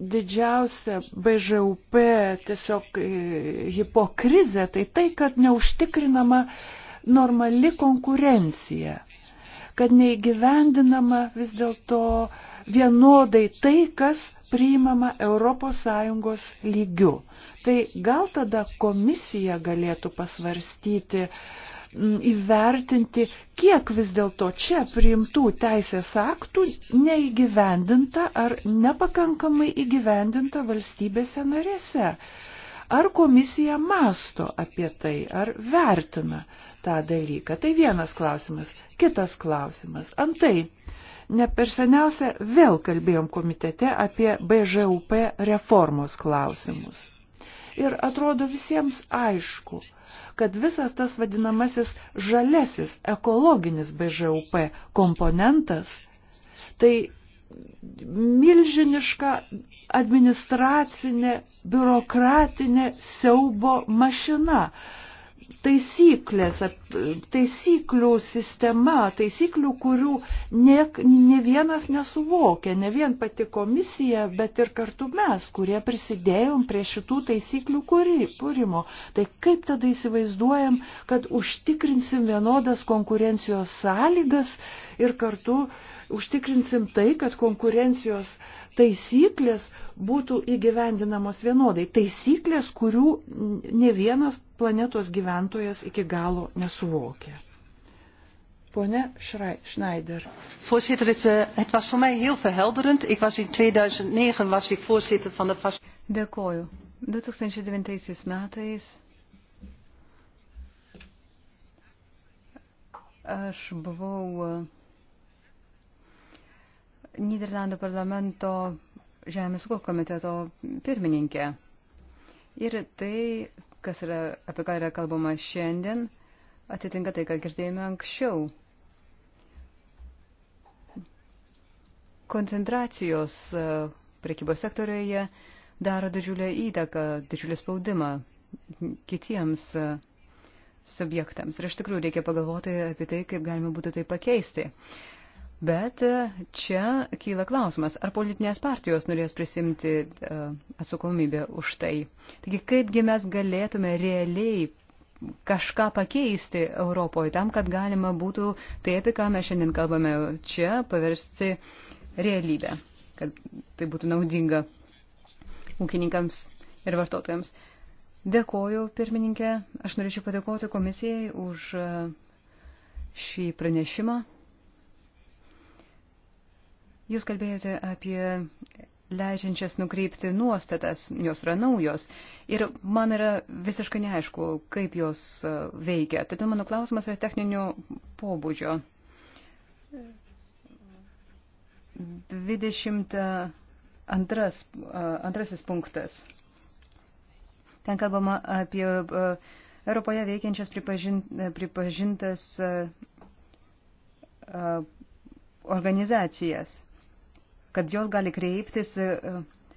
didžiausia BŽUP tiesiog e, hipokrizė tai tai, kad neužtikrinama normali konkurencija, kad neįgyvendinama vis dėlto vienodai tai, kas priimama ES lygiu. Tai gal tada komisija galėtų pasvarstyti, uh, įvertinti, kiek vis dėlto čia priimtų teisės aktų neįgyvendinta ar nepakankamai įgyvendinta valstybėse narėse. Ar komisija masto apie tai, ar vertina tą dalyką? Tai vienas klausimas. Kitas klausimas. Antai, ne per seniausia vėl kalbėjom komitete apie BŽUP reformos klausimus ir atrodo visiems aišku, kad visas tas vadinamasis žalesis ekologinis BŽUP komponentas tai milžiniška administracinė, biurokratinė siaubo mašina, taisyklės, taisyklių sistema, taisyklių, kurių ne, ne vienas nesuvokia, ne vien pati komisija, bet ir kartu mes, kurie prisidėjom prie šitų taisyklių kūrimo. Tai kaip tada įsivaizduojam, kad užtikrinsim vienodas konkurencijos sąlygas ir kartu uh, užtikrinsim tai, kad konkurencijos taisyklės būtų įgyvendinamos vienodai. Taisyklės, kurių ne vienas planetos gyventojas iki galo nesuvokė. Pone Schneider. Voorzitter, het, uh, het was voor mij heel verhelderend. Ik was in 2009 was ik voorzitter van de vast. Dėkoju. 2009 metais aš buvau eh, Niderlandų parlamento Žemės ūkio komiteto pirmininkė. Ir tai, kas yra, apie ką yra kalbama šiandien, atitinka tai, ką girdėjome anksčiau. Koncentracijos e, prekybos sektorijoje daro didžiulę įtaką, didžiulį spaudimą kitiems e, subjektams. Ir iš tikrųjų reikia pagalvoti apie tai, kaip galima būtų tai pakeisti. Bet e, čia kyla klausimas, ar politinės partijos norės prisimti e, atsakomybę už tai. Taigi, kaipgi mes galėtume realiai kažką pakeisti Europoje tam, kad galima būtų tai, apie ką mes šiandien kalbame čia, paversti realybę, kad tai būtų naudinga ūkininkams ir vartotojams. Dėkoju, pirmininkė. Aš norėčiau padėkoti komisijai už e, šį pranešimą. Jūs kalbėjote apie leidžiančias nukreipti nuostatas, jos yra naujos ir man yra visiškai neaišku, kaip jos e, veikia. Todėl mano klausimas yra techninio pobūdžio. 22 e, e, antrasis punktas. Ten kalbama apie Europoje veikiančias pripažintas organizacijas kad jos gali kreiptis e,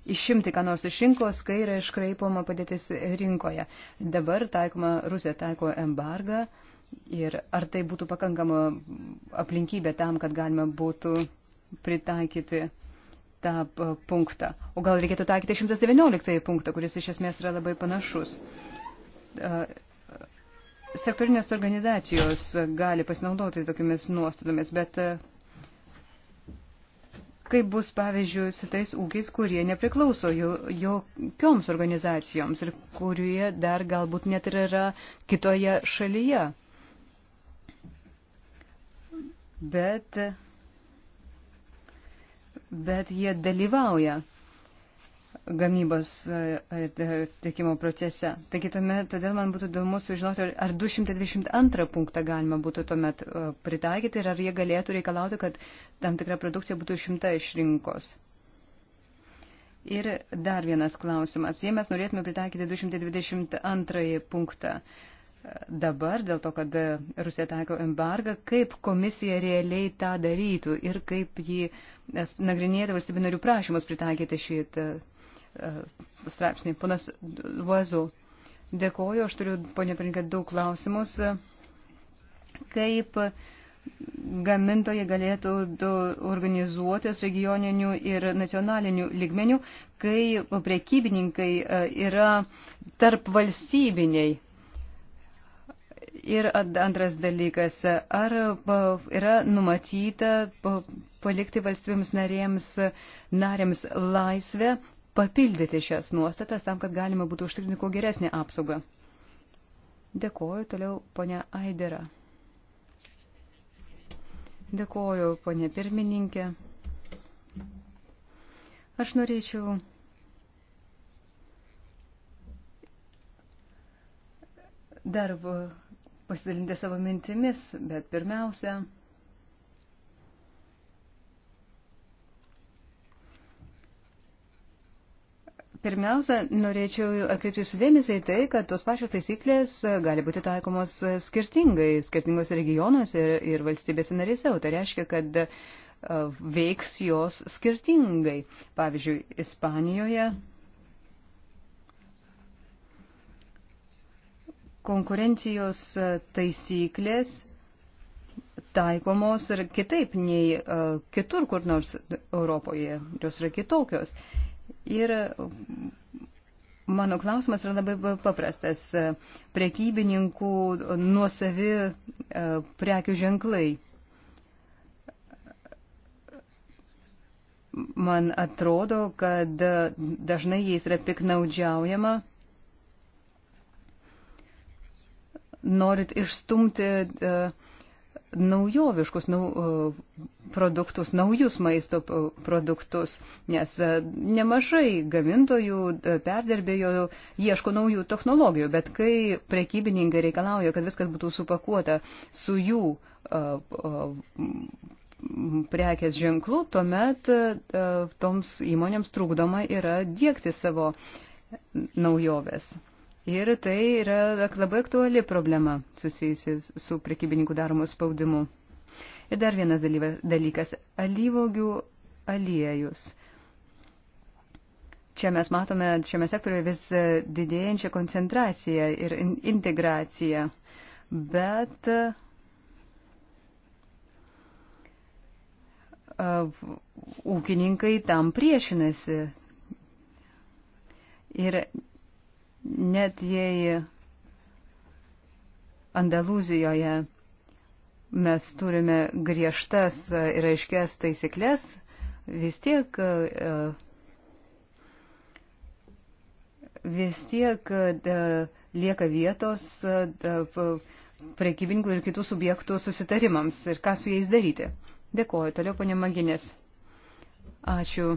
išimti ką nors iš rinkos, kai yra iškraipoma padėtis rinkoje. Dabar taikoma, Rusija taiko embargą ir ar tai būtų pakankama aplinkybė tam, kad galima būtų pritaikyti tą punktą. O gal reikėtų taikyti 119 punktą, kuris iš esmės yra labai panašus. E, sektorinės organizacijos gali pasinaudoti tokiamis nuostatomis, bet e, kaip bus, pavyzdžiui, su tais ūkiais, kurie nepriklauso jokioms organizacijoms ir kurie dar galbūt net ir yra kitoje šalyje. Bet, bet jie dalyvauja gamybos ir e, e, tiekimo procese. Taigi tuomet, todėl man būtų įdomu sužinoti, ar 222 punktą galima būtų tuomet e, pritaikyti ir ar jie galėtų reikalauti, kad tam tikra produkcija būtų išimta iš rinkos. Ir dar vienas klausimas. Jei mes norėtume pritaikyti 222 punktą dabar, dėl to, kad Rusija taiko embargą, kaip komisija realiai tą darytų ir kaip ji nagrinėtų valstybių narių prašymus pritaikyti šitą E, straipsnį. Ponas Vazu, dėkoju, aš turiu, ponė Pirinkė, daug klausimus. Kaip gamintojai galėtų organizuotis regioninių ir nacionalinių ligmenių, kai prekybininkai e, yra tarp valstybiniai. Ir antras dalykas, ar yra numatyta palikti valstybėms narėms, narėms laisvę papildyti šias nuostatas tam, kad galima būtų užtikrinti kuo geresnį apsaugą. Dėkoju toliau ponia Aidera. Dėkoju ponia pirmininkė. Aš norėčiau dar pasidalinti savo mintimis, bet pirmiausia, Pirmiausia, norėčiau atkreipti jūsų dėmesį į tai, kad tos pačios taisyklės gali būti taikomos skirtingai, skirtingose regionuose ir, ir valstybėse narėse. O tai reiškia, kad e, veiks jos skirtingai. Pavyzdžiui, Ispanijoje konkurencijos taisyklės taikomos ir kitaip nei e, kitur kur nors Europoje. Jos yra kitokios. Ir mm, mano klausimas yra labai paprastas. Prekybininkų nuosavi e, prekių ženklai. Man atrodo, kad dažnai jais yra piknaudžiaujama. Norit išstumti uh, naujoviškus nau, e, produktus, naujus maisto produktus, nes e, nemažai gamintojų, perdirbėjų ieško naujų technologijų, bet kai prekybininkai reikalauja, kad viskas būtų supakuota su jų e, prekės ženklų, tuomet toms įmonėms trukdoma yra dėkti savo naujoves. Ir tai yra labai aktuali problema susijusi su prekybininkų daromu spaudimu. Ir dar vienas dalykas - alyvogių aliejus. Čia mes matome šiame sektoriuje vis e, didėjančią koncentraciją ir integraciją, bet e, ūkininkai tam priešinasi. Ir Net jei Andalūzijoje mes turime griežtas ir aiškias taisyklės, vis tiek, vis tiek e, lieka vietos e, prekybininkų ir kitų subjektų susitarimams ir ką su jais daryti. Dėkuoju. Toliau, ponė Maginės. Ačiū.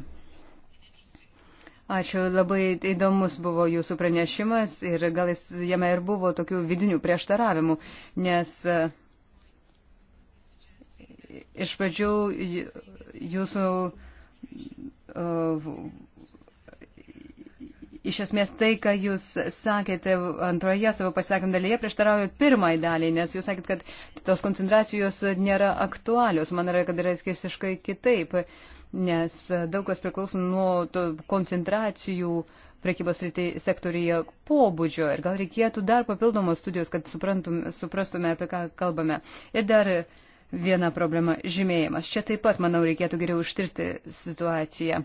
Ačiū, labai įdomus buvo jūsų pranešimas ir gal jis, jame ir buvo tokių vidinių prieštaravimų, nes e, iš pradžių jūsų uh, iš esmės tai, ką jūs sakėte antroje savo pasisakym dalyje, prieštarauja pirmai daliai, nes jūs sakėt, kad tos koncentracijos nėra aktualios, man yra, kad yra visiškai kitaip. Uh, nes e, daug kas priklauso nuo koncentracijų prekybos sektorija pobūdžio ir gal reikėtų dar papildomos studijos, kad suprastume, apie ką kalbame. Ir dar viena problema - žymėjimas. Čia taip pat, manau, reikėtų geriau ištirti situaciją.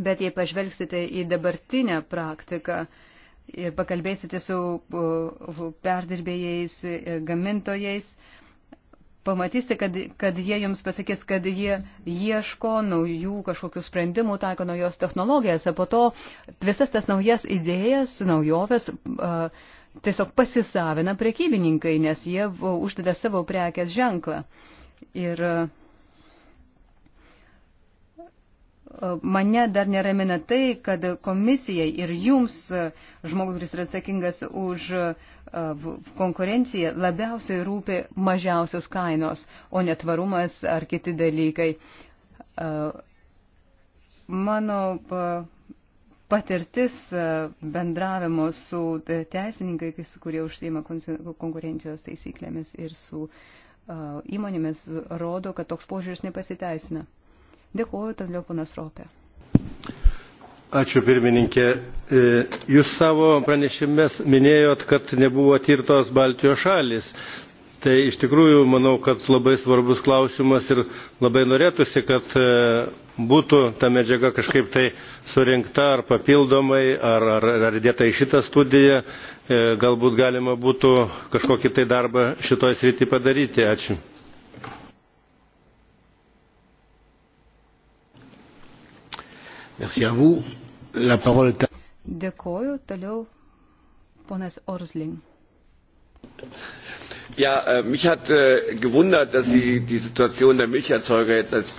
Bet jei pažvelgsite į dabartinę praktiką, ir pakalbėsite su perdirbėjais, e, gamintojais, pamatysite, kad, kad jie jums pasakys, kad jie ieško naujų kažkokių sprendimų, taiko naujos technologijas, o po to visas tas naujas idėjas, naujoves a, tiesiog pasisavina prekybininkai, nes jie uždeda savo prekės ženklą. Ir a, mane dar neramina tai, kad komisijai ir jums, e, žmogus, kuris yra atsakingas už e, konkurenciją, labiausiai rūpi mažiausios kainos, o netvarumas ar kiti dalykai. E, mano patirtis bendravimo su teisininkais, kurie užsieima konkurencijos taisyklėmis ir su įmonėmis, rodo, kad toks požiūris nepasiteisina. Dėkuoju, toliau ponas Ropė. Ačiū pirmininkė. E, jūs savo pranešimės minėjot, kad nebuvo tirtos Baltijos šalis. Tai iš tikrųjų manau, kad labai svarbus klausimas ir labai norėtųsi, kad e, būtų ta medžiaga kažkaip tai surinkta ar papildomai, ar, ar, ar dėta į šitą studiją. E, galbūt galima būtų kažkokį tai darbą šitoj srity padaryti. Ačiū. Merci à vous. La parole est à... Dėkoju. Toliau ponas Orsling. Ja, äh, mich hat äh, gewundert, dass Sie die Situation der Milcherzeuger jetzt als.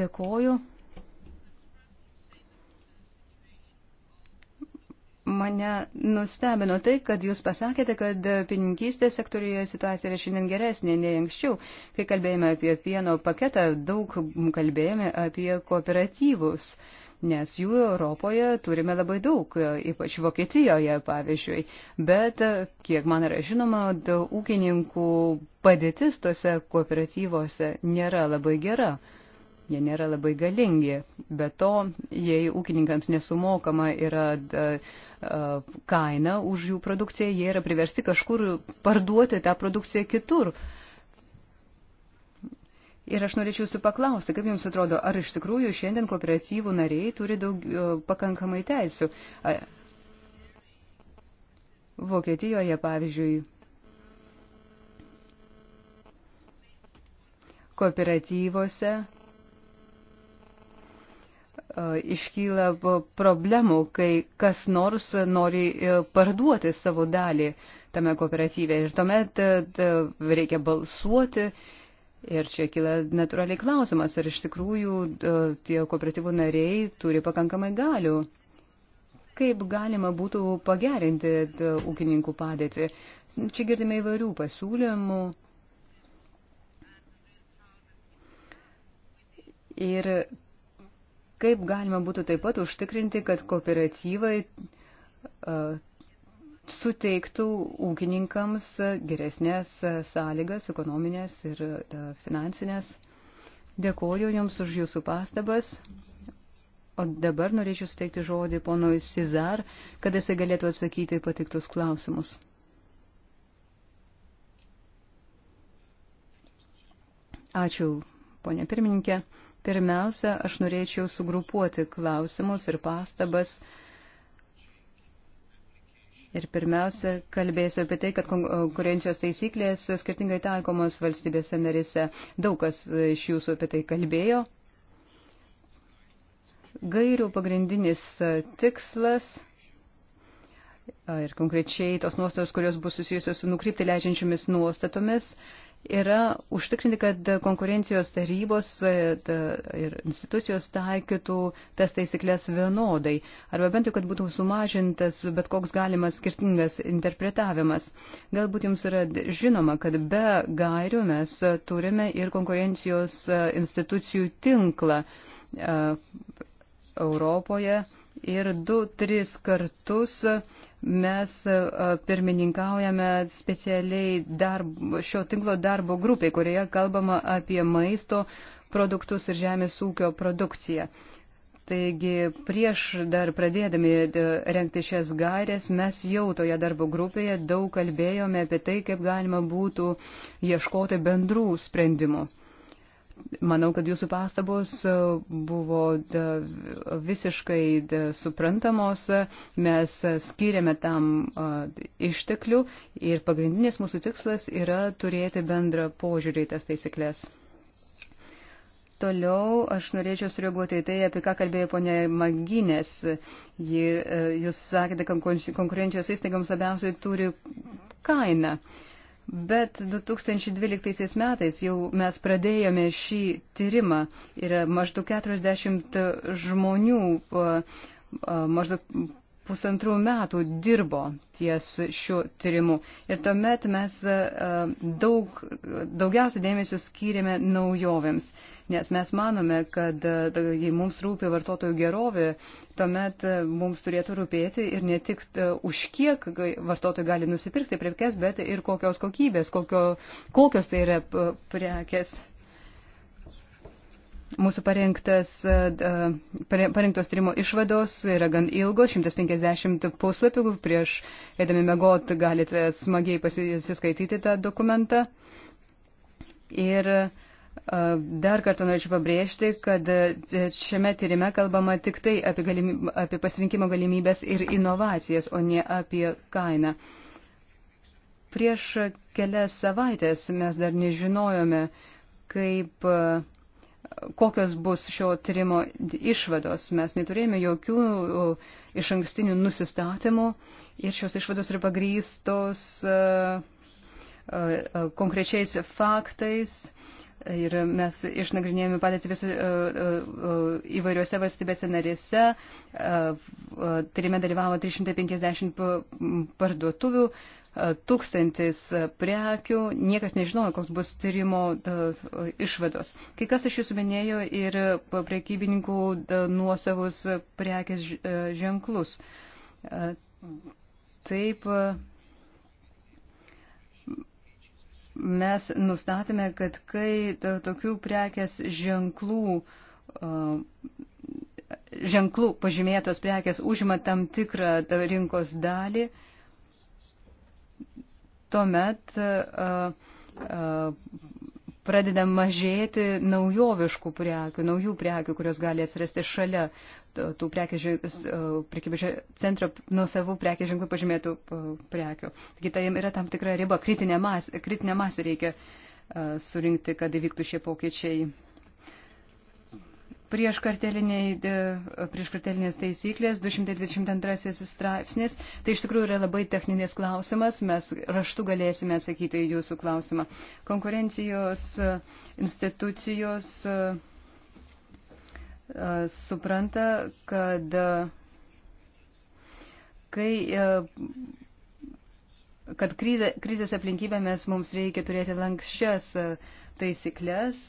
Dėkoju. Mane nustebino tai, kad jūs pasakėte, kad pininkystės sektorijoje situacija yra šiandien geresnė nei anksčiau. Kai kalbėjome apie pieno paketą, daug kalbėjome apie kooperatyvus. Uh, nes jų Europoje turime labai daug, ypač Vokietijoje, pavyzdžiui. Bet, kiek man yra žinoma, ūkininkų padėtis tose kooperatyvose nėra labai gera. Jie nėra labai galingi. Be to, jei ūkininkams nesumokama yra kaina už jų produkciją, jie yra priversti kažkur parduoti tą produkciją kitur. Uh, Ir aš norėčiau jūsų paklausti, kaip jums atrodo, ar iš tikrųjų šiandien kooperatyvų nariai turi daug, e, pakankamai teisų? Vokietijoje, pavyzdžiui, kooperatyvose e, iškyla problemų, kai kas nors nori e, parduoti savo dalį tame kooperatyve ir tuomet reikia balsuoti Ir čia kyla natūraliai klausimas, ar iš tikrųjų e, tie kooperatyvų nariai turi pakankamai galių. Kaip galima būtų pagerinti e, ūkininkų padėtį? Čia girdime įvairių pasiūlymų. Ir kaip galima būtų taip pat užtikrinti, kad kooperatyvai e, suteiktų ūkininkams geresnės sąlygas, ekonominės ir e, finansinės. Dėkoju Jums už Jūsų pastabas. O dabar norėčiau suteikti žodį ponui Cizar, kad jisai galėtų atsakyti patiktus klausimus. Ačiū, ponė pirmininkė. Pirmiausia, aš norėčiau sugrupuoti klausimus ir pastabas uh, Ir pirmiausia, kalbėsiu apie tai, kad konkurencijos taisyklės skirtingai taikomos valstybėse narise. Daug kas iš jūsų apie tai kalbėjo. Gairių pagrindinis tikslas ir konkrečiai tos nuostatos, kurios bus susijusios su nukrypti leidžiančiomis nuostatomis, yra užtikrinti, kad konkurencijos tarybos e, ir institucijos taikytų tas taisyklės vienodai, arba bent jau, kad būtų sumažintas bet koks galimas skirtingas interpretavimas. Galbūt jums yra žinoma, kad be gairių mes turime ir konkurencijos e, institucijų tinklą e, Europoje ir 2-3 kartus mes e, pirmininkaujame specialiai darbo, šio tinklo darbo grupiai, kurioje kalbama apie maisto produktus ir žemės ūkio produkciją. Taigi prieš dar pradėdami e, renkti šias gairės, mes jau toje darbo grupėje daug kalbėjome apie tai, kaip galima būtų ieškoti bendrų sprendimų. Manau, kad jūsų pastabos e, buvo e, visiškai e, suprantamos, mes skiriame tam išteklių ir pagrindinis mūsų tikslas yra turėti bendrą požiūrį į tas taisyklės. Toliau aš norėčiau sureaguoti į tai, apie ką kalbėjo ponė Maginės. Ji, jūs sakėte, kad konkurencijos įstaigoms labiausiai turi kainą. Uh, Bet 2012 metais jau mes pradėjome šį tyrimą ir maždaug 40 žmonių maždaug pusantrų metų dirbo ties šiuo tyrimu. Ir tuomet mes e, daug, daugiausia dėmesio skyrėme naujovėms, nes mes manome, kad e, jei mums rūpi vartotojų gerovė, tuomet e, mums turėtų rūpėti ir ne tik už kiek vartotojai gali nusipirkti prekes, bet ir kokios kokybės, kokio, kokios tai yra prekes. Mūsų e, parengtos tyrimo išvados yra gan ilgos, 150 puslapių, prieš eidami megot galite smagiai pasiskaityti tą dokumentą. Ir e, Dar kartą norėčiau pabrėžti, kad e, šiame tyrime kalbama tik tai apie, galimybę, apie pasirinkimo galimybės ir inovacijas, o ne apie kainą. Prieš kelias savaitės mes dar nežinojome, kaip uh, kokios bus šio tyrimo išvados. Mes neturėjome jokių iš ankstinių nusistatymų ir šios išvados yra pagrystos konkrečiais faktais. Ir mes išnagrinėjome padėtį visų įvairiuose valstybėse narėse. Tyrime dalyvavo 350 parduotuvių, tūkstantis prekių, niekas nežinojo, koks bus tyrimo išvados. Kai kas iš jūsų minėjo ir prekybininkų nuosavus prekės e, ženklus. E, taip mes nustatėme, kad kai tokių prekės ženklų e, ženklų pažymėtos prekės užima tam tikrą rinkos dalį, uh, tuomet e, e, pradeda mažėti naujoviškų prekių, naujų prekių, kurios gali atsirasti šalia tų e, prekybėžio centro nusavų prekės ženklų pažymėtų prekių. Taigi tai yra tam tikra riba, kritinė masė, kritinė masė reikia surinkti, kad įvyktų šie pokyčiai prieš, e, prieš kartelinės taisyklės, 222 straipsnis. Tai iš tikrųjų yra labai techninis klausimas, mes raštu galėsime atsakyti jūsų klausimą. Konkurencijos e, institucijos e, supranta, kad kai kad krizė, krizės aplinkybėmis mums reikia turėti lankščias taisyklės,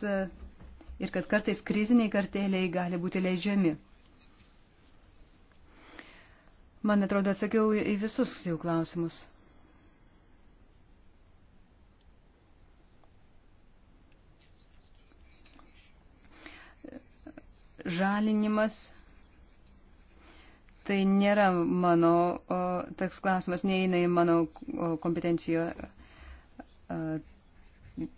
ir kad kartais kriziniai kartėliai gali būti leidžiami. Man atrodo, atsakiau į visus jų klausimus. Žalinimas tai nėra mano, o, toks klausimas neįeina į mano kompetenciją.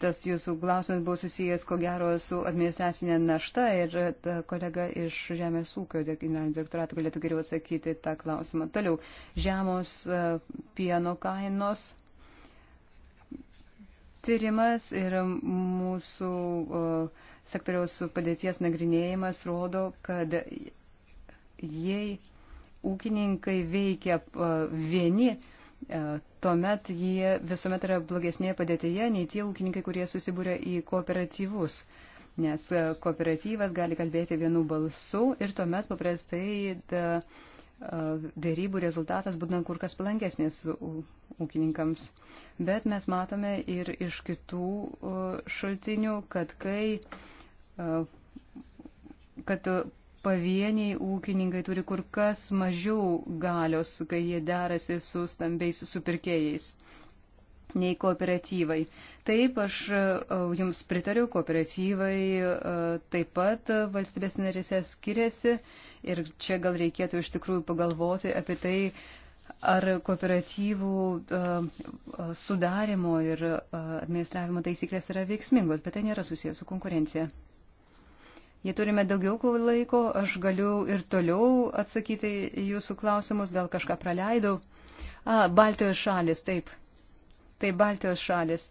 Tas jūsų klausimas buvo susijęs, ko gero, su administracinė našta ir kolega iš Žemės ūkio generalinio direktorato galėtų geriau atsakyti tą klausimą. Toliau, žemos e, pieno kainos tyrimas ir mūsų sektoriaus padėties nagrinėjimas rodo, kad jei ūkininkai veikia vieni, E, tuomet jie visuomet yra blogesnėje padėtyje nei tie ūkininkai, kurie susibūrė į kooperatyvus. Nes e, kooperatyvas gali kalbėti vienu balsu ir tuomet paprastai e, dėrybų rezultatas būna kur kas palankesnis ūkininkams. Bet mes matome ir iš kitų šaltinių, kad kai kad pavieniai ūkininkai turi kur kas mažiau galios, kai jie derasi su stambiais supirkėjais nei kooperatyvai. Taip, aš e, jums pritariu, kooperatyvai e, taip pat valstybės narėse skiriasi ir čia gal reikėtų iš tikrųjų pagalvoti apie tai, ar kooperatyvų e, sudarimo ir administravimo taisyklės yra veiksmingos, bet tai nėra susijęs su konkurencija. Jei turime daugiau laiko, aš galiu ir toliau atsakyti jūsų klausimus, gal kažką praleidau. A, Baltijos šalis, taip. Tai Baltijos šalis,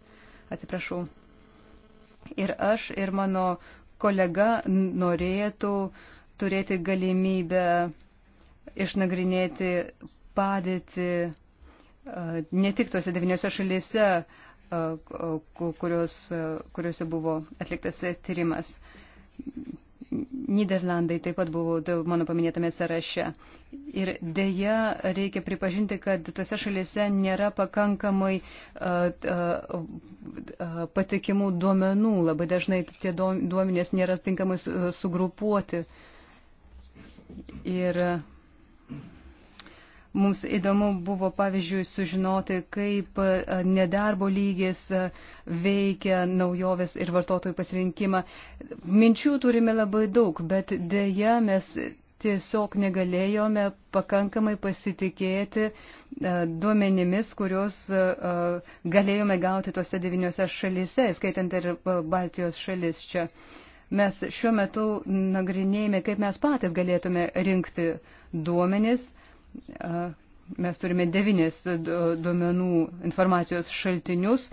atsiprašau. Ir aš, ir mano kolega norėtų turėti galimybę išnagrinėti padėti ne tik tose devyniose šalyse, kurios, kuriuose buvo atliktas tyrimas. Niderlandai taip pat buvo mano paminėtame sąraše. Ir dėja, reikia pripažinti, kad tose šalise nėra pakankamai uh, uh, patikimų duomenų. Labai dažnai tie duomenės nėra tinkamai sugrupuoti. Ir uh, Mums įdomu buvo, pavyzdžiui, sužinoti, kaip e, nedarbo lygis e, veikia naujovės ir vartotojų pasirinkimą. Minčių turime labai daug, bet dėja mes tiesiog negalėjome pakankamai pasitikėti e, duomenimis, kuriuos galėjome gauti tose devyniose šalise, skaitant ir Baltijos šalis čia. Mes šiuo metu nagrinėjame, kaip mes patys galėtume rinkti duomenis Mes turime devynis duomenų informacijos šaltinius,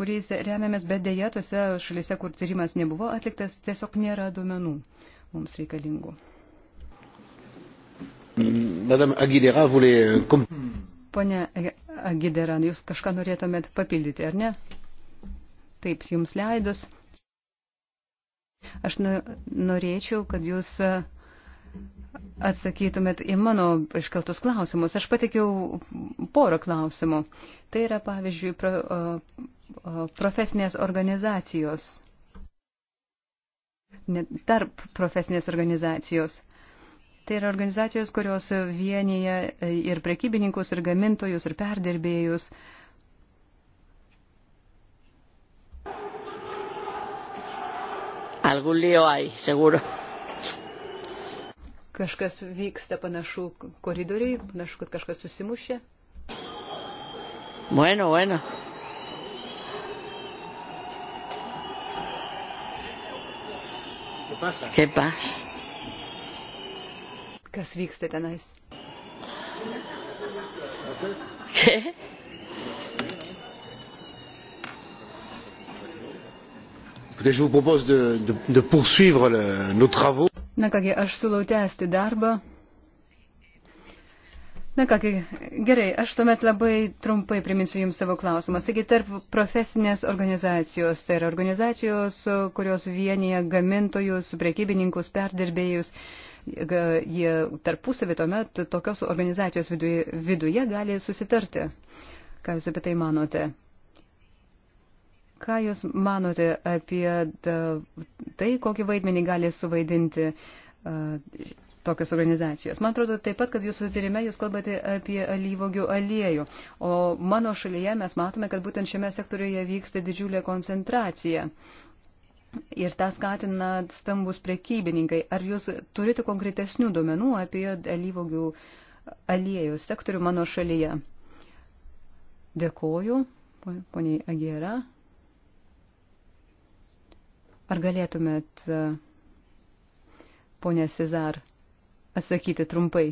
kuriais remiamės, bet dėja tose šalise, kur tyrimas nebuvo atliktas, tiesiog nėra duomenų mums reikalingų. Madame Aguilera, voulez... Euh, Pone Agidera, jūs kažką norėtumėt papildyti, ar ne? Taip, jums leidus. Aš norėčiau, kad jūs uh, atsakytumėt į mano iškeltus klausimus. Aš patikiau porą klausimų. Tai yra, pavyzdžiui, pro, profesinės organizacijos. Net tarp profesinės organizacijos. Tai yra organizacijos, kurios vienyje ir prekybininkus, ir gamintojus, ir perdirbėjus. Algún lío hay, seguro. Kažkas vyksta panašu koridoriai, panašu, kad kažkas susimušė. Bueno, bueno. ¿Qué pasa? ¿Qué pasa? Kas vyksta tenais? ¿Qué? Écoutez, je vous propose de, de, de poursuivre le, nos travaux. Na kągi, aš siūlau tęsti darbą. Na kągi, gerai, aš tuomet labai trumpai priminsiu Jums savo klausimas. Taigi, tarp profesinės organizacijos, tai yra organizacijos, kurios vienyje gamintojus, prekybininkus, perdirbėjus, jie tarpusavį tuomet tokios organizacijos viduje, viduje gali susitarti. Ką Jūs apie tai manote? Ką Jūs manote apie tai, kokį vaidmenį gali suvaidinti uh, tokios organizacijos? Man atrodo taip pat, kad Jūsų tyrime Jūs kalbate apie alyvogių aliejų, o mano šalyje mes matome, kad būtent šiame sektoriuje vyksta didžiulė koncentracija. Ir tą skatina stambus prekybininkai. Ar Jūs turite konkretesnių duomenų apie alyvogių aliejų sektorių mano šalyje? Dėkoju, poniai Agėra. Ar galėtumėt, e, ponė Cezar, atsakyti trumpai?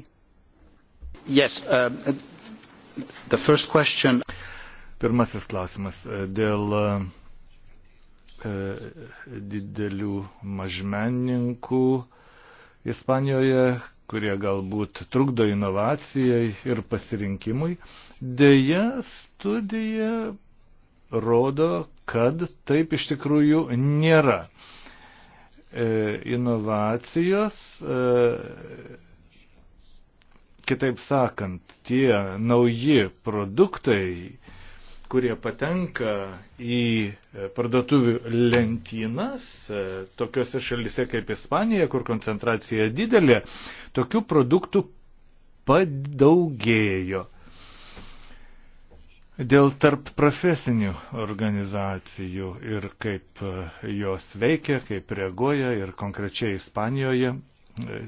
Yes, uh, question... Pirmasis klausimas e, dėl e, didelių mažmenininkų Ispanijoje, kurie galbūt trukdo inovacijai ir pasirinkimui. Deja, studija rodo, kad taip iš tikrųjų nėra. E, inovacijos, e, kitaip sakant, tie nauji produktai, kurie patenka į parduotuvių lentynas, e, tokiuose šalise kaip Ispanija, kur koncentracija didelė, tokių produktų padaugėjo dėl tarp profesinių organizacijų ir kaip e, jos veikia, kaip reaguoja ir konkrečiai Ispanijoje. E,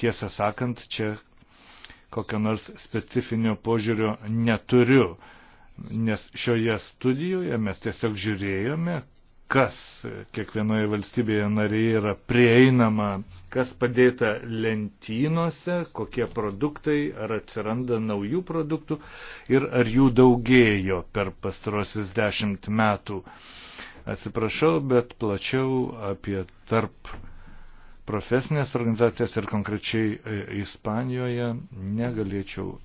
tiesą sakant, čia kokio nors specifinio požiūrio neturiu, nes šioje studijoje mes tiesiog žiūrėjome, kas kiekvienoje valstybėje narėje yra prieinama, kas padėta lentynose, kokie produktai, ar atsiranda naujų produktų ir ar jų daugėjo per pastarosius dešimt metų. Atsiprašau, bet plačiau apie tarp profesinės organizacijas ir konkrečiai e, Ispanijoje negalėčiau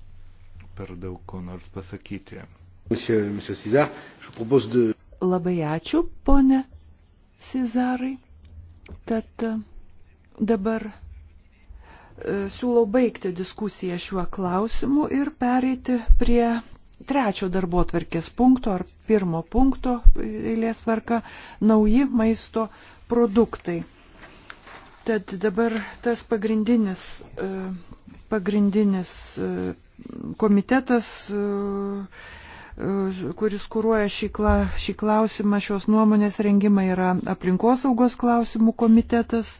per daug ko nors pasakyti. Monsieur, monsieur César, je vous propose de... Labai ačiū, ponė Cezarai. Tad e, dabar e, siūlau baigti diskusiją šiuo klausimu ir pereiti prie trečio darbo tvarkės punkto ar pirmo punkto eilės tvarka nauji maisto produktai. Tad dabar tas pagrindinis, e, pagrindinis komitetas kuris kūruoja šį, kla, šį klausimą, šios nuomonės rengimą yra aplinkosaugos klausimų komitetas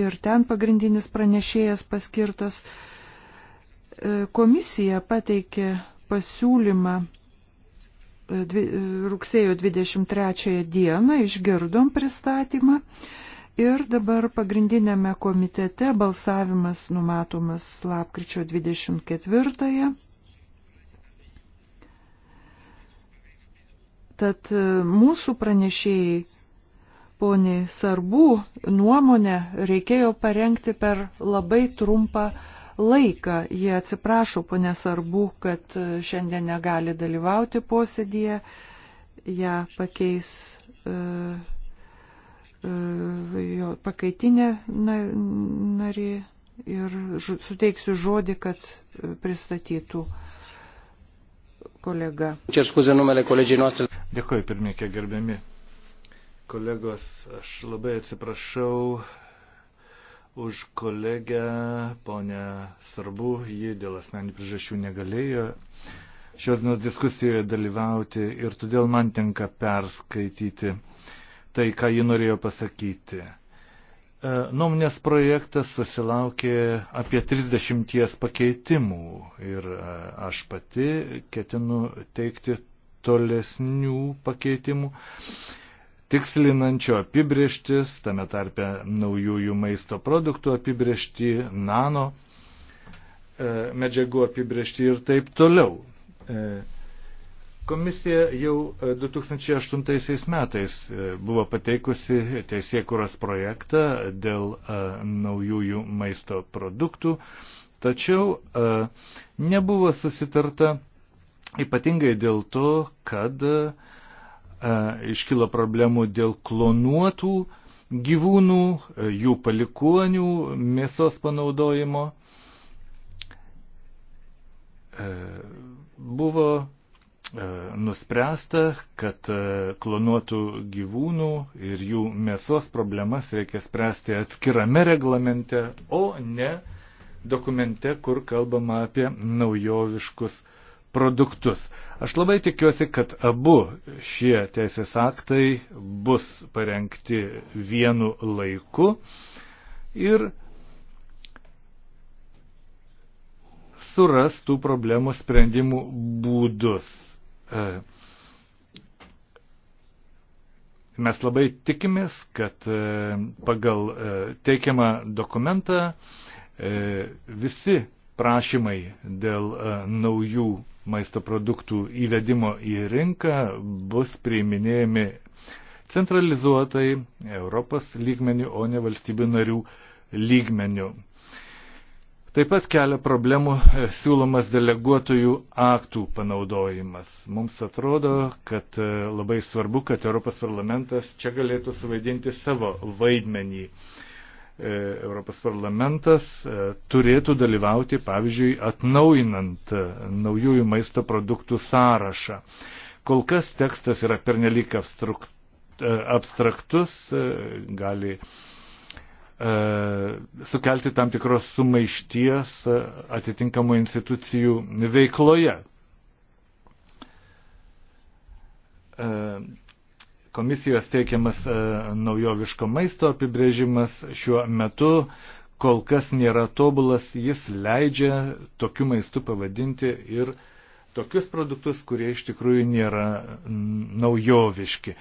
ir ten pagrindinis pranešėjas paskirtas. E, komisija pateikė pasiūlymą e, e, rugsėjo 23 dieną, išgirdom pristatymą ir dabar pagrindinėme komitete balsavimas numatomas lapkričio 24. -ąją Tad e, mūsų pranešėjai poniai Sarbų nuomonę reikėjo parengti per labai trumpą laiką. Jie atsiprašo, ponė Sarbų, kad e, šiandien negali dalyvauti posėdėje. Ja pakeis uh, uh, jo pakaitinė nari ir suteiksiu žodį, kad pristatytų kolega. Čia skuzė numelė kolegijai nuostelį. Dėkuoju, pirmininkė, gerbiami kolegos, aš labai atsiprašau už kolegę, ponę Sarbu, ji dėl asmeninių priežasčių negalėjo šios dienos diskusijoje dalyvauti ir todėl man tenka perskaityti tai, ką ji norėjo pasakyti. E, nuomonės projektas susilaukė apie 30 pakeitimų ir e, aš pati ketinu teikti tolesnių pakeitimų, tikslinančio apibrieštis, tame tarpe naujųjų maisto produktų apibriešti, nano e, medžiagų apibriešti ir taip toliau. E, komisija jau 2008 e, metais buvo pateikusi teisėkuros projektą dėl naujųjų maisto produktų, tačiau nebuvo susitarta Ypatingai dėl to, kad e, iškilo problemų dėl klonuotų gyvūnų, e, jų palikuonių, mėsos panaudojimo. E, buvo e, nuspręsta, kad e, klonuotų gyvūnų ir jų mėsos problemas reikia spręsti atskirame reglamente, o ne dokumente, kur kalbama apie naujoviškus produktus. Aš labai tikiuosi, kad abu šie teisės aktai bus parengti vienu laiku ir suras tų problemų sprendimų būdus. E, mes labai tikimės, kad e, pagal e, teikiamą dokumentą visi prašymai dėl naujų maisto produktų įvedimo į rinką bus priiminėjami centralizuotai Europos lygmenių, o ne valstybių narių lygmenių. Taip pat kelia problemų e, siūlomas deleguotojų aktų panaudojimas. Mums atrodo, kad e, labai svarbu, kad Europos parlamentas čia galėtų suvaidinti savo vaidmenį. E, E, Europos parlamentas e, turėtų dalyvauti, pavyzdžiui, atnaujinant e, naujųjų maisto produktų sąrašą. Kol kas tekstas yra pernelyg abstraktus, gali sukelti tam tikros sumaišties atitinkamų institucijų veikloje Komisijos teikiamas e, naujoviško maisto apibrėžimas šiuo metu kol kas nėra tobulas, jis leidžia tokiu maistu pavadinti ir tokius produktus, kurie iš tikrųjų nėra naujoviški.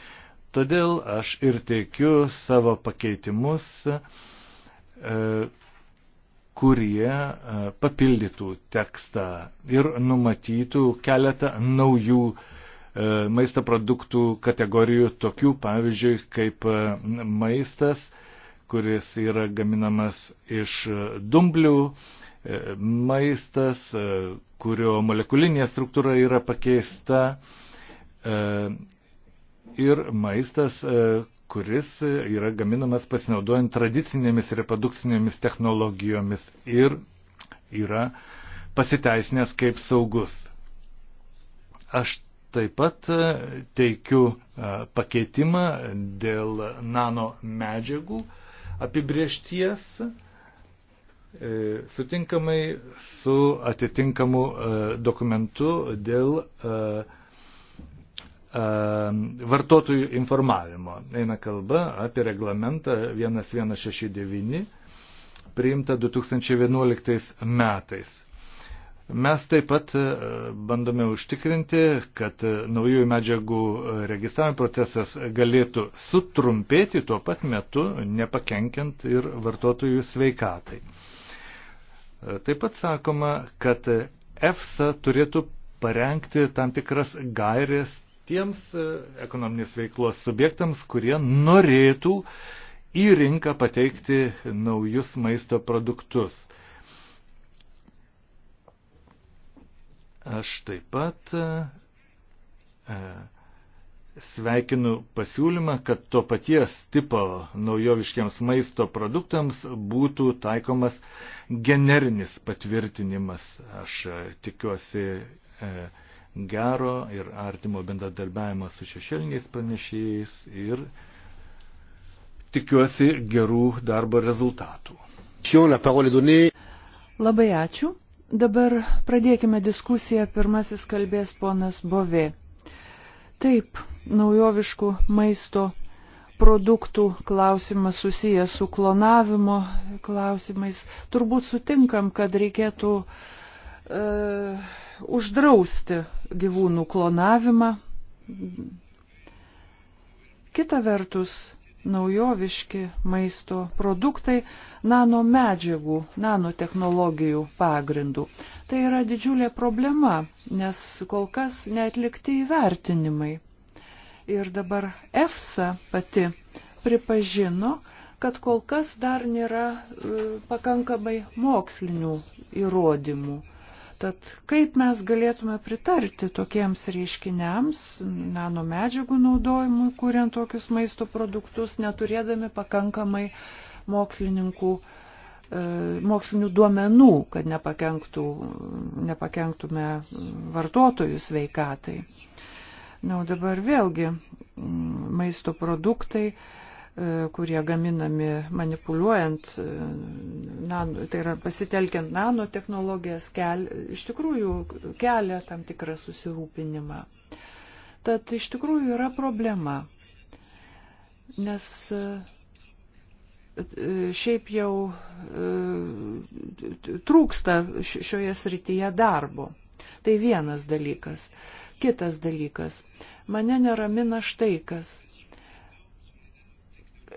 Todėl aš ir teikiu savo pakeitimus, e, kurie e, papildytų tekstą ir numatytų keletą naujų uh, E, maisto produktų kategorijų, tokių pavyzdžiui kaip e, maistas, kuris yra gaminamas iš dumblių, e, maistas, kurio molekulinė struktūra yra pakeista ir maistas, kuris yra gaminamas pasinaudojant tradicinėmis reprodukcinėmis technologijomis ir yra pasiteisinęs kaip saugus. Aš Taip pat e, teikiu e, pakeitimą dėl nano medžiagų apibriešties e, sutinkamai su atitinkamu dokumentu dėl vartotojų informavimo. Eina kalba apie reglamentą 1169 priimta 2011 metais. Mes taip pat e, bandome užtikrinti, kad e, naujųjų medžiagų e, registravimo procesas galėtų sutrumpėti tuo pat metu, nepakenkiant ir vartotojų sveikatai. Taip pat sakoma, kad EFSA turėtų parengti tam tikras gairės tiems ekonominės veiklos subjektams, kurie norėtų į rinką pateikti naujus maisto produktus. Aš taip pat e, e, sveikinu pasiūlymą, kad to paties tipo naujoviškiams maisto produktams būtų taikomas generinis patvirtinimas. Aš e, tikiuosi gero ir artimo bendradarbiavimo su šešėliniais pranešėjais ir tikiuosi gerų darbo rezultatų. Labai ačiū. Dabar pradėkime diskusiją. Pirmasis kalbės ponas Bovė. Taip, naujoviškų maisto produktų klausimas susijęs su klonavimo klausimais. Turbūt sutinkam, kad reikėtų e, uždrausti gyvūnų klonavimą. Kita vertus, naujoviški maisto produktai nanomedžiagų, nanotehnologijų pagrindų. Tai yra didžiulė problema, nes kol kas neatlikti įvertinimai. Ir dabar EFSA pati pripažino, kad kol kas dar nėra e, pakankamai mokslinių įrodymų Tad kaip mes galėtume pritarti tokiems reiškiniams, nanomedžiagų naudojimui, kuriant tokius maisto produktus, neturėdami pakankamai mokslininkų e, mokslinių duomenų, kad nepakenktų, nepakenktume vartotojų sveikatai. Na, o dabar vėlgi maisto produktai, E, kurie gaminami manipuliuojant, e, nano, tai yra pasitelkiant nanotehnologijas, kel, iš tikrųjų kelia tam tikrą susirūpinimą. Tad iš tikrųjų yra problema, nes e, šiaip jau trūksta šioje srityje darbo. Tai vienas dalykas. Kitas dalykas. Mane neramina štai kas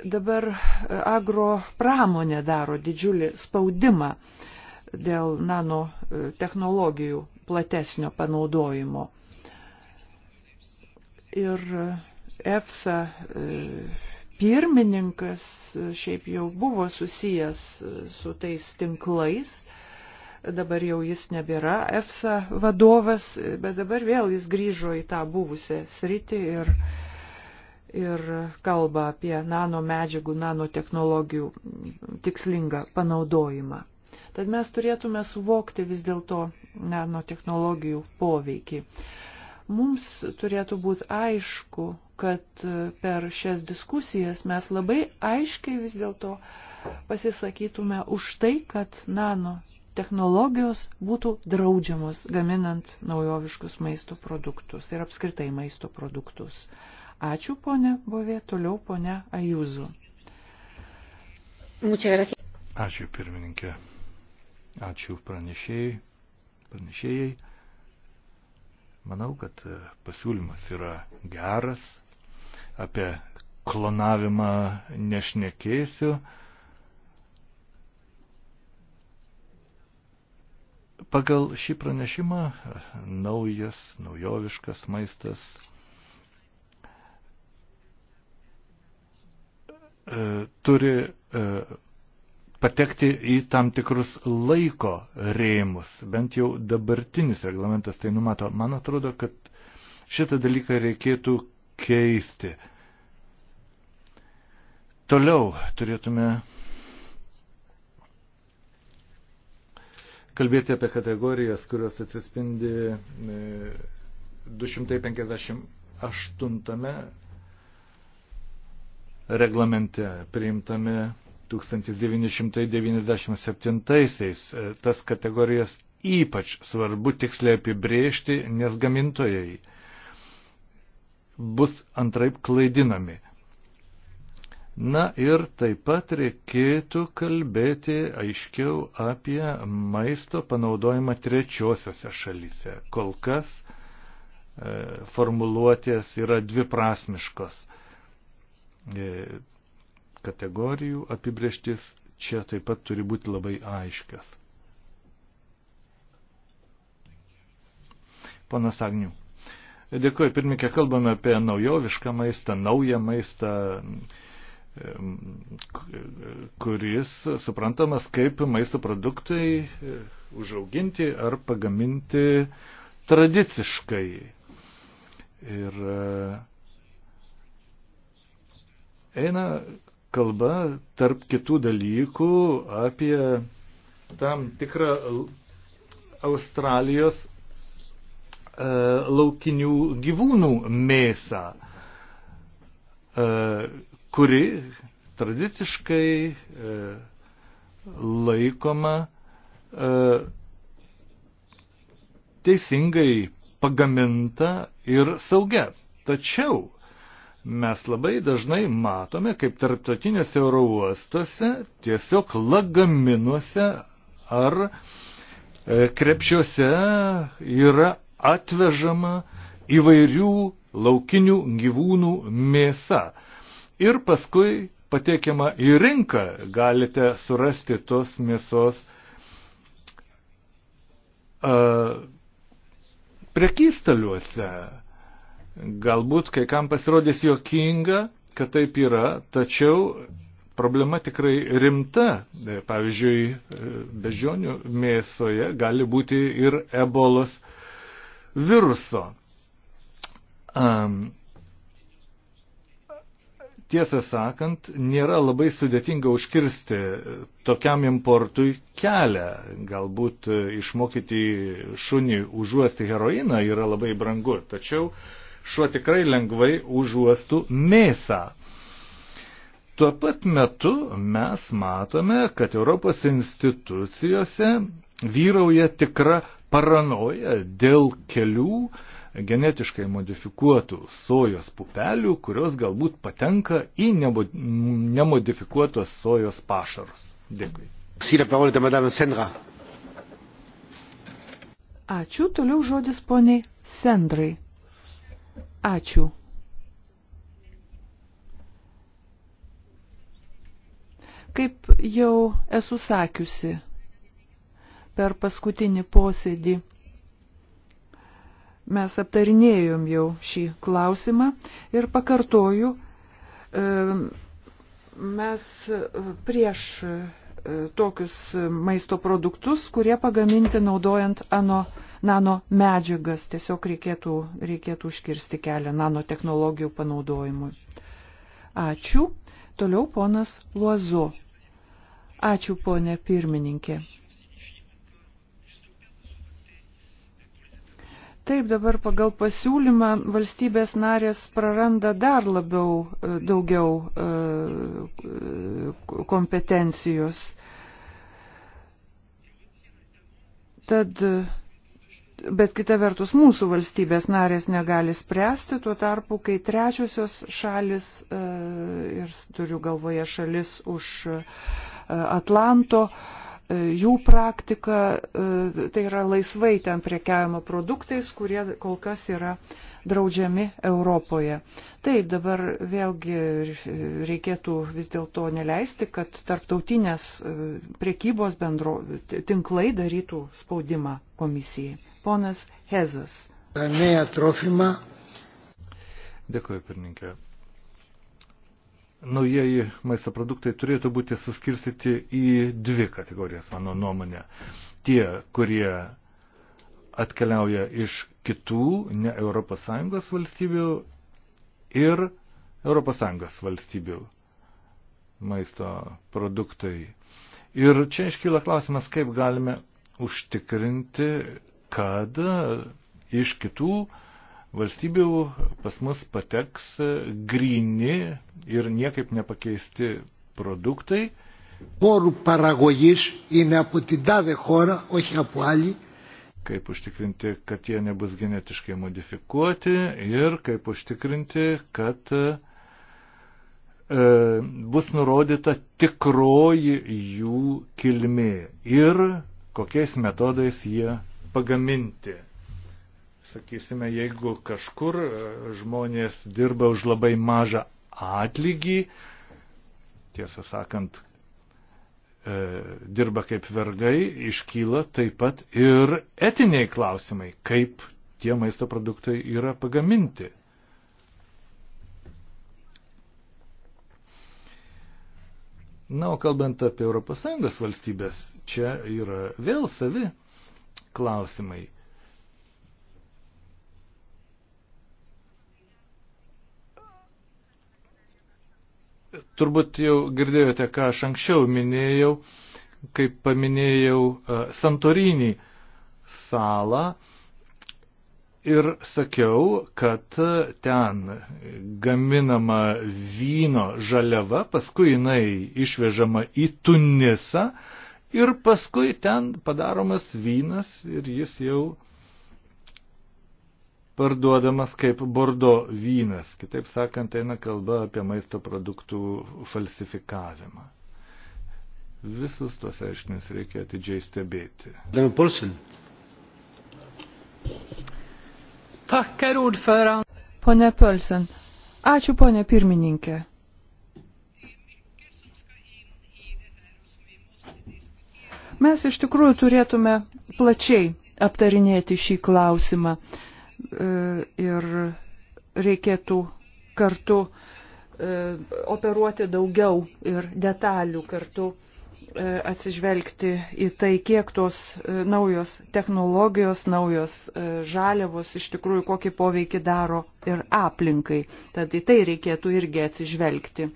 dabar e, agro pramonė daro didžiulį spaudimą dėl nanotehnologijų e, platesnio panaudojimo. Ir e, EFSA pirmininkas šiaip jau buvo susijęs su tais tinklais, dabar jau jis nebėra EFSA vadovas, bet dabar vėl jis grįžo į tą buvusią sritį ir uh, ir kalba apie nanomedžiagų, nanotehnologijų tikslingą panaudojimą. Tad mes turėtume suvokti vis dėlto nanotehnologijų poveikį. Mums turėtų būti aišku, kad per šias diskusijas mes labai aiškiai vis dėlto pasisakytume už tai, kad nanotehnologijos būtų draudžiamos gaminant naujoviškus maisto produktus ir apskritai maisto produktus. Uh, Ačiū, ponė Bovė, toliau ponė Ajūzu. Ačiū, pirmininkė. Ačiū pranešėjai. pranešėjai. Manau, kad e, pasiūlymas yra geras. Apie klonavimą nešnekėsiu. Pagal šį pranešimą e, naujas, naujoviškas maistas E, turi e, patekti į tam tikrus laiko rėmus. Bent jau dabartinis reglamentas tai numato. Man atrodo, kad šitą dalyką reikėtų keisti. Toliau turėtume kalbėti apie kategorijas, kurios atsispindi 258 e, reglamente priimtame 1997-aisiais. E, tas kategorijas ypač svarbu tiksliai apibrėžti, nes gamintojai bus antraip klaidinami. Na ir taip pat reikėtų kalbėti aiškiau apie maisto panaudojimą trečiosiose šalyse. Kol kas e, formuluotės yra dviprasmiškos. E, E, kategorijų apibrieštis čia taip pat turi būti labai aiškas. Ponas Agnių. Dėkuoju, pirmininkė, kalbame apie naujovišką maistą, naują maistą, kuris suprantamas kaip maisto produktai užauginti ar pagaminti tradiciškai. Ir Eina kalba tarp kitų dalykų apie tam tikrą Australijos e, laukinių gyvūnų mėsą, e, kuri tradiciškai e, laikoma teisingai pagaminta ir saugia. Tačiau Mes labai dažnai matome, kaip tarptautiniuose oro uostuose tiesiog lagaminuose ar e, krepšiuose yra atvežama įvairių laukinių gyvūnų mėsa. Ir paskui patiekiama į rinką, galite surasti tos mėsos a, e, prekystaliuose. Galbūt kai kam pasirodys jokinga, kad taip yra, tačiau problema tikrai rimta. E, pavyzdžiui, e, bežionių mėsoje gali būti ir ebolos viruso. Um, tiesą sakant, nėra labai sudėtinga užkirsti tokiam importui kelią. Galbūt e, išmokyti šunį užuosti heroiną yra labai brangu, tačiau uh, šuo tikrai lengvai užuostų mėsą. Tuo pat metu mes matome, kad Europos institucijose vyrauja tikra paranoja dėl kelių genetiškai modifikuotų sojos pupelių, kurios galbūt patenka į nemodifikuotos sojos pašarus. Dėkui. Ačiū, toliau žodis poniai Sendrai. Ačiū. Kaip jau esu sakiusi per paskutinį posėdį, mes aptarinėjom jau šį klausimą ir pakartoju, e, mes e, prieš E, tokius maisto produktus, kurie pagaminti naudojant ano, nano medžiagas. Tiesiog reikėtų, reikėtų užkirsti kelią nanotehnologijų panaudojimui. Ačiū. Toliau ponas Luozo. Ačiū, ponė pirmininkė. Taip, dabar pagal pasiūlymą valstybės narės praranda dar labiau e, daugiau e, e, kompetencijos. Tad, bet kita vertus, mūsų valstybės narės negali spręsti, tuo tarpu, kai trečiosios šalis, ir turiu galvoje šalis už Atlanto, jų praktika, e, tai yra laisvai ten priekiavimo produktais, kurie kol kas yra draudžiami Europoje. Taip, dabar vėlgi reikėtų vis dėlto neleisti, kad tarptautinės e, priekybos bendro tinklai darytų spaudimą komisijai. Ponas Hezas. Dėkuoju, pirmininkė naujieji maisto produktai turėtų būti suskirstyti į dvi kategorijas, mano nuomonė. Tie, kurie atkeliauja iš kitų, ne ES valstybių ir ES valstybių maisto produktai. Ir čia iškyla klausimas, kaip galime užtikrinti, kad iš kitų uh, valstybių pas mus pateks grini ir niekaip nepakeisti produktai. Porų paragojiš yra apie tidavę chorą, o ne apie alį. Kaip užtikrinti, kad jie nebus genetiškai modifikuoti ir kaip užtikrinti, kad e, bus nurodyta tikroji jų kilmė ir kokiais metodais jie pagaminti. Sakysime, jeigu kažkur e, žmonės dirba už labai mažą atlygį, tiesą sakant, e, dirba kaip vergai, iškyla taip pat ir etiniai klausimai, kaip tie maisto produktai yra pagaminti. Na, o kalbant apie ES valstybės, čia yra vėl savi klausimai. turbūt jau girdėjote, ką aš anksčiau minėjau, kaip paminėjau e, Santorinį salą ir sakiau, kad ten gaminama vyno žaliava, paskui jinai išvežama į Tunisą ir paskui ten padaromas vynas ir jis jau parduodamas kaip bordo vynas. Kitaip sakant, eina kalba apie maisto produktų falsifikavimą. Visus tuos aiškinius reikia atidžiai stebėti. Takker ordfører. Pone Pölsen. Ačiū, ponė pirmininkė. Mes iš tikrųjų turėtume plačiai aptarinėti šį klausimą. E, ir reikėtų kartu e, operuoti daugiau ir detalių kartu e, atsižvelgti į tai, kiek tos naujos technologijos, naujos žaliavos iš tikrųjų kokį poveikį daro ir aplinkai. Tad į tai reikėtų irgi atsižvelgti.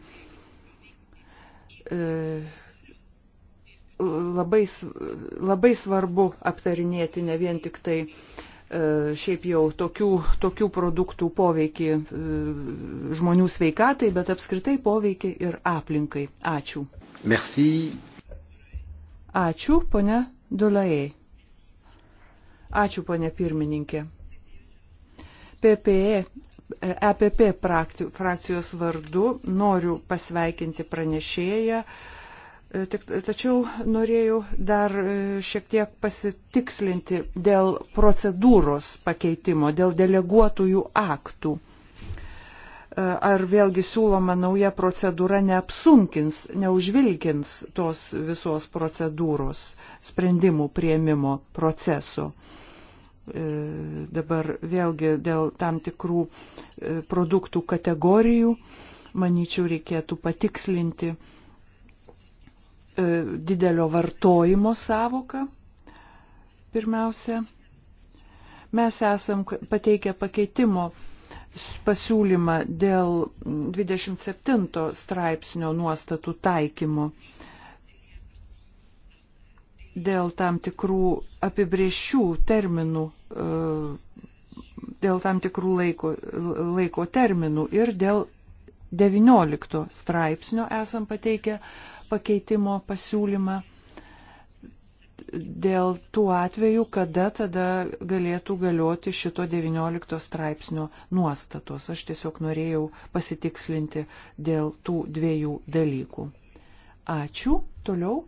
Labai, labai svarbu aptarinėti ne vien tik tai uh, E, šiaip jau tokių, tokių produktų poveikį e, žmonių sveikatai, bet apskritai poveikį ir aplinkai. Ačiū. Merci. Ačiū, ponia Dulajai. Ačiū, ponia pirmininkė. PPE, EPP e frakcijos vardu noriu pasveikinti pranešėją Tik, tačiau norėjau dar e, šiek tiek pasitikslinti dėl procedūros pakeitimo, dėl deleguotųjų aktų. E, ar vėlgi siūloma nauja procedūra neapsunkins, neužvilkins tos visos procedūros sprendimų prieimimo proceso. E, dabar vėlgi dėl tam tikrų produktų kategorijų, manyčiau, reikėtų patikslinti E, didelio vartojimo savoką. Pirmiausia, mes esam pateikę pakeitimo pasiūlymą dėl 27 straipsnio nuostatų taikymo dėl tam tikrų apibriešių terminų, e, dėl tam tikrų laiko, laiko terminų ir dėl 19 straipsnio esam pateikę pakeitimo pasiūlymą dėl tų atvejų, kada tada galėtų galioti šito 19 straipsnio nuostatos. Aš tiesiog norėjau pasitikslinti dėl tų dviejų dalykų. Ačiū. Toliau,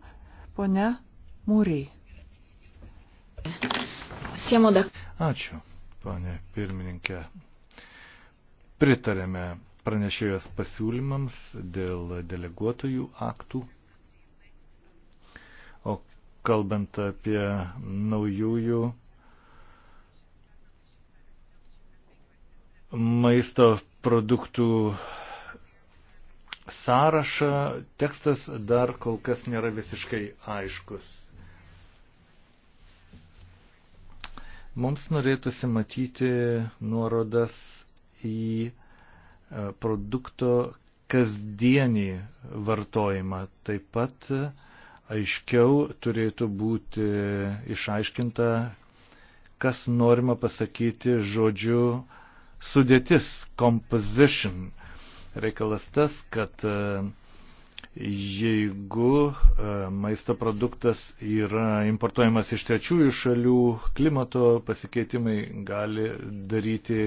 ponia Mūriai. Ačiū, ponė pirmininkė. Pritarėme pranešėjos pasiūlymams dėl deleguotojų aktų O kalbant apie naujųjų maisto produktų sąrašą, tekstas dar kol kas nėra visiškai aiškus. Mums norėtųsi matyti nuorodas į e, produkto kasdienį vartojimą. Taip pat uh, aiškiau turėtų būti išaiškinta, kas norima pasakyti žodžiu sudėtis, composition. Reikalas tas, kad e, jeigu e, maisto produktas yra importuojamas iš trečiųjų šalių, klimato pasikeitimai gali daryti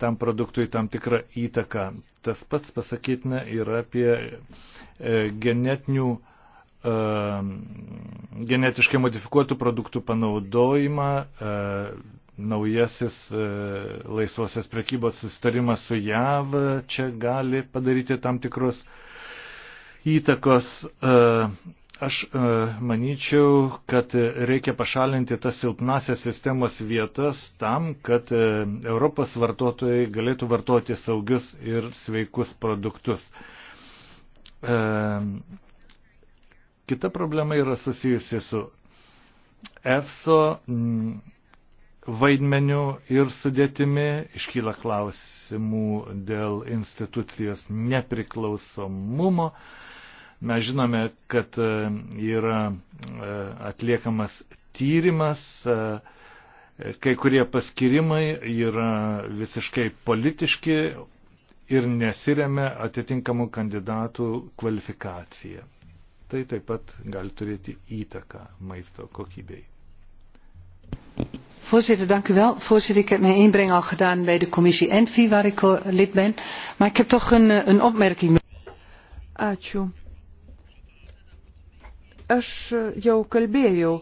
tam produktui tam tikrą įtaką. Tas pats pasakytina yra apie e, genetinių Ehm, genetiškai modifikuotų produktų panaudojimą, ehm, naujasis ehm, laisvosios prekybos sustarimas su JAV čia gali padaryti tam tikrus įtakos. Aš manyčiau, kad reikia pašalinti tas silpnasias sistemos vietas tam, kad Europos vartotojai galėtų vartoti saugius ir sveikus produktus Kita problema yra susijusi su EFSO mm, vaidmeniu ir sudėtimi. Iškyla klausimų dėl institucijos nepriklausomumo. Mes žinome, kad e, yra e, atliekamas tyrimas, e, kai kurie paskirimai yra visiškai politiški ir nesiremia atitinkamų kandidatų kvalifikacija tai taip pat gali turėti įtaką maisto kokybei. Voorzitter, dank u wel. Voorzitter, ik heb mijn inbreng al gedaan bij de commissie ENVI, waar ik eh, lid ben. Maar ik heb toch een, eh, een opmerking. Ačiū. Aš eh, jau kalbėjau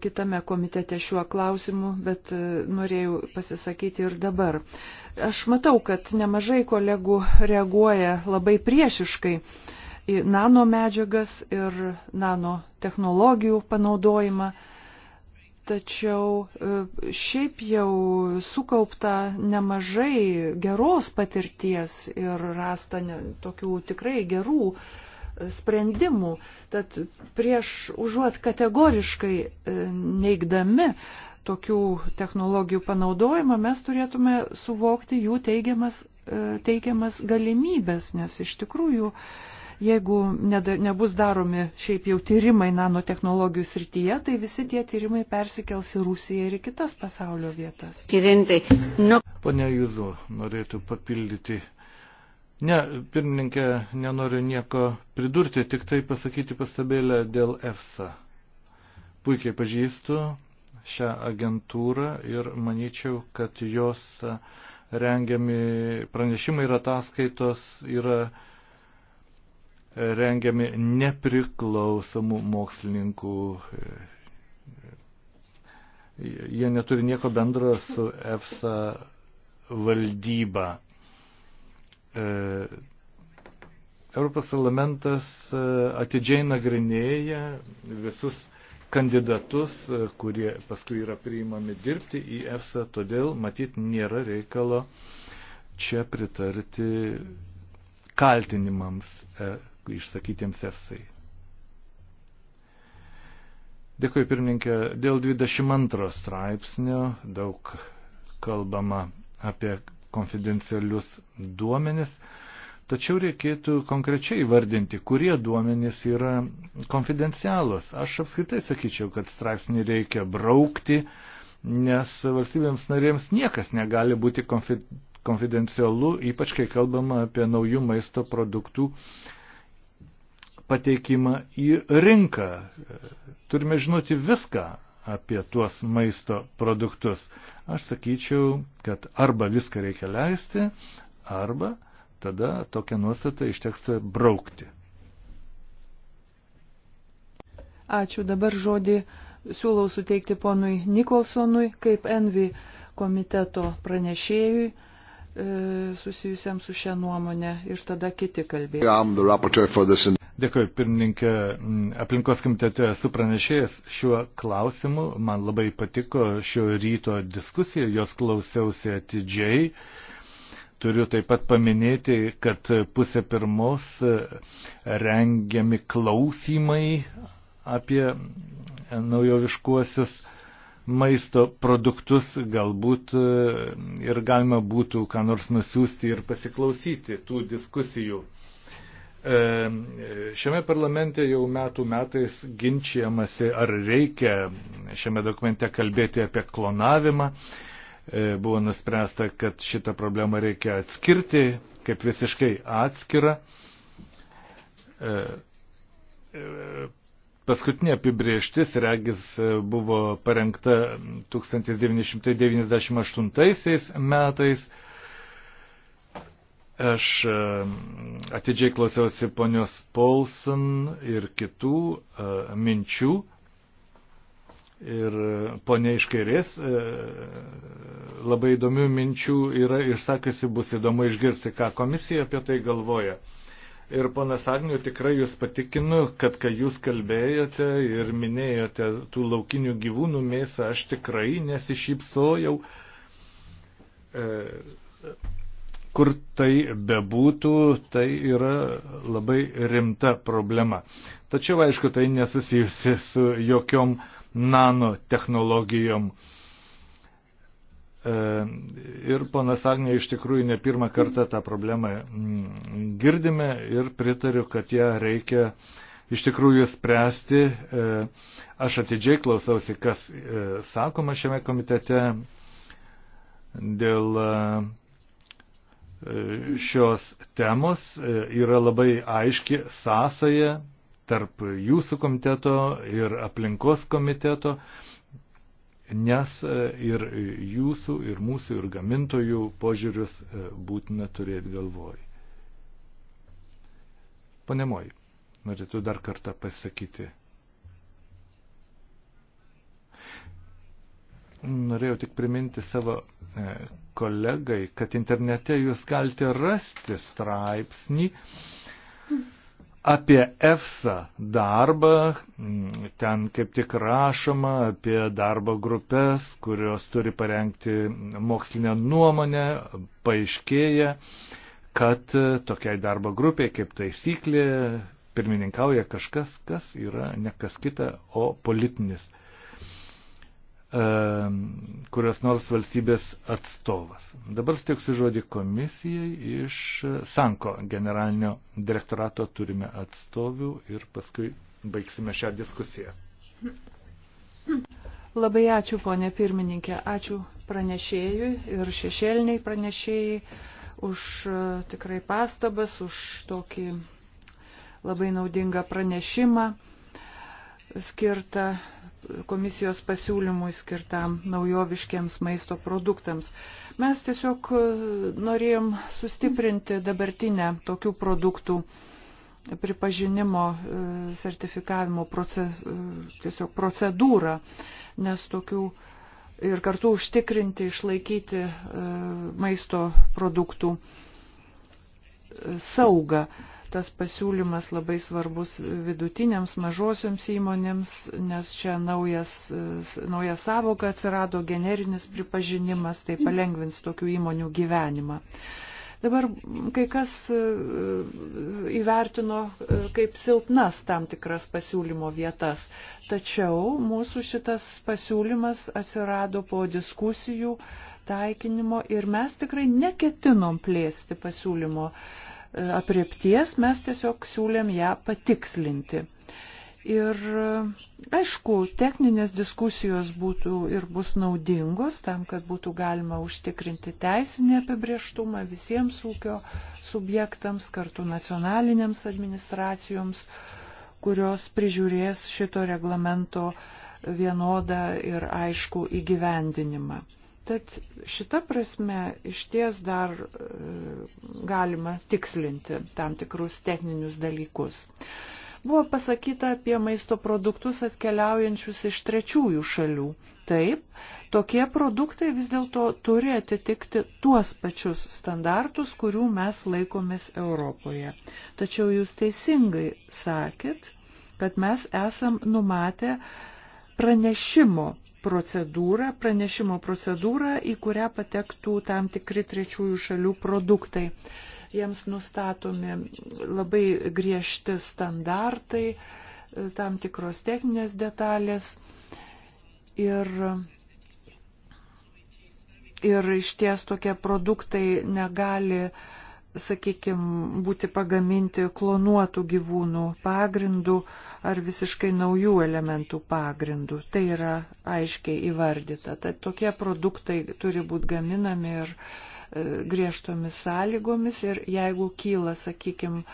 kitame komitete šiuo klausimu, bet norėjau pasisakyti ir dabar. Aš matau, kad nemažai kolegų reaguoja labai priešiškai. Uh, į nanomedžiagas ir nanotehnologijų panaudojimą. Tačiau e, šiaip jau sukaupta nemažai geros patirties ir rasta tokių tikrai gerų e, sprendimų. Tad prieš užuot kategoriškai e, neigdami tokių technologijų panaudojimą, mes turėtume suvokti jų teigiamas, teigiamas galimybės, nes iš tikrųjų uh, Jeigu nebus daromi šiaip jau tyrimai nanotehnologijų srityje, tai visi tie tyrimai persikels į Rusiją ir į kitas pasaulio vietas. Pone Juzo, norėtų papildyti. Ne, pirmininkė, nenoriu nieko pridurti, tik tai pasakyti pastabėlę dėl EFSA. Puikiai pažįstu šią agentūrą ir manyčiau, kad jos rengiami pranešimai ir ataskaitos yra rengiami nepriklausomų mokslininkų. Jie neturi nieko bendro su EFSA valdyba. Europos parlamentas e, atidžiai nagrinėja visus kandidatus, e, kurie paskui yra priimami dirbti į EFSA, todėl matyt nėra reikalo čia pritarti kaltinimams e, išsakytiems EFSAI. Dėkui pirmininkė, dėl 22 straipsnio daug kalbama apie konfidencialius duomenis, tačiau reikėtų konkrečiai vardinti, kurie duomenys yra konfidencialus. Aš apskritai sakyčiau, kad straipsnį reikia braukti, nes valstybėms narėms niekas negali būti konfidencialu, ypač kai kalbama apie naujų maisto produktų uh, pateikimą į rinką. Turime žinoti viską apie tuos maisto produktus. Aš sakyčiau, kad arba viską reikia leisti, arba tada tokią nuostatą iš teksto braukti. Ačiū. Dabar žodį siūlau suteikti ponui Nikolsonui kaip Envi komiteto pranešėjui e, susijusiam su šią nuomonę ir tada kiti kalbėjo. Dėkoju, pirmininkė, mm, aplinkos komitete esu pranešėjęs šiuo klausimu. Man labai patiko šio ryto diskusija, jos klausiausi atidžiai. Turiu taip pat paminėti, kad pusė pirmos e, rengiami klausimai apie e, naujoviškuosius maisto produktus galbūt e, ir galima būtų ką nors nusiųsti ir pasiklausyti tų diskusijų. Ehm, šiame parlamente jau metų metais ginčiamasi, ar reikia šiame dokumente kalbėti apie klonavimą. E, buvo nuspręsta, kad šitą problemą reikia atskirti kaip visiškai atskirą. E, e, paskutinė apibrieštis, regis, buvo parengta 1998 metais Aš e, atidžiai klausiausi ponios Paulson ir kitų e, minčių. Ir e, ponia iš kairės labai įdomių minčių yra išsakiusi, bus įdomu išgirsti, ką komisija apie tai galvoja. Ir ponas Agniu, tikrai jūs patikinu, kad kai jūs kalbėjote ir minėjote tų laukinių gyvūnų mėsą, aš tikrai nesišypsojau. E, kur tai bebūtų, tai yra labai rimta problema. Tačiau, aišku, tai nesusijusi su jokiom nanotehnologijom. E, ir ponas Agnė iš tikrųjų ne pirmą kartą tą problemą mm, girdime ir pritariu, kad ją reikia iš tikrųjų spręsti. E, aš atidžiai klausiausi, kas e, sakoma šiame komitete dėl šios temos e, yra labai aiški sąsaja tarp jūsų komiteto ir aplinkos komiteto, nes e, ir jūsų, ir mūsų, ir gamintojų požiūrius e, būtina turėti galvoj. Panemoji, norėtų dar kartą pasakyti norėjau tik priminti savo e, kolegai, kad internete jūs galite rasti straipsnį apie EFSA darbą. Mm, ten kaip tik rašoma apie darbo grupės, kurios turi parengti mokslinę nuomonę, paaiškėja, kad tokiai darbo grupiai kaip taisyklė pirmininkauja kažkas, kas yra ne kas kita, o politinis kurios nors valstybės atstovas. Dabar steiksiu žodį komisijai iš Sanko generalinio direktorato turime atstovių ir paskui baigsime šią diskusiją. Labai ačiū, ponė pirmininkė, ačiū pranešėjui ir šešėliniai pranešėjai už e, tikrai pastabas, už tokį labai naudingą pranešimą skirtą komisijos pasiūlymui skirtam naujoviškiams maisto produktams. Mes tiesiog e, norėjom sustiprinti dabartinę tokių produktų pripažinimo e, sertifikavimo proce, e, tiesiog procedūrą, nes tokių ir kartu užtikrinti, išlaikyti maisto produktų saugą. Tas pasiūlymas labai svarbus vidutiniams, mažosioms įmonėms, nes čia naujas, nauja savoka atsirado generinis pripažinimas, tai palengvins tokių įmonių gyvenimą. Dabar kai kas e, įvertino e, kaip silpnas tam tikras pasiūlymo vietas, tačiau mūsų šitas pasiūlymas atsirado po diskusijų taikinimo ir mes tikrai neketinom plėsti pasiūlymo apriepties, mes tiesiog siūlėm ją patikslinti. Ir aišku, techninės diskusijos būtų ir bus naudingos tam, kad būtų galima užtikrinti teisinį apibrieštumą visiems ūkio subjektams, kartu nacionalinėms administracijoms, kurios prižiūrės šito reglamento vienodą ir aišku įgyvendinimą. Tad šita prasme iš ties dar e, galima tikslinti tam tikrus techninius dalykus. Buvo pasakyta apie maisto produktus atkeliaujančius iš trečiųjų šalių. Taip, tokie produktai vis dėlto turi atitikti tuos pačius standartus, kurių mes laikomės Europoje. Tačiau jūs teisingai sakėt, kad mes esam numatę pranešimo procedūrą, pranešimo procedūrą, į kurią patektų tam tikri trečiųjų šalių produktai. Jiems nustatomi labai griežti standartai, tam tikros techninės detalės ir, ir iš ties tokie produktai negali uh, sakykime, būti pagaminti klonuotų gyvūnų pagrindų ar visiškai naujų elementų pagrindų. Tai yra aiškiai įvardyta. Tad tokie produktai turi būti gaminami ir e, griežtomis sąlygomis ir jeigu kyla, sakykime,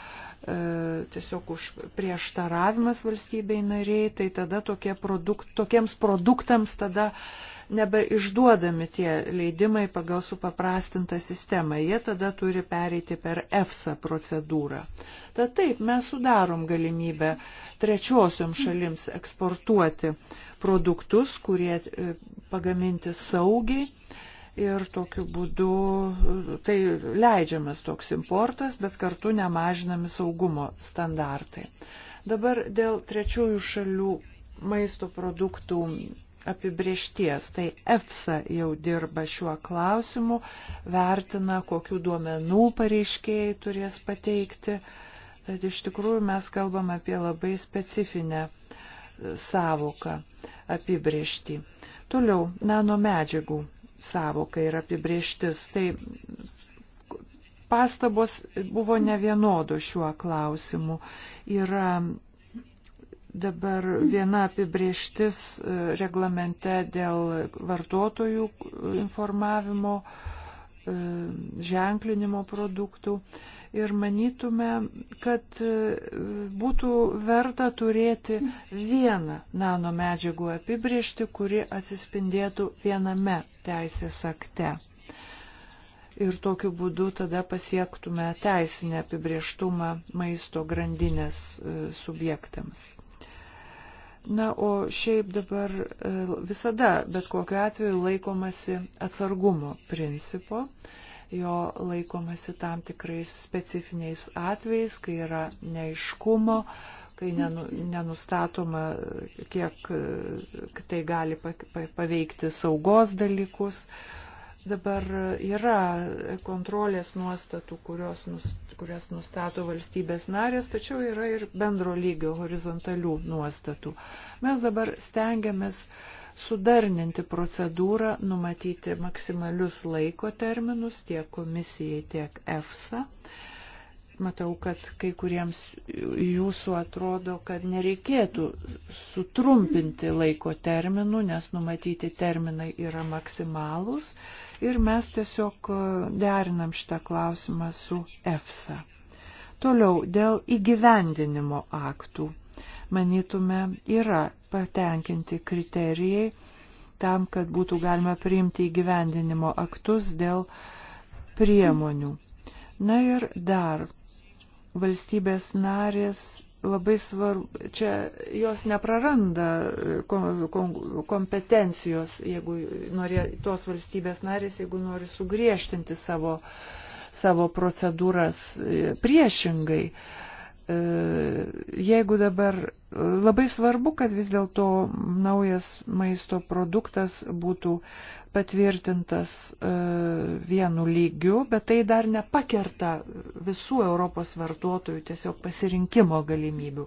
tiesiog už prieštaravimas valstybei nariai, tai tada tokie produkt, tokiems produktams tada nebeišduodami tie leidimai pagal supaprastintą sistemą. Jie tada turi pereiti per EFSA procedūrą. Tad taip, mes sudarom galimybę trečiosiom šalims eksportuoti produktus, kurie e, pagaminti saugiai ir tokiu būdu e, tai leidžiamas toks importas, bet kartu nemažinami saugumo standartai. Dabar dėl trečiųjų šalių maisto produktų apibriešties. Tai EFSA jau dirba šiuo klausimu, vertina, kokiu duomenų pareiškėjai turės pateikti. Tad iš tikrųjų mes kalbam apie labai specifinę savoką apibriešti. Toliau, nanomedžiagų savoka ir apibrieštis. Tai pastabos buvo nevienodo šiuo klausimu. Yra Dabar viena apibrieštis e, reglamente dėl vartotojų e, informavimo, e, ženklinimo produktų. Ir manytume, kad būtų verta turėti vieną nanomedžiagų apibriešti, kuri atsispindėtų viename teisės akte. Ir tokiu būdu tada pasiektume teisinę apibrieštumą maisto grandinės subjektams. Na, o šiaip dabar e, visada, bet kokiu atveju, laikomasi atsargumo principo, jo laikomasi tam tikrais specifiniais atvejais, kai yra neiškumo, kai nenustatoma, kiek e, tai gali paveikti saugos dalykus. Uh, Dabar yra kontrolės nuostatų, kurios, kurias nustato valstybės narės, tačiau yra ir bendro lygio horizontalių nuostatų. Mes dabar stengiamės sudarninti procedūrą, numatyti maksimalius laiko terminus tiek komisijai, tiek EFSA matau, kad kai kuriems jūsų atrodo, kad nereikėtų sutrumpinti laiko terminų, nes numatyti terminai yra maksimalūs ir mes tiesiog e, derinam šitą klausimą su EFSA. Toliau, dėl įgyvendinimo aktų, manytume, yra patenkinti kriterijai tam, kad būtų galima priimti įgyvendinimo aktus dėl priemonių. Na ir dar valstybės narės labai svarbu, čia jos nepraranda e, kom, kom, kompetencijos, jeigu norė, tos valstybės narės, jeigu nori sugriežtinti savo, savo procedūras e, priešingai. Uh, E, jeigu dabar labai svarbu, kad vis dėlto naujas maisto produktas būtų patvirtintas e, vienu lygiu, bet tai dar nepakerta visų Europos vartotojų tiesiog pasirinkimo galimybių.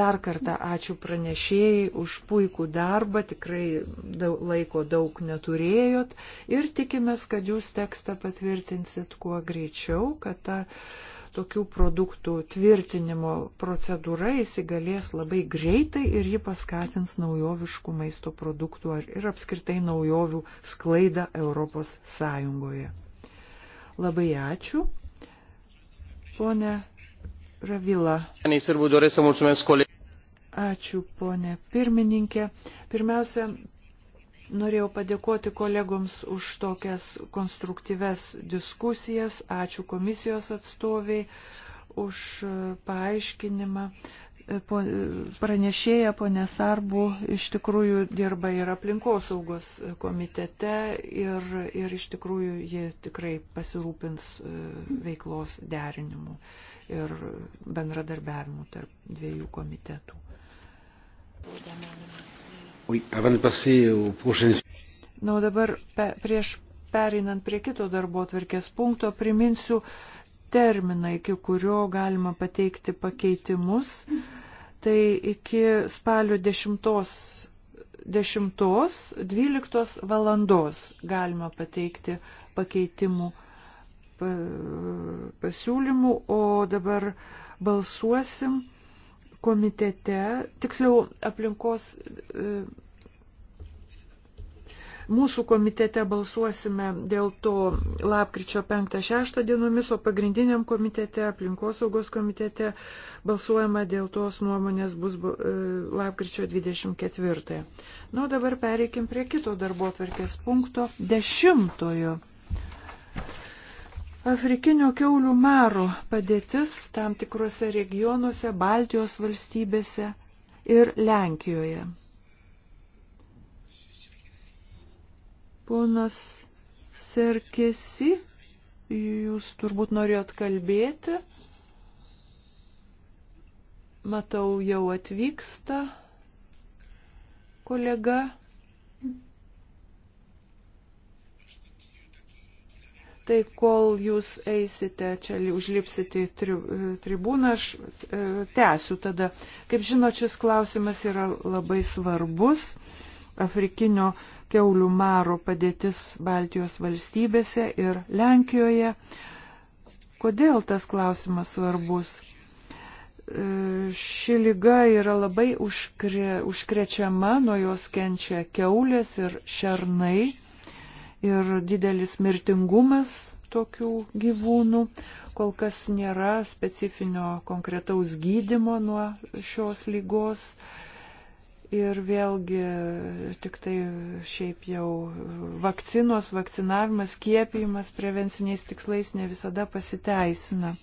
Dar kartą ačiū pranešėjai už puikų darbą, tikrai daug, laiko daug neturėjot ir tikimės, kad jūs tekstą patvirtinsit kuo greičiau, kad ta uh, tokių produktų tvirtinimo procedūra įsigalės labai greitai ir ji paskatins naujoviškų maisto produktų ir apskritai naujovių sklaidą Europos Sąjungoje. Labai ačiū. Pone Ravila. Ačiū, ponė pirmininkė. Pirmiausia, Norėjau padėkoti kolegoms už tokias konstruktyves diskusijas. Ačiū komisijos atstoviai už paaiškinimą. Pranešėja ponė Sarbu iš tikrųjų dirba ir aplinkosaugos komitete ir, ir iš tikrųjų ji tikrai pasirūpins e, veiklos derinimu ir bendradarbiavimu tarp dviejų komitetų. Dėmenimą. Na, o dabar pe, prieš pereinant prie kito darbo atvirkės punkto, priminsiu terminą, iki kurio galima pateikti pakeitimus. Tai iki spalio 10 10.12 valandos galima pateikti pakeitimų pasiūlymų, o dabar balsuosim komitete, tiksliau aplinkos, e, mūsų komitete balsuosime dėl to lapkričio 5-6 dienomis, o pagrindiniam komitete, aplinkosaugos komitete, balsuojama dėl tos nuomonės bus e, lapkričio 24. Na, o dabar pereikim prie kito darbo atverkės punkto, dešimtojo. Afrikinio keulių maro padėtis tam tikrose regionuose, Baltijos valstybėse ir Lenkijoje. Ponas Serkesi, jūs turbūt norėjot kalbėti. Matau, jau atvyksta kolega. tai kol jūs eisite, čia užlipsite į tri, tribūną, aš e, tęsiu tada. Kaip žinot, šis klausimas yra labai svarbus. Afrikinio keulių maro padėtis Baltijos valstybėse ir Lenkijoje. Kodėl tas klausimas svarbus? E, ši lyga yra labai užkre, užkrečiama, nuo jos kenčia keulės ir šernai ir didelis mirtingumas tokių gyvūnų. Kol kas nėra specifinio konkretaus gydimo nuo šios lygos. Ir vėlgi tik tai šiaip jau vakcinos, vakcinavimas, skiepijimas prevenciniais tikslais ne visada pasiteisina.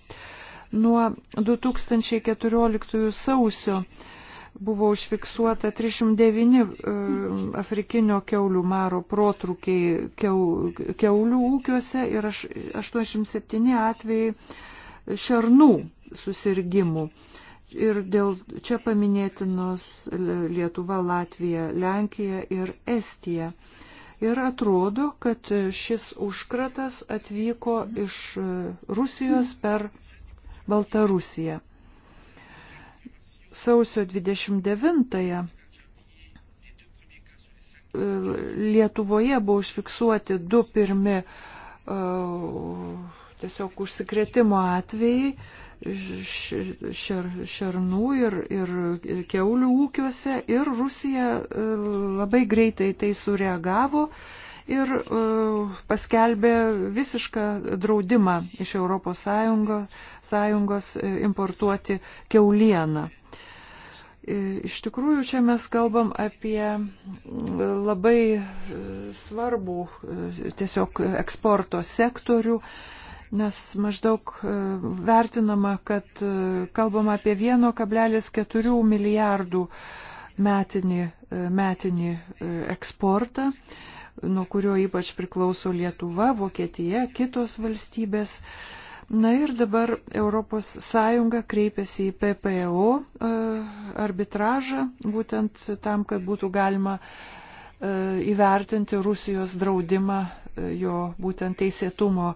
Nuo 2014 sausio buvo užfiksuota 309 e, afrikinio keulių maro protrukiai keulių ūkiuose ir 87 atvejai šernų susirgymų. Ir dėl čia paminėtinos Lietuva, Latvija, Lenkija ir Estija. Ir atrodo, kad šis užkratas atvyko iš e, Rusijos per Baltarusiją sausio 29-ąją e, Lietuvoje buvo užfiksuoti du pirmi e, tiesiog užsikrėtimo atvejai šer, šernų ir, ir keulių ūkiuose ir Rusija e, labai greitai tai sureagavo ir e, paskelbė visišką draudimą iš ES sąjungos e, importuoti keulieną. E, iš tikrųjų, čia mes kalbam apie labai svarbų tiesiog eksporto sektorių, nes maždaug vertinama, kad kalbam apie 1,4 milijardų metinį, metinį eksportą nuo kurio ypač priklauso Lietuva, Vokietija, kitos valstybės. Na ir dabar ES kreipėsi į PPO e e, arbitražą, būtent tam, kad būtų galima e, įvertinti Rusijos draudimą jo būtent teisėtumo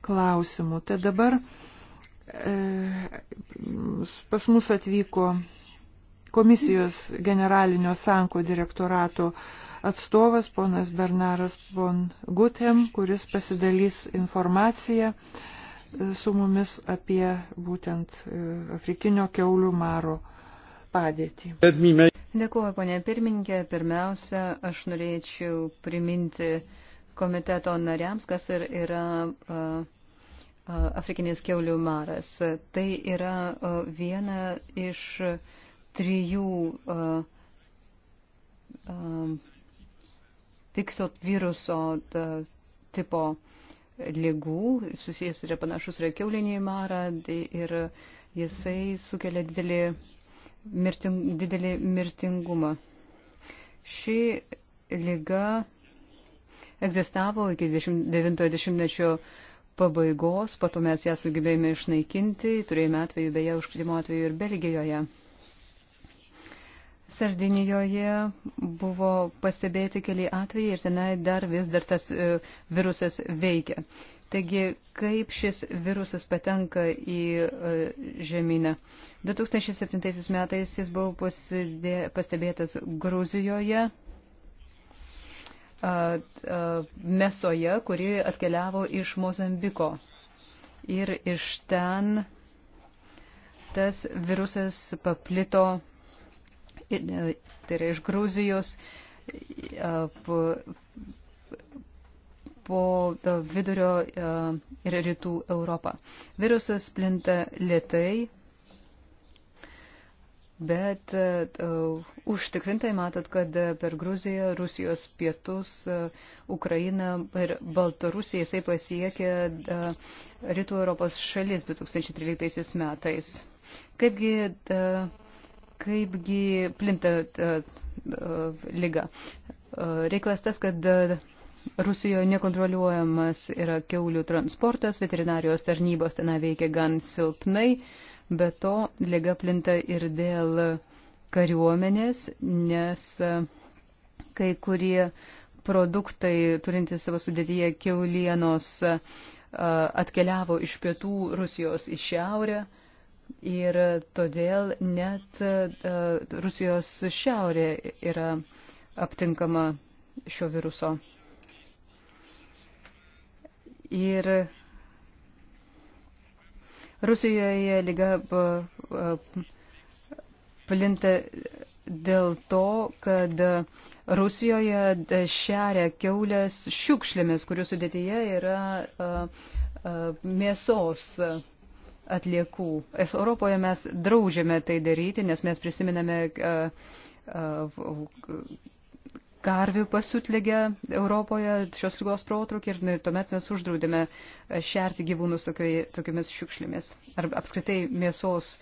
klausimų. Tai dabar pas mus atvyko komisijos generalinio sanko direktorato uh, atstovas, ponas Bernaras von Gutem, kuris pasidalys informaciją e, su mumis apie būtent e, afrikinio keulių maro padėtį. Dėkuoju, ponė pirmininkė. Pirmiausia, aš norėčiau priminti komiteto nariams, kas ir yra e, afrikinis keulių maras. Tai yra viena iš trijų Piksot viruso tipo lygų, susijęs yra panašus yra keulinį marą ir jisai sukelia didelį, mirting, didelį mirtingumą. Ši lyga egzistavo iki 90-mečio pabaigos, po to mes ją sugebėjome išnaikinti, turėjome atveju beje užkritimo atveju ir Belgijoje. Sardinijoje buvo pastebėti keli atvejai ir tenai dar vis dar tas e, virusas veikia. Taigi, kaip šis virusas patenka į e, žemyną? 2007 metais jis buvo pasidė, pastebėtas Gruzijoje, mesoje, kuri atkeliavo iš Mozambiko. Ir iš ten tas virusas paplito E, tai yra iš Gruzijos e, po, po e, vidurio ir rytų Europą. Virusas plinta lietai, bet uh, užtikrintai matot, kad per Gruziją, Rusijos pietus, uh, Ukrainą ir Baltarusiją jisai pasiekė uh, rytų Europos šalis 2013 metais. Kaipgi uh, kaipgi plinta e, e, lyga. E, Reiklas tas, kad Rusijoje nekontroliuojamas yra keulių transportas, veterinarijos tarnybos ten veikia gan silpnai, bet to lyga plinta ir dėl kariuomenės, nes kai kurie produktai turinti savo sudėtyje keulienos atkeliavo iš pietų Rusijos į šiaurę ir todėl net e, Rusijos šiaurė yra aptinkama šio viruso. Ir Rusijoje lyga e, e, plinta dėl to, kad Rusijoje šeria keulės šiukšlėmis, kurių sudėtyje yra mėsos. Uh, uh, atliekų. Es Europoje mes draudžiame tai daryti, nes mes prisiminame karvių pasiutlygę Europoje, šios lygos protrukį ir tuomet mes uždraudėme šerti gyvūnus tokiomis šiukšlėmis ar apskritai mėsos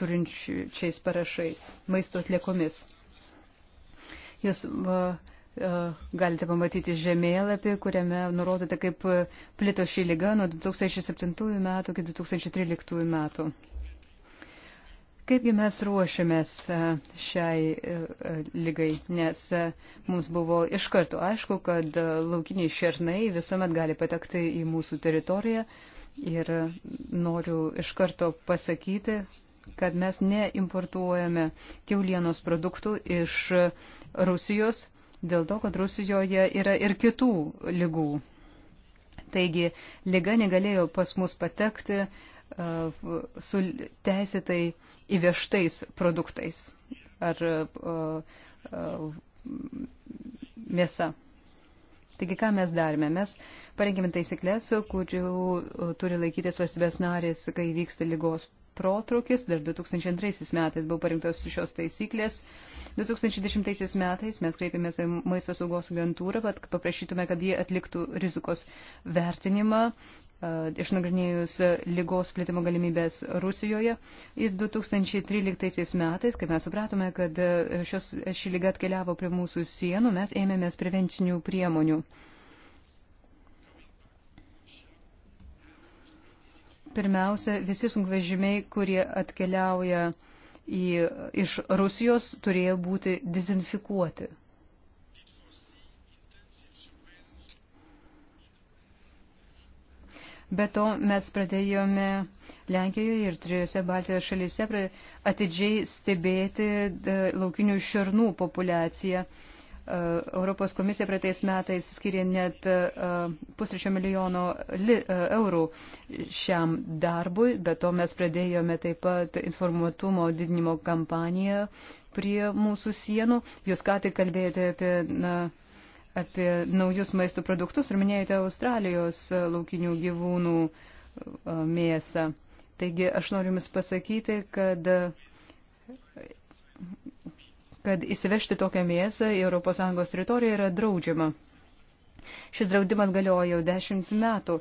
turinčiais parašais, maisto atliekomis. Jūs uh, E, galite pamatyti žemėlapį, kuriame nurodote, kaip plito šį lygą nuo 2007 metų iki 2013 metų. Kaipgi mes ruošiamės e, šiai e, lygai, nes mums buvo iš karto aišku, kad laukiniai šernai visuomet gali patekti į mūsų teritoriją ir noriu iš karto pasakyti, kad mes neimportuojame keulienos produktų iš Rusijos, dėl to, kad Rusijoje yra ir kitų lygų. Taigi lyga negalėjo pas mus patekti su teisėtai įvežtais produktais ar mėsa. Taigi, ką mes darėme? Mes parengėme taisyklės, kurių turi laikytis valstybės narės, kai vyksta lygos protrukis, dar 2002 metais buvo parinktos šios taisyklės. 2010 metais mes kreipėmės į Maisto saugos agentūrą, kad paprašytume, kad jie atliktų rizikos vertinimą, išnagrinėjus lygos plėtimo galimybės Rusijoje. Ir 2013 metais, kai mes supratome, kad e, šios, ši lyga atkeliavo prie mūsų sienų, mes ėmėmės prevencinių priemonių. Pirmiausia, visi sunkvežimiai, kurie atkeliauja į, iš Rusijos, turėjo būti dezinfikuoti. Be to mes pradėjome Lenkijoje ir trijose Baltijos šalyse atidžiai stebėti e, laukinių šernų populaciją. Uh, E, Europos komisija praeitais metais skiria net e, pusrečio milijono e, eurų šiam darbui, bet to mes pradėjome taip pat informuotumo didinimo kampaniją prie mūsų sienų. Jūs ką tik kalbėjote apie, na, apie naujus maisto produktus ir minėjote Australijos laukinių gyvūnų mėsą. Taigi aš noriu Jums pasakyti, kad kad įsivežti tokią mėsą į ES teritoriją yra draudžiama. Šis draudimas galioja jau dešimt metų.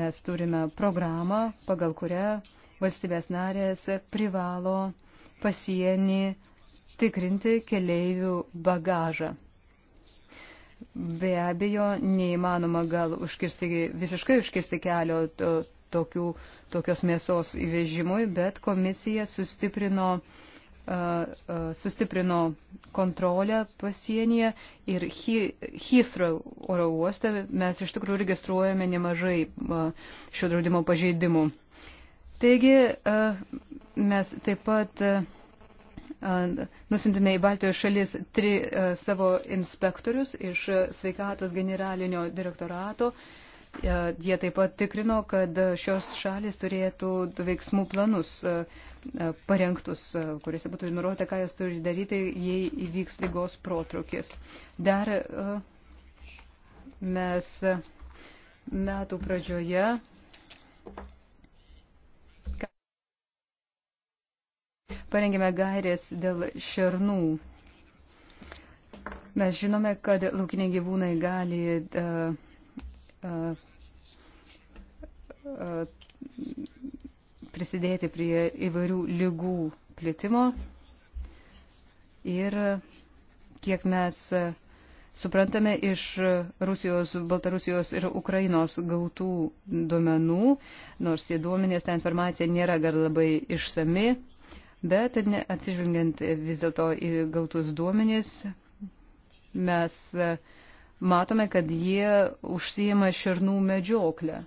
Mes turime programą, pagal kurią valstybės narės privalo pasienį tikrinti keleivių bagažą. Be abejo, neįmanoma gal užkirsti, visiškai užkirsti kelio to, tokių, tokios mėsos įvežimui, bet komisija sustiprino uh, sustiprino kontrolę pasienyje ir Heathrow oro uoste mes iš tikrųjų registruojame nemažai šio draudimo pažeidimų. Taigi mes taip pat nusintėme į Baltijos šalis tri savo inspektorius iš sveikatos generalinio direktorato. Jie taip pat tikrino, kad šios šalis turėtų veiksmų planus E, parengtus, e, kuriuose būtų nurodyta, ką jos turi daryti, jei įvyks lygos protrukis. Dar e, mes metų pradžioje parengėme gairės dėl šernų. Mes žinome, kad laukiniai gyvūnai gali uh, uh, uh, prisidėti prie įvairių lygų plitimo ir kiek mes suprantame iš Rusijos, Baltarusijos ir Ukrainos gautų duomenų, nors tie duomenės, ta informacija nėra gal labai išsami, bet atsižvelgiant vis dėlto į gautus duomenys, mes matome, kad jie užsijama šernų medžioklę.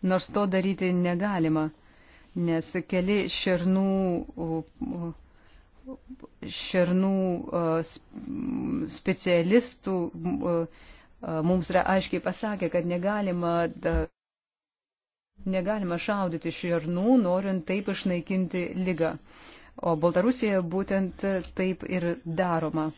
nors to daryti negalima, nes keli šernų, šernų e, specialistų e, e, mums yra aiškiai pasakę, kad negalima, negalima šaudyti šernų, norint taip išnaikinti lygą. O Baltarusijoje būtent taip ir daroma.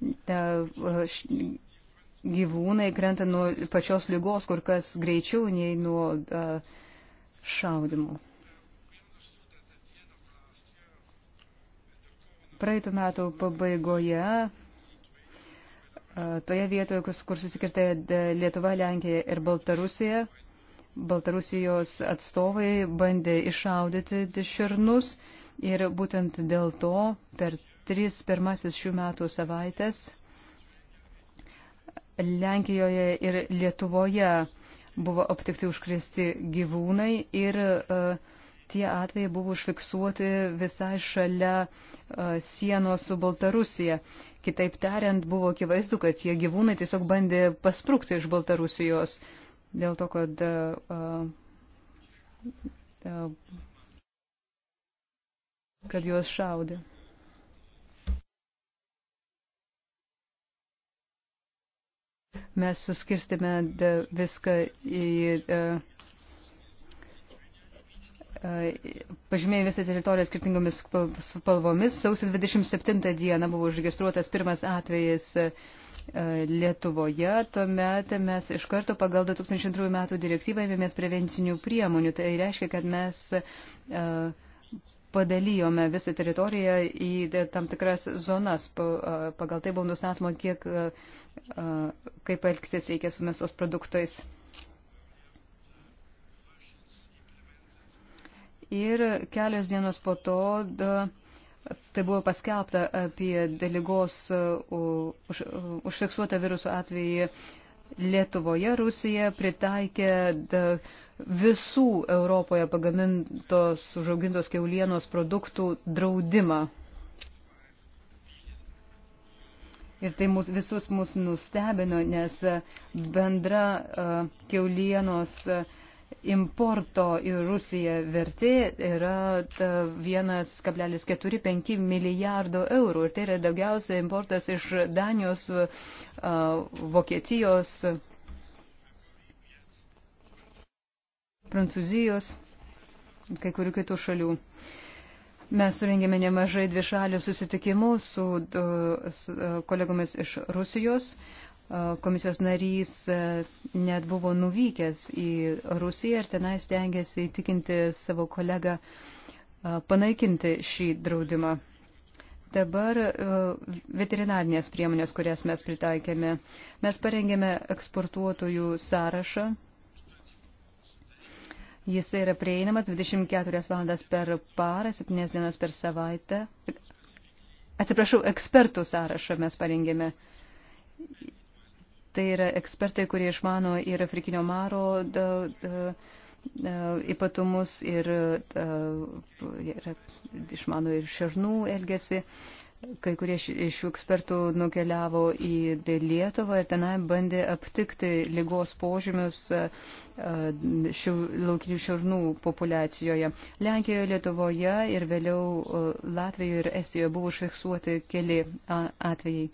E, gyvūnai krenta nuo pačios lygos kur kas greičiau nei nuo e, šaudimų. Praeitų metų pabaigoje e, toje vietoje, kur susikirtė Lietuva, Lenkija ir Baltarusija, Baltarusijos atstovai bandė išaudyti šernus ir būtent dėl to per tris pirmasis šių metų savaitės Lenkijoje ir Lietuvoje buvo aptikti užkrėsti gyvūnai ir uh, tie atvejai buvo užfiksuoti visai šalia uh, sienos su Baltarusija. Kitaip tariant, buvo akivaizdu, kad tie gyvūnai tiesiog bandė pasprūkti iš Baltarusijos dėl to, kad uh, uh, kad juos šaudė. Mes suskirstėme viską į. E, e, Pažymėjai visą teritoriją skirtingomis spalvomis. Sausio 27 dieną buvo užregistruotas pirmas atvejis e, Lietuvoje. Tuomet mes iš karto pagal 2002 metų direktyvą ėmėmės prevencinių priemonių. Tai reiškia, kad mes uh, padalyjome visą teritoriją į tam tikras zonas. Pagal tai buvo nustatoma, kiek, kaip elgtis reikia su mėsos produktais. Ir kelios dienos po to da, tai buvo paskelbta apie lygos užfiksuotą viruso atvejį Lietuvoje Rusija pritaikė visų Europoje pagamintos užaugintos keulienos produktų draudimą. Ir tai mus, visus mus nustebino, nes bendra uh, keulienos uh, importo į Rusiją vertė yra 1,45 milijardo eurų ir tai yra daugiausia importas iš Danijos, Vokietijos, Prancūzijos, kai kurių kitų šalių. Mes surengėme nemažai dvišalių susitikimų su kolegomis iš Rusijos, komisijos narys e, net buvo nuvykęs į Rusiją ir tenai stengiasi įtikinti savo kolegą e, panaikinti šį draudimą. Dabar e, veterinarinės priemonės, kurias mes pritaikėme. Mes parengėme eksportuotojų sąrašą. Jis yra prieinamas 24 valandas per parą, 7 dienas per savaitę. Atsiprašau, ekspertų sąrašą mes parengėme Tai yra ekspertai, kurie išmano ir Afrikinio maro da, da, da, ypatumus, ir da, yra, išmano ir šernų elgesį. Kai kurie iš šių ekspertų nukeliavo į Lietuvą ir tenai bandė aptikti lygos požymius šių, laukinių šarnų populiacijoje. Lenkijoje, Lietuvoje ir vėliau Latvijoje ir Estijoje buvo užfiksuoti keli atvejai.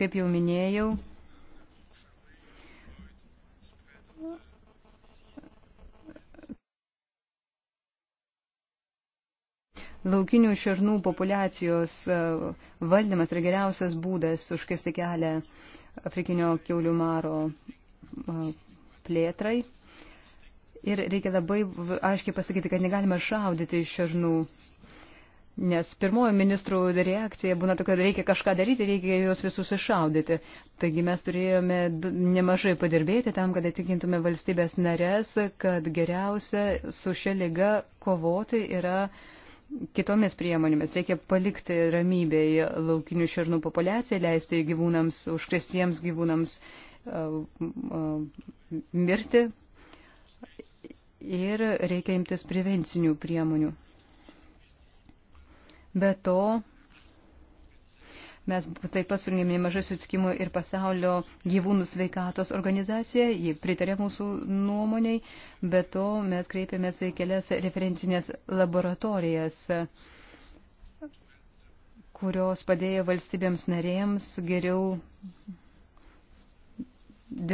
Kaip jau minėjau, laukinių šernų populiacijos e, valdymas yra geriausias būdas užkirsti kelią Afrikinio kiaulių maro e, plėtrai. Ir reikia labai aiškiai pasakyti, kad negalima šaudyti šernų. Nes pirmoji ministrų reakcija būna tokia, reikia kažką daryti, reikia juos visus iššaudyti. Taigi mes turėjome nemažai padirbėti tam, kad atikintume valstybės narės, kad geriausia su šia lyga kovoti yra uh, kitomis priemonėmis. Reikia palikti ramybėje laukinių šernų populiaciją, leisti gyvūnams, užkrestiems gyvūnams mirti. Ir reikia imtis prevencinių priemonių. Be to, Mes taip pat surinkėme nemažai susitikimų ir pasaulio gyvūnų sveikatos organizacija, ji pritarė mūsų nuomoniai, bet to mes kreipėmės į kelias referencinės laboratorijas kurios padėjo valstybėms narėms geriau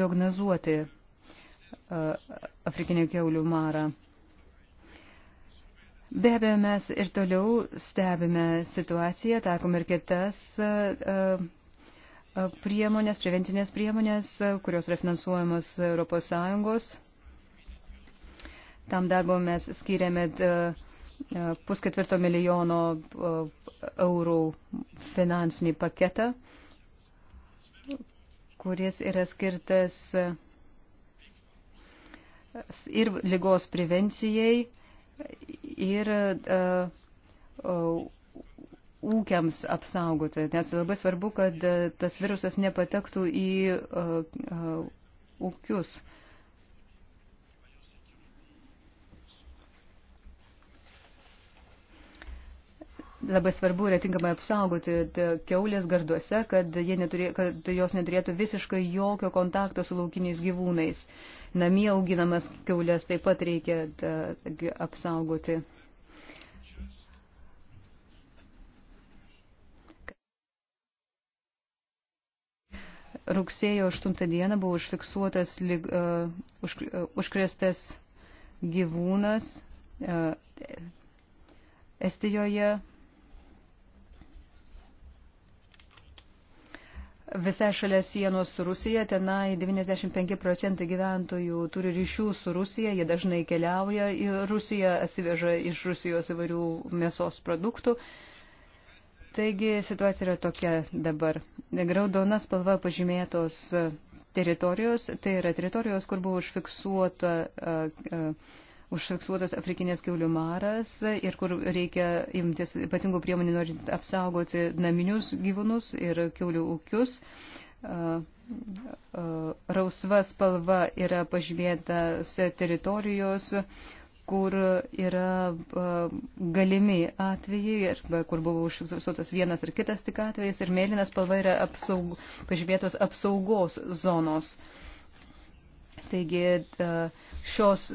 diagnozuoti Afrikinio keulių marą. Be abejo, mes ir toliau stebime situaciją, takom ir kitas e, e, e, priemonės, prevencinės priemonės, kurios yra finansuojamos ES. Tam darbo mes skiriame pusketvirto milijono eurų finansinį paketą, kuris yra skirtas ir lygos prevencijai, ir e, e, ūkiams apsaugoti, nes labai svarbu, kad e, tas virusas nepatektų į ūkius. Labai svarbu yra tinkamai apsaugoti keulės garduose, kad, neturė, kad jos neturėtų visiškai jokio kontakto su laukiniais gyvūnais. Uh, namie auginamas keulės taip pat reikia apsaugoti. Rugsėjo 8 dieną buvo užfiksuotas lyg, uh, už, uh, e, užkrestas gyvūnas uh, Estijoje visai šalia sienos su Rusija, tenai 95 procentai gyventojų turi ryšių su Rusija, jie dažnai keliauja į Rusiją, atsiveža iš Rusijos įvairių mėsos produktų. Taigi situacija yra tokia dabar. Graudona spalva pažymėtos teritorijos, tai yra teritorijos, kur buvo užfiksuota. Uh, uh, užfiksuotas afrikinės kiaulių maras ir kur reikia imtis ypatingų priemonių norint apsaugoti naminius gyvūnus ir kiaulių ūkius. Rausva spalva yra pažymėtas teritorijos, kur yra galimi atvejai, arba kur buvo užfiksuotas vienas ar kitas tik atvejis, ir mėlyna spalva yra apsaug, pažymėtos apsaugos zonos. Taigi šios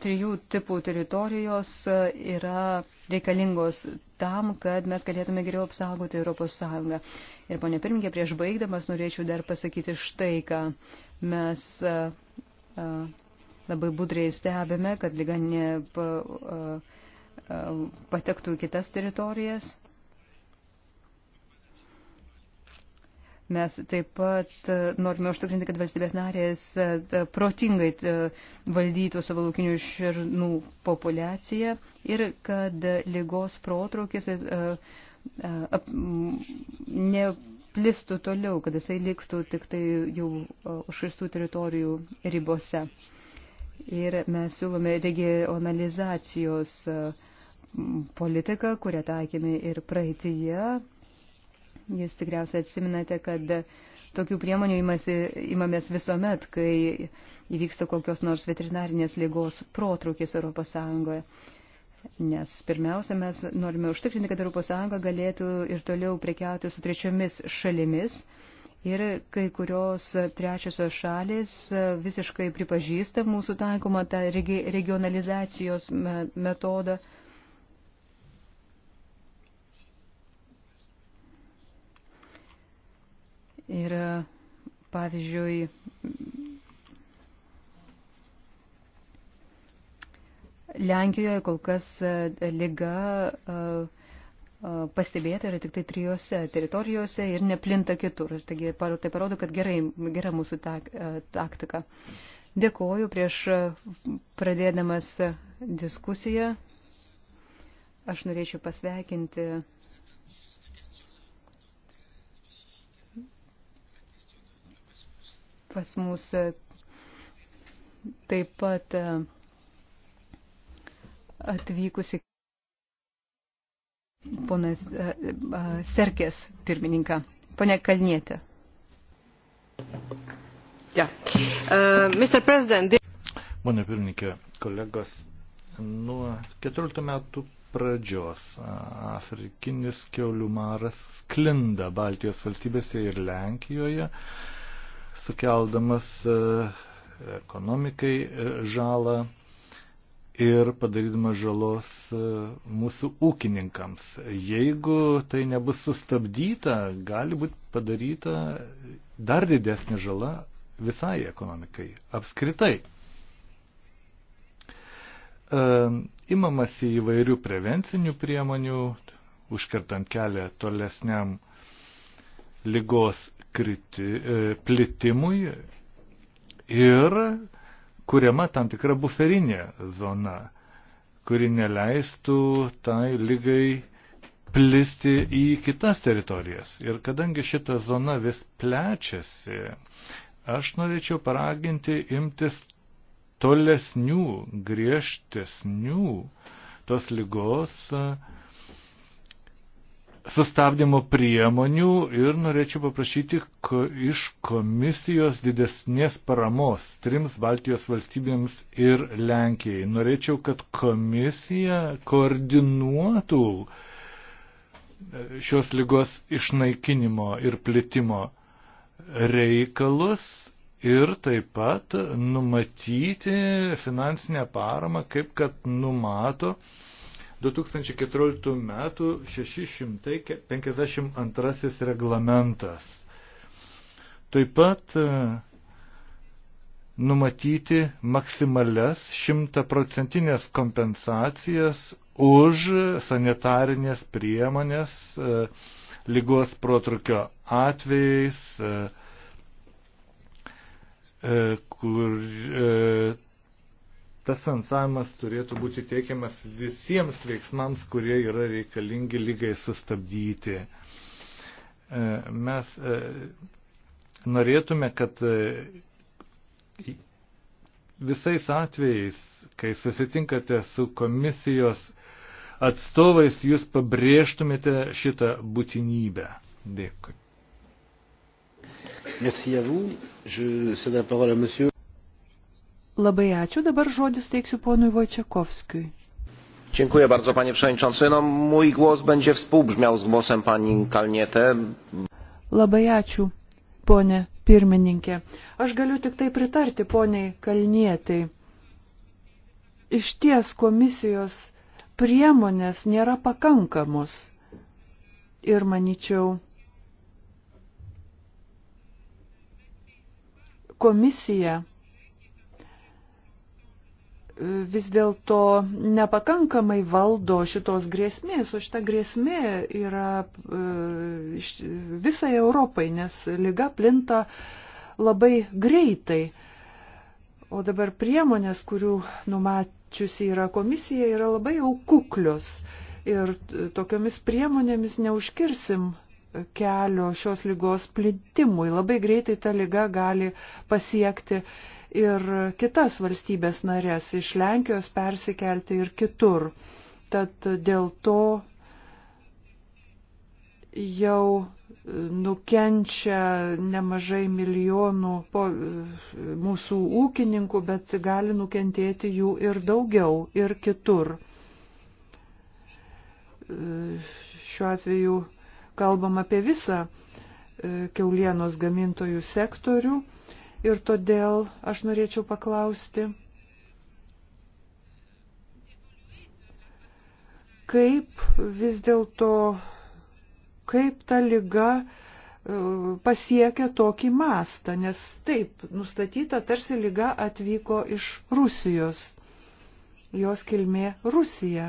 trijų tipų teritorijos e, yra reikalingos tam, kad mes galėtume geriau apsaugoti Europos Sąjungą. Ir ponė pirmininkė, prieš baigdamas norėčiau dar pasakyti štai, ką mes e, e, labai budriai stebime, kad liga nepatektų į kitas teritorijas. Mes taip pat e, norime užtikrinti, kad valstybės narės e, e, protingai valdytų savo laukinių šernų populaciją ir kad lygos protraukis neplistų toliau, kad jisai liktų tik tai jau užkirstų teritorijų ribose. Ir mes siūlome regionalizacijos politiką, kurią taikėme ir praeitįje, Jūs tikriausiai atsiminate, kad tokių priemonių imasi, imamės visuomet, kai įvyksta kokios nors veterinarinės lygos protrukis ES. Nes pirmiausia, mes norime užtikrinti, kad ES galėtų ir toliau prekiauti su trečiomis šalimis. Ir kai kurios trečiosios šalis visiškai pripažįsta mūsų taikomą tą regionalizacijos metodą. Ir pavyzdžiui, Lenkijoje kol kas e, lyga e, e, pastebėta yra tik tai trijose teritorijose ir neplinta kitur. Taigi tai parodo, kad gerai, gera mūsų tak, taktika. Dėkoju prieš pradėdamas diskusiją. Aš norėčiau pasveikinti pas mus e, taip pat e, atvykusi ponas e, Serkės pirmininką, ponė Kalnietė. Yeah. Uh, Mane pirmininkė, kolegos, nuo 14 metų pradžios afrikinis keulių maras sklinda Baltijos valstybėse ir Lenkijoje. Uh, sukeldamas e, ekonomikai e, žalą ir padarydamas žalos e, mūsų ūkininkams. Jeigu tai nebus sustabdyta, gali būti padaryta dar didesnė žala visai ekonomikai apskritai. Imamasi įvairių prevencinių priemonių, užkertant kelią tolesniam lygos kriti, e, plitimui ir kuriama tam tikra buferinė zona, kuri neleistų tai lygai plisti į kitas teritorijas. Ir kadangi šita zona vis plečiasi, aš norėčiau paraginti imtis tolesnių, griežtesnių tos lygos uh, sustabdymo priemonių ir norėčiau paprašyti ko, iš komisijos didesnės paramos trims Baltijos valstybėms ir Lenkijai. Norėčiau, kad komisija koordinuotų e, šios lygos išnaikinimo ir plitimo reikalus ir taip pat numatyti finansinę paramą, kaip kad numato uh, 2014 metų 652 reglamentas. Taip pat e, numatyti maksimales šimtaprocentinės kompensacijas už sanitarinės priemonės e, lygos protrukio atvejais, e, kur tas finansavimas turėtų būti teikiamas visiems veiksmams, kurie yra reikalingi lygai sustabdyti. E, mes e, norėtume, kad e, visais atvejais, kai susitinkate su komisijos atstovais, jūs pabrėžtumėte šitą būtinybę. Dėkui. Merci à vous. Je cède la parole à monsieur. Labai ačiū, dabar žodis teiksiu ponui Vojčiakovskijui. Dziękuję bardzo panie przewodniczący. No, mój głos będzie współbrzmiał z głosem pani Kalniete. Labai ačiū, ponė pirmininkė. Aš galiu tik tai pritarti poniai Kalnietai. Iš ties komisijos priemonės nėra pakankamos. Ir manyčiau, komisija vis dėlto nepakankamai valdo šitos grėsmės, o šita grėsmė yra e, visai Europai, nes lyga plinta labai greitai. O dabar priemonės, kurių numačiusi yra komisija, yra labai jau kuklios. Ir tokiomis priemonėmis neužkirsim kelio šios lygos plintimui. Labai greitai ta lyga gali pasiekti ir kitas valstybės narės iš Lenkijos persikelti ir kitur. Tad dėl to jau nukenčia nemažai milijonų po, mūsų ūkininkų, bet gali nukentėti jų ir daugiau, ir kitur. Šiuo atveju kalbam apie visą e, keulienos gamintojų sektorių Ir todėl aš norėčiau paklausti, kaip vis dėlto, kaip ta lyga e, pasiekia tokį mastą, nes taip, nustatyta tarsi lyga atvyko iš Rusijos, jos kilmė Rusija.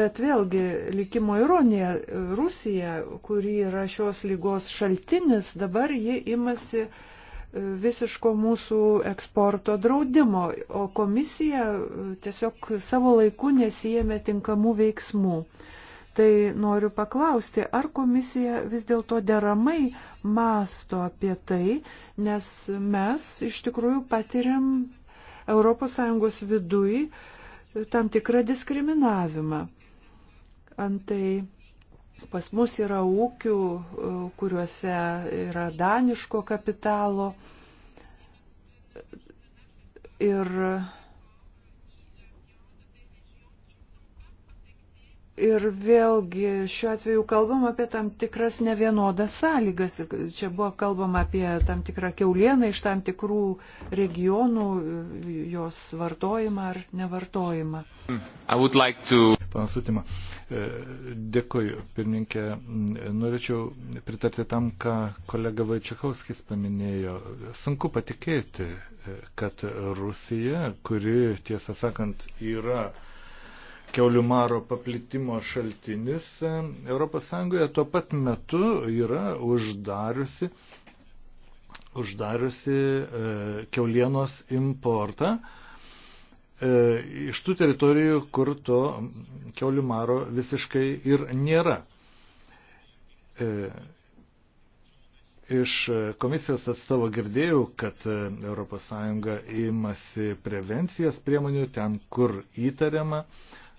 Bet vėlgi likimo ironija, Rusija, kuri yra šios lygos šaltinis, dabar ji imasi uh, visiško mūsų eksporto draudimo, o komisija tiesiog savo laiku nesijėmė tinkamų veiksmų. Tai noriu paklausti, ar komisija vis dėlto deramai masto apie tai, nes mes iš tikrųjų patiriam ES viduj tam tikrą diskriminavimą. Antai Pas mus yra ūkių, e, kuriuose yra daniško kapitalo. Ir Ir vėlgi šiuo atveju kalbam apie tam tikras nevienodas sąlygas. Čia buvo kalbama apie tam tikrą keulieną iš tam tikrų regionų, jos vartojimą ar nevartojimą. Like to... Panasutima, e, dėkoju, pirmininkė. Norėčiau pritarti tam, ką kolega Vaičiakovskis paminėjo. Sunku patikėti, e, kad Rusija, kuri, tiesą sakant, yra keulių maro paplitimo šaltinis, ES tuo pat metu yra uždariusi, uždariusi e, keulienos importą e, iš tų teritorijų, kur to keulių maro visiškai ir nėra. E, iš komisijos atstovo girdėjau, kad ES imasi prevencijos priemonių ten, kur įtariama,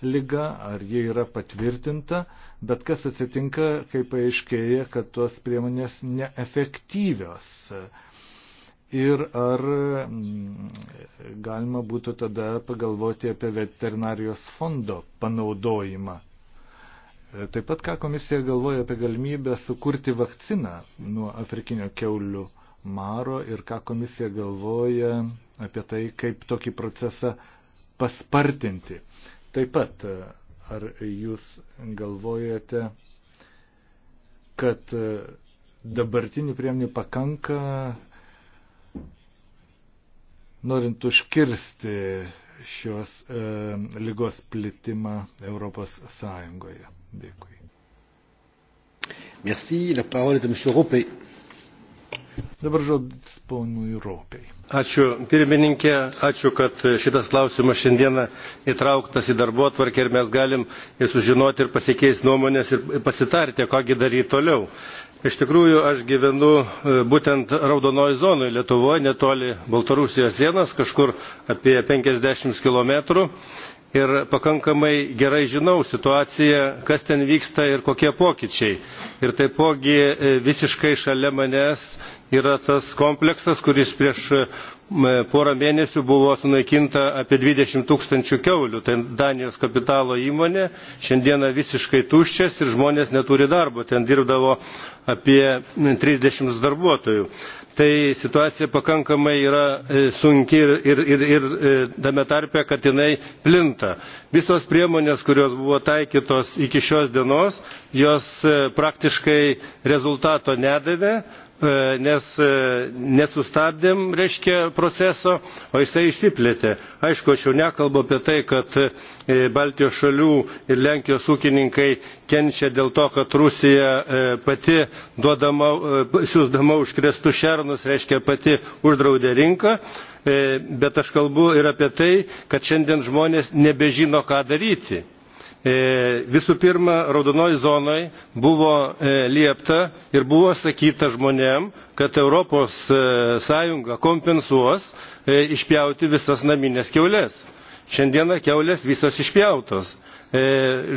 lyga, ar ji yra patvirtinta, bet kas atsitinka, kai paaiškėja, kad tuos priemonės neefektyvios. Ir ar mm, galima būtų tada pagalvoti apie veterinarijos fondo panaudojimą. Taip pat, ką komisija galvoja apie galimybę sukurti vakciną nuo afrikinio keulių maro ir ką komisija galvoja apie tai, kaip tokį procesą paspartinti. Taip pat, ar jūs galvojate, kad e, dabartinių priemonių pakanka, norint užkirsti šios e, lygos plitimą Europos Sąjungoje? Dėkui. Merci, la parole est à M. Ropé. Dabar žodis ponui Ropiai. Ačiū pirmininkė, ačiū, kad šitas klausimas šiandieną įtrauktas į darbo atvarkę ir mes galim ir sužinoti, ir pasikeis nuomonės, ir pasitarti, kągi daryti toliau. Iš tikrųjų, aš gyvenu e, būtent raudonoji zonoje Lietuvoje, netoli Baltarusijos sienos, kažkur apie 50 km ir pakankamai gerai žinau situaciją kas ten vyksta ir kokie pokyčiai ir taipogi e, visiškai šalia manęs yra tas kompleksas kuris prieš e, porą mėnesių buvo sunaikinta apie dvidešimt tūkstančių kiaulių tai danijos kapitalo įmonė šiandieną visiškai tuščias ir žmonės neturi darbo ten dirbdavo apie trisdešimt darbuotojų tai situacija pakankamai yra e, sunki ir, ir, ir, ir e, tame tarpe, kad jinai plinta. Visos priemonės, kurios buvo taikytos iki šios dienos, jos e, praktiškai rezultato nedavė, E, nes e, nesustabdėm reiškia proceso o jisai išsiplėtė. aišku aš jau nekalbu apie tai kad e, baltijos šalių ir lenkijos ūkininkai kenčia dėl to kad rusija pati duodama, siūsdama užkrėstus šernus reiškia pati uždraudė rinką bet aš kalbu ir apie tai kad šiandien žmonės nebežino ką daryti E, visų pirma raudonojoj zonoj buvo e, liepta ir buvo sakyta žmonėms kad europos e, sąjunga kompensuos išpjauti visas namines kiaules. šiandieną kiaulės visos išpjautos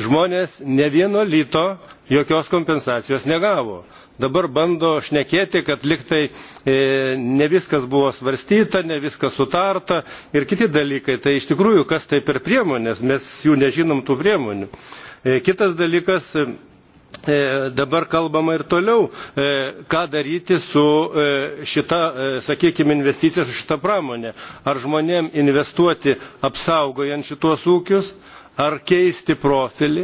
žmonės nė vieno lito jokios kompensacijos negavo dabar bando šnekėti kad liktai e, ne viskas buvo svarstyta ne viskas sutarta ir kiti dalykai tai iš tikrųjų kas tai per priemonės mes jų nežinom tų priemonių. E, kitas dalykas e, dabar kalbama ir toliau ką daryti su šita sakykime investicija su šita pramone ar žmonėms investuoti apsaugojant šituos ūkius ar ar keisti profilį,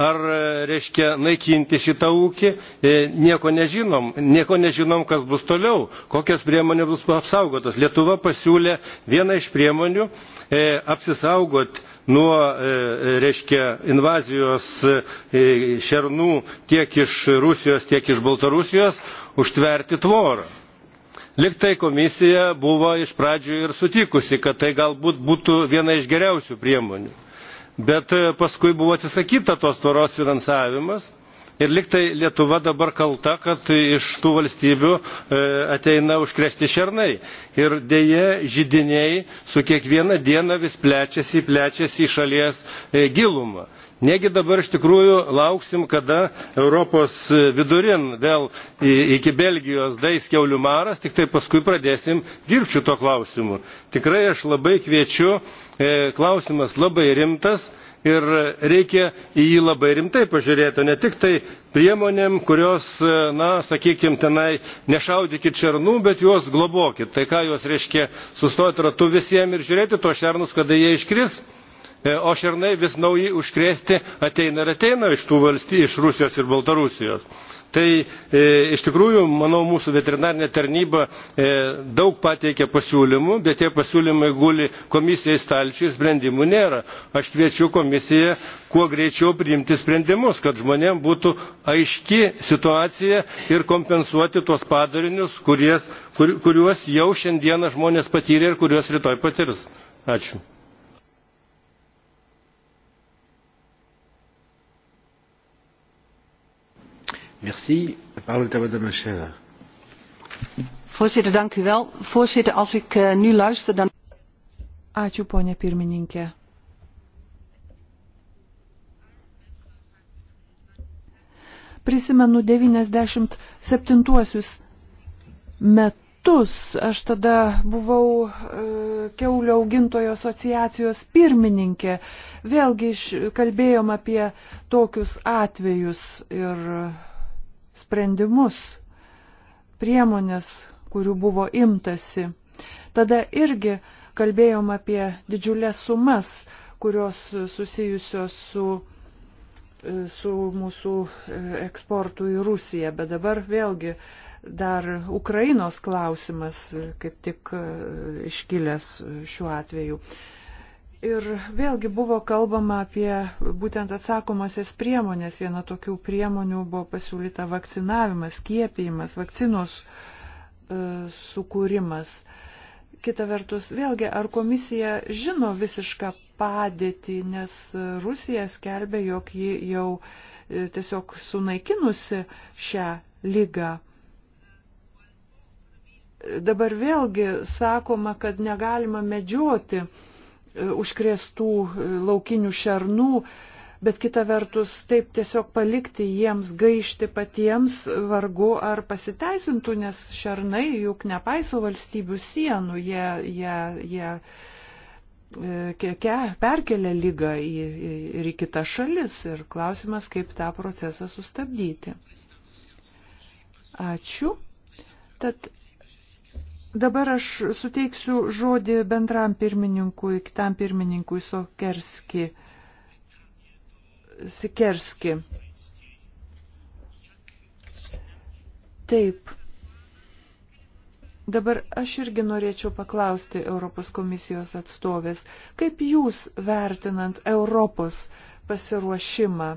ar, e, reiškia, naikinti šitą ūkį, e, nieko nežinom, nieko nežinom, kas bus toliau, kokias priemonės bus apsaugotas. Lietuva pasiūlė vieną iš priemonių e, apsisaugoti nuo e, reiškia invazijos šernų tiek iš rusijos tiek iš baltarusijos užtverti tvorą. Liktai komisija buvo iš pradžių ir sutikusi, kad tai galbūt būtų viena iš geriausių priemonių bet e, paskui buvo atsisakyta tos tvoros finansavimas ir liktai lietuva dabar kalta kad iš tų valstybių e, ateina užkrėsti šernai ir deja židiniai su kiekviena diena vis plečiasi plečiasi į šalies e, gilumą negi dabar iš tikrųjų lauksim kada europos vidurin vėl iki belgijos dais kiaulių maras tik tai paskui pradėsim dirbt šituo klausimu. tikrai aš labai kviečiu e, klausimas labai rimtas ir reikia į jį labai rimtai pažiūrėti o ne tik tai priemonėm kurios e, na sakykime tenai nešaudykit šernų bet juos globokit tai ką jos reiškia sustot ratu visiems ir žiūrėti tuos šernus kada jie iškris? E, o šernai vis nauji užkrėsti ateina ir ateina iš tų valstybių iš rusijos ir baltarusijos. tai e, iš tikrųjų manau mūsų veterinarinė tarnyba e, daug pateikė pasiūlymų bet tie pasiūlymai guli komisijai stalčiuje sprendimų nėra. aš kviečiu komisiją kuo greičiau priimti sprendimus kad žmonėms būtų aiški situacija ir kompensuoti tuos padarinius kuries, kur, kuriuos jau šiandieną žmonės patyrė ir kuriuos rytoj patirs. ačiū. Merci. La parole est à Madame Acheva. Voorzitter, dank u wel. Voorzitter, als ik uh, nu luister, dan. Ačiū, ponė pirmininkė. Prisimenu 97 metus. Aš tada buvau e, eh, Keulio augintojo asociacijos pirmininkė. Vėlgi kalbėjom apie tokius atvejus ir e, sprendimus, priemonės, kurių buvo imtasi. Tada irgi kalbėjom apie didžiulės sumas, kurios susijusios su, e, su mūsų e, eksportu į Rusiją. Bet dabar vėlgi dar Ukrainos klausimas e, kaip tik iškilęs šiuo atveju. Ir vėlgi buvo kalbama apie būtent atsakomasias priemonės. Viena tokių priemonių buvo pasiūlyta vakcinavimas, skiepijimas, vakcinos e, sukūrimas. Kita vertus, vėlgi, ar komisija žino visišką padėtį, nes Rusija skelbė, jog ji jau e, tiesiog sunaikinusi šią lygą dabar vėlgi sakoma, kad negalima medžioti užkrėstų e, laukinių šernų, bet kita vertus taip tiesiog palikti jiems gaišti patiems vargu ar pasiteisintų, nes šernai juk nepaiso valstybių sienų, jie, jie, jie e, ke, perkelia lygą į, ir į kitas šalis ir klausimas, kaip tą procesą sustabdyti. Ačiū. Tad Dabar aš suteiksiu žodį bendram pirmininkui, kitam pirmininkui Sokerski. Sikerski. Taip. Dabar aš irgi norėčiau paklausti Europos komisijos atstovės, kaip jūs vertinant Europos pasiruošimą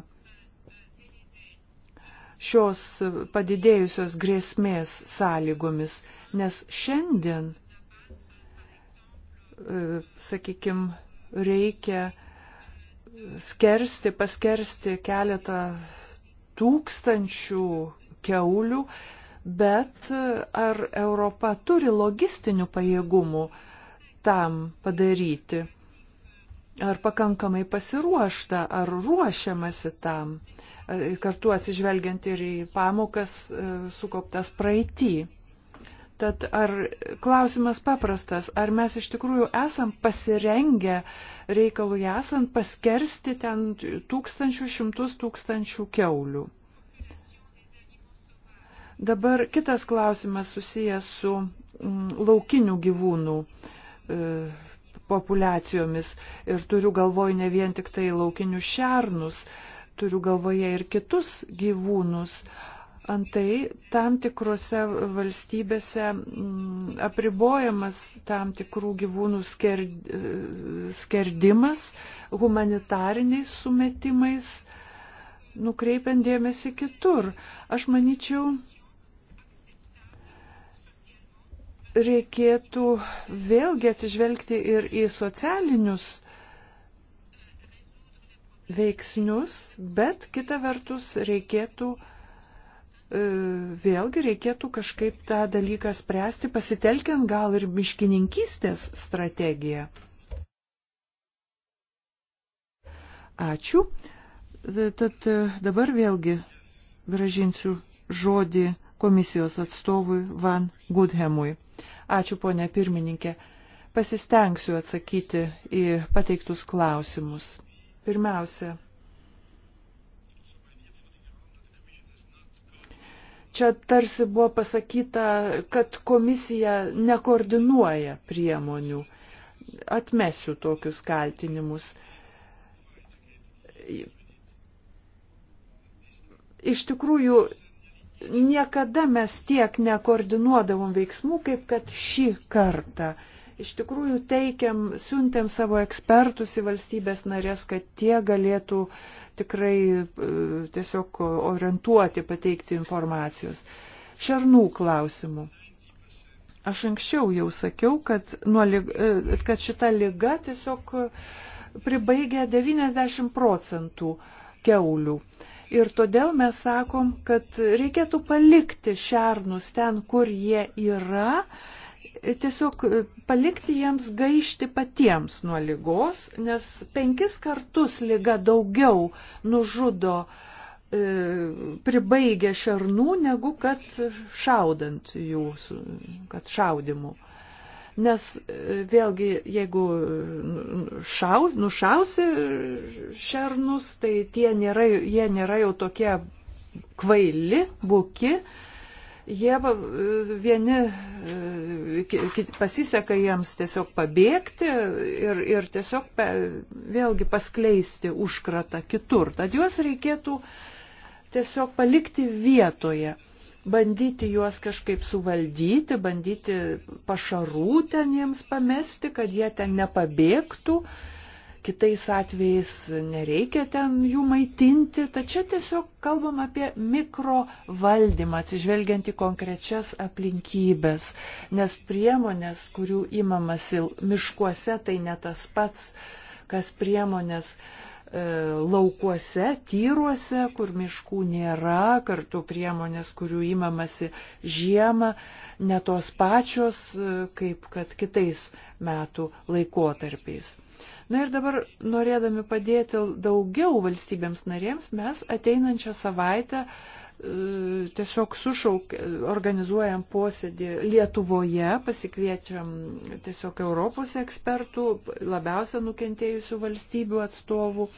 šios padidėjusios grėsmės sąlygomis? Nes šiandien, e, sakykime, reikia skersti, paskersti keletą tūkstančių keulių, bet e, ar Europa turi logistinių pajėgumų tam padaryti? Ar pakankamai pasiruošta, ar ruošiamasi tam, e, kartu atsižvelgiant ir į pamokas sukauptas praeitį? Tad ar klausimas paprastas, ar mes iš tikrųjų esam pasirengę reikalui esant paskersti ten tūkstančių, šimtus tūkstančių keulių? Dabar kitas klausimas susijęs su mm, laukinių gyvūnų e, populiacijomis ir turiu galvoj ne vien tik tai laukinius šernus, turiu galvoje ir kitus gyvūnus. E, Antai tam tikrose valstybėse m, mm, apribojamas tam tikrų gyvūnų sker, skerdimas humanitariniais sumetimais, nukreipiant dėmesį kitur. Aš manyčiau, reikėtų vėlgi atsižvelgti ir į socialinius veiksnius, bet kita vertus reikėtų E, vėlgi reikėtų kažkaip tą dalyką spręsti, pasitelkiant gal ir miškininkystės strategiją. Ačiū. E, tad e, dabar vėlgi gražinsiu žodį komisijos atstovui Van Gudhemui. Ačiū, ponė pirmininkė. Pasistengsiu atsakyti į pateiktus klausimus. Pirmiausia, Čia tarsi buvo pasakyta, kad komisija nekoordinuoja priemonių. Atmesiu tokius kaltinimus. Iš tikrųjų, niekada mes tiek nekoordinuodavom veiksmų, kaip kad šį kartą. Uh, iš tikrųjų teikiam, siuntėm savo ekspertus į valstybės narės, kad tie galėtų tikrai e, tiesiog orientuoti, pateikti informacijos. Šernų klausimų. Aš anksčiau jau sakiau, kad, nuo, e, kad šita lyga tiesiog pribaigia 90 procentų keulių. Ir todėl mes sakom, kad reikėtų palikti šernus ten, kur jie yra, tiesiog e, palikti jiems gaišti patiems nuo lygos, nes penkis kartus lyga daugiau nužudo e, pribaigę šernų, negu kad šaudant jų, kad šaudimu. Nes e, vėlgi, jeigu šau, nušausi šernus, tai tie nėra, jie nėra jau tokie kvaili, buki, Jie vieni e, pasiseka jiems tiesiog pabėgti ir, ir tiesiog pe, vėlgi paskleisti užkratą kitur. Tad juos reikėtų tiesiog palikti vietoje, bandyti juos kažkaip suvaldyti, bandyti pašarų ten jiems pamesti, kad jie ten nepabėgtų. Uh, kitais atvejais nereikia ten jų maitinti, tačiau tiesiog kalbam apie mikrovaldymą, atsižvelgiant į konkrečias aplinkybės, nes priemonės, kurių imamasi miškuose, tai ne tas pats, kas priemonės e, laukuose, tyruose, kur miškų nėra, kartu priemonės, kurių imamasi žiemą, ne tos pačios, e, kaip kad kitais metų laikotarpiais. Na ir dabar, norėdami padėti daugiau valstybėms narėms, mes ateinančią savaitę e, tiesiog sušauk, organizuojam posėdį Lietuvoje, pasikviečiam tiesiog Europos ekspertų, labiausia nukentėjusių valstybių atstovų.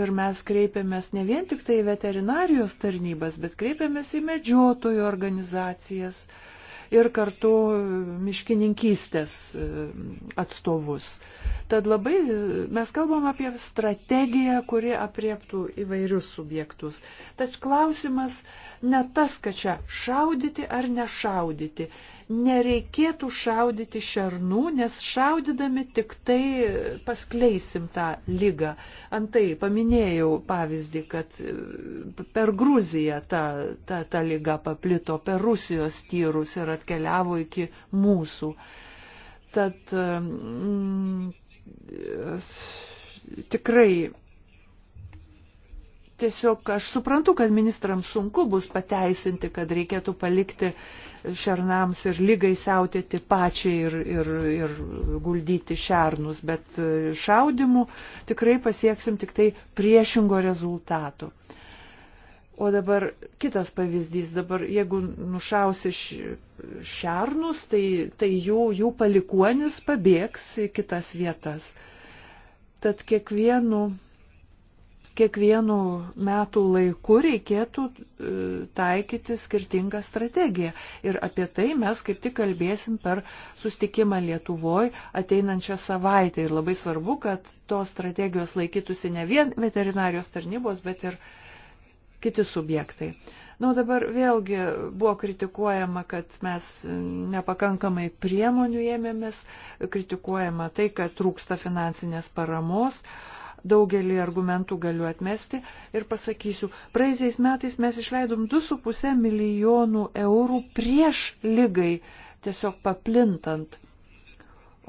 Ir mes kreipiamės ne vien tik tai veterinarijos tarnybas, bet kreipiamės į medžiotojų organizacijas, uh, ir kartu miškininkystės e, atstovus. Tad labai e, mes kalbam apie strategiją, kuri apriektų įvairius subjektus. Tačiau klausimas ne tas, kad čia šaudyti ar nešaudyti nereikėtų šaudyti šernų, nes šaudydami tik tai paskleisim tą lygą. Antai paminėjau pavyzdį, kad e, per Gruziją ta, ta, ta lyga paplito, per Rusijos tyrus ir atkeliavo iki mūsų. Tad mm, e, tikrai tiesiog aš suprantu, kad ministrams sunku bus pateisinti, kad reikėtų palikti šernams ir lygai siautėti pačiai ir, ir, ir guldyti šernus, bet e, šaudimu tikrai pasieksim tik tai priešingo rezultato. O dabar kitas pavyzdys, dabar jeigu nušausi šernus, tai, tai jų, jų palikuonis pabėgs į kitas vietas. Tad kiekvienu kiekvienu metų laiku reikėtų e, taikyti skirtingą strategiją. Ir apie tai mes kaip tik kalbėsim per sustikimą Lietuvoje ateinančią savaitę. Ir labai svarbu, kad tos strategijos laikytųsi ne vien veterinarijos tarnybos, bet ir kiti subjektai. Na, nu, dabar vėlgi buvo kritikuojama, kad mes nepakankamai priemonių ėmėmės, kritikuojama tai, kad trūksta finansinės paramos. Uh, daugelį argumentų galiu atmesti ir pasakysiu, praeisiais metais mes išleidom 2,5 milijonų eurų prieš lygai tiesiog paplintant.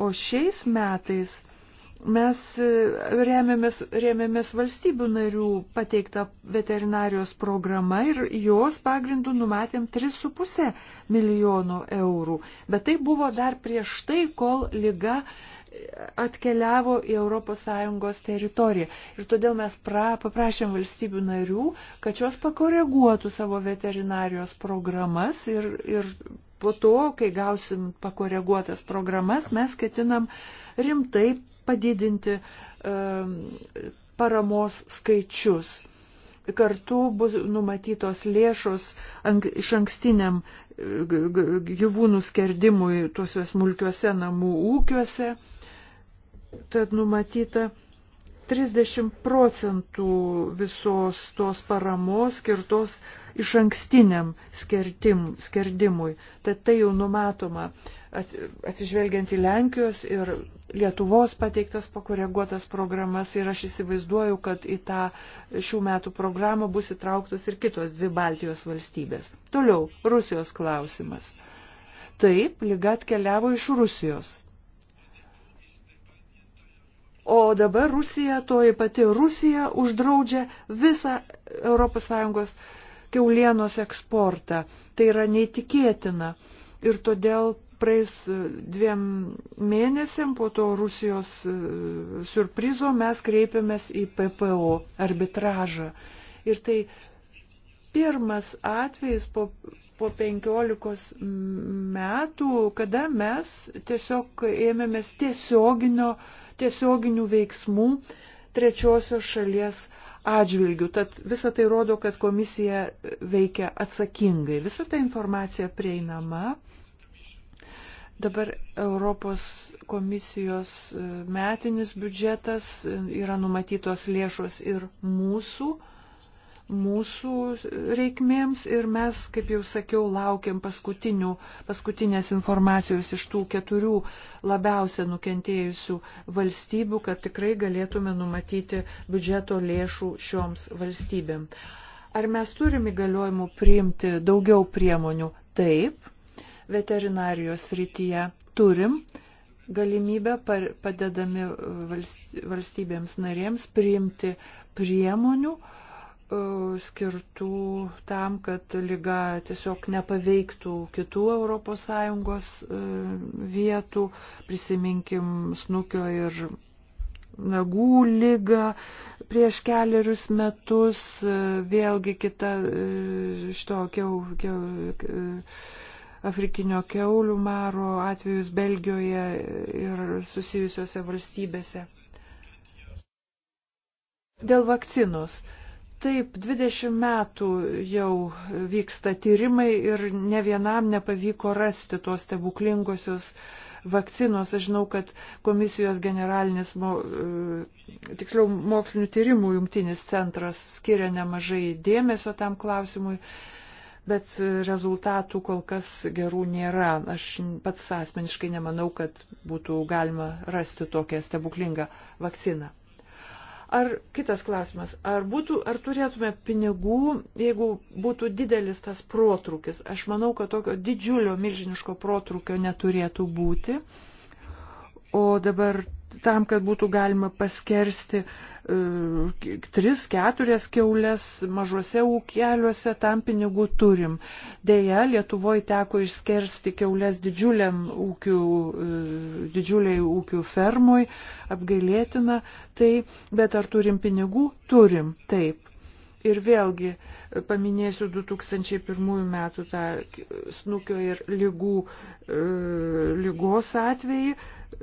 O šiais metais mes e, rėmėmės, rėmėmės valstybių narių pateiktą veterinarijos programą ir jos pagrindų numatėm 3,5 milijono eurų. Bet tai buvo dar prieš tai, kol lyga atkeliavo į ES teritoriją. Ir todėl mes pra, paprašėm valstybių narių, kad jos pakoreguotų savo veterinarijos programas ir, ir po to, kai gausim pakoreguotas programas, mes ketinam rimtai padidinti um, paramos skaičius kartu bus numatytos lėšos ank, iš ankstiniam gyvūnų skerdimui tuose smulkiuose namų ūkiuose tad numatyta 30 procentų visos tos paramos skirtos iš ankstiniam skertim, skerdimui. Tad tai jau numatoma atsižvelgiant į Lenkijos ir Lietuvos pateiktas pakoreguotas programas ir aš įsivaizduoju, kad į tą šių metų programą bus įtrauktos ir kitos dvi Baltijos valstybės. Toliau, Rusijos klausimas. Taip, lyga atkeliavo iš Rusijos O dabar Rusija, toji pati Rusija, uždraudžia visą ES keulienos eksportą. Tai yra neįtikėtina. Ir todėl praeis e, dviem mėnesiam po to Rusijos e, surprizo mes kreipiamės į PPO arbitražą. Ir tai pirmas atvejis po, po 15 metų, kada mes tiesiog ėmėmės tiesioginio uh, tiesioginių veiksmų trečiosios šalies atžvilgių. Tad visa tai rodo, kad komisija veikia atsakingai. Visa ta informacija prieinama. Dabar Europos komisijos e, metinis biudžetas e, yra numatytos lėšos ir mūsų mūsų reikmėms ir mes, kaip jau sakiau, laukiam paskutinės informacijos iš tų keturių labiausia nukentėjusių valstybių, kad tikrai galėtume numatyti biudžeto lėšų šioms valstybėm. Ar mes turime įgaliojimų priimti daugiau priemonių? Taip, veterinarijos rytyje turim galimybę padedami valstybėms narėms priimti priemonių, uh, E, skirtų tam, kad lyga tiesiog nepaveiktų kitų ES e, vietų. Prisiminkim snukio ir nagų lygą prieš keliarius metus. E, vėlgi kita šito kiau, kiau, afrikinio keulių maro atvejus Belgijoje ir susijusiose valstybėse. Dėl vakcinos. Uh, Taip, 20 metų jau vyksta tyrimai ir ne vienam nepavyko rasti tos stebuklingosios vakcinos. Aš žinau, kad komisijos generalinis, mo, e, tiksliau, mokslinių tyrimų jungtinis centras skiria nemažai dėmesio tam klausimui bet rezultatų kol kas gerų nėra. Aš pats asmeniškai nemanau, kad būtų galima rasti tokią stebuklingą vakciną. Ar kitas klausimas, ar, būtų, ar turėtume pinigų, jeigu būtų didelis tas protrukis? Aš manau, kad tokio didžiulio, milžiniško protrukio neturėtų būti. O dabar tam, kad būtų galima paskersti e, tris, keturias keulės mažuose ūkeliuose, tam pinigų turim. Deja, Lietuvoje teko išskersti keulės didžiuliam ūkių, e, didžiuliai ūkių fermoj, apgailėtina, tai, bet ar turim pinigų? Turim, taip. Ir vėlgi paminėsiu 2001 metų tą snukio ir lygų, e, lygos atvejį. E,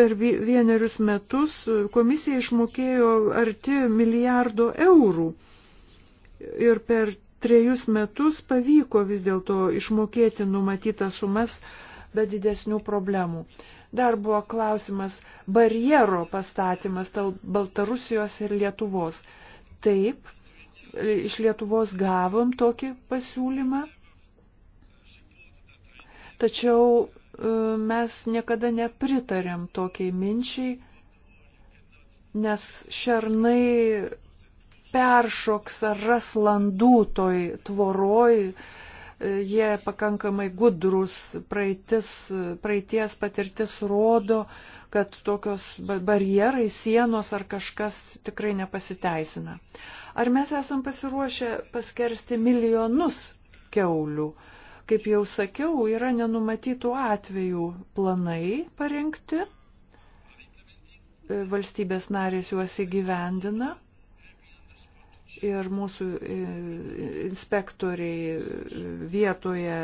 per vienerius metus komisija išmokėjo arti milijardo eurų. Ir per trejus metus pavyko vis dėlto išmokėti numatytas sumas be didesnių problemų. Dar buvo klausimas barjero pastatymas tarp Baltarusijos ir Lietuvos. Taip, iš Lietuvos gavom tokį pasiūlymą, tačiau e, mes niekada nepritarėm tokiai minčiai, nes šernai peršoks ar ras landų toj tvoroj, e, jie pakankamai gudrus, praeitis, praeities patirtis rodo, kad tokios barjerai, sienos ar kažkas tikrai nepasiteisina. Ar mes esam pasiruošę paskersti milijonus keulių? Kaip jau sakiau, yra nenumatytų atvejų planai parengti, valstybės narės juos įgyvendina ir mūsų e, inspektoriai e, vietoje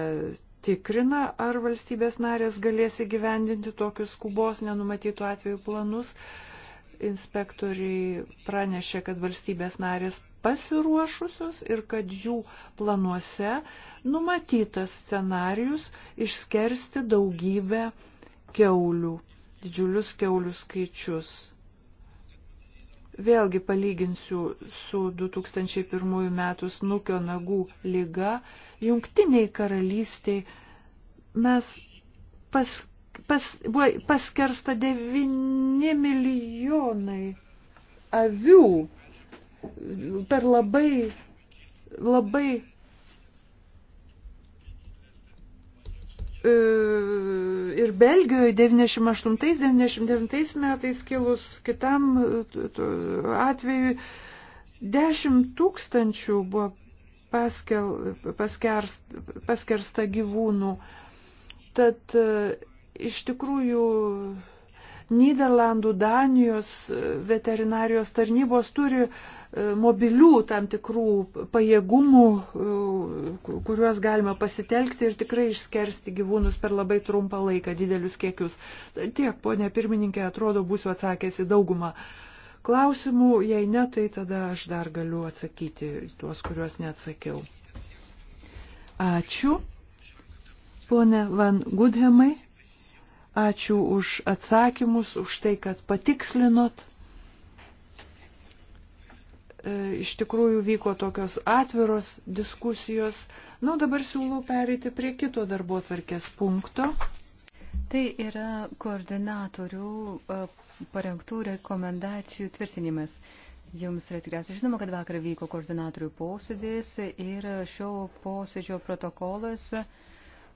tikrina, ar valstybės narės galės įgyvendinti tokius skubos nenumatytų atvejų planus inspektoriai pranešė, kad valstybės narės pasiruošusios ir kad jų planuose numatytas scenarius išskersti daugybę keulių, didžiulius keulių skaičius. Vėlgi palyginsiu su 2001 metų snukio nagų lyga, jungtiniai karalystiai mes pas, pas, buvo paskersta 9 milijonai avių per labai, labai e, ir Belgijoje 98-99 metais kilus kitam e, atveju 10 tūkstančių buvo paskel, paskers, paskersta gyvūnų. Tad e, iš tikrųjų Niderlandų, Danijos veterinarijos tarnybos turi e, mobilių tam tikrų pajėgumų, e, kuriuos galima pasitelkti ir tikrai išskersti gyvūnus per labai trumpą laiką, didelius kiekius. Tiek, ponė pirmininkė, atrodo, būsiu atsakęs į daugumą klausimų, jei ne, tai tada aš dar galiu atsakyti tuos, kuriuos neatsakiau. Ačiū. Pone Van Gudhemai, Ačiū už atsakymus, už tai, kad patikslinot. E, iš tikrųjų vyko tokios atviros diskusijos. Na, nu, dabar siūlau pereiti prie kito darbo tvarkės punkto. Tai yra koordinatorių e, parengtų rekomendacijų tvirtinimas. Jums yra tikriausiai žinoma, kad vakar vyko koordinatorių posėdis ir šio posėdžio protokolas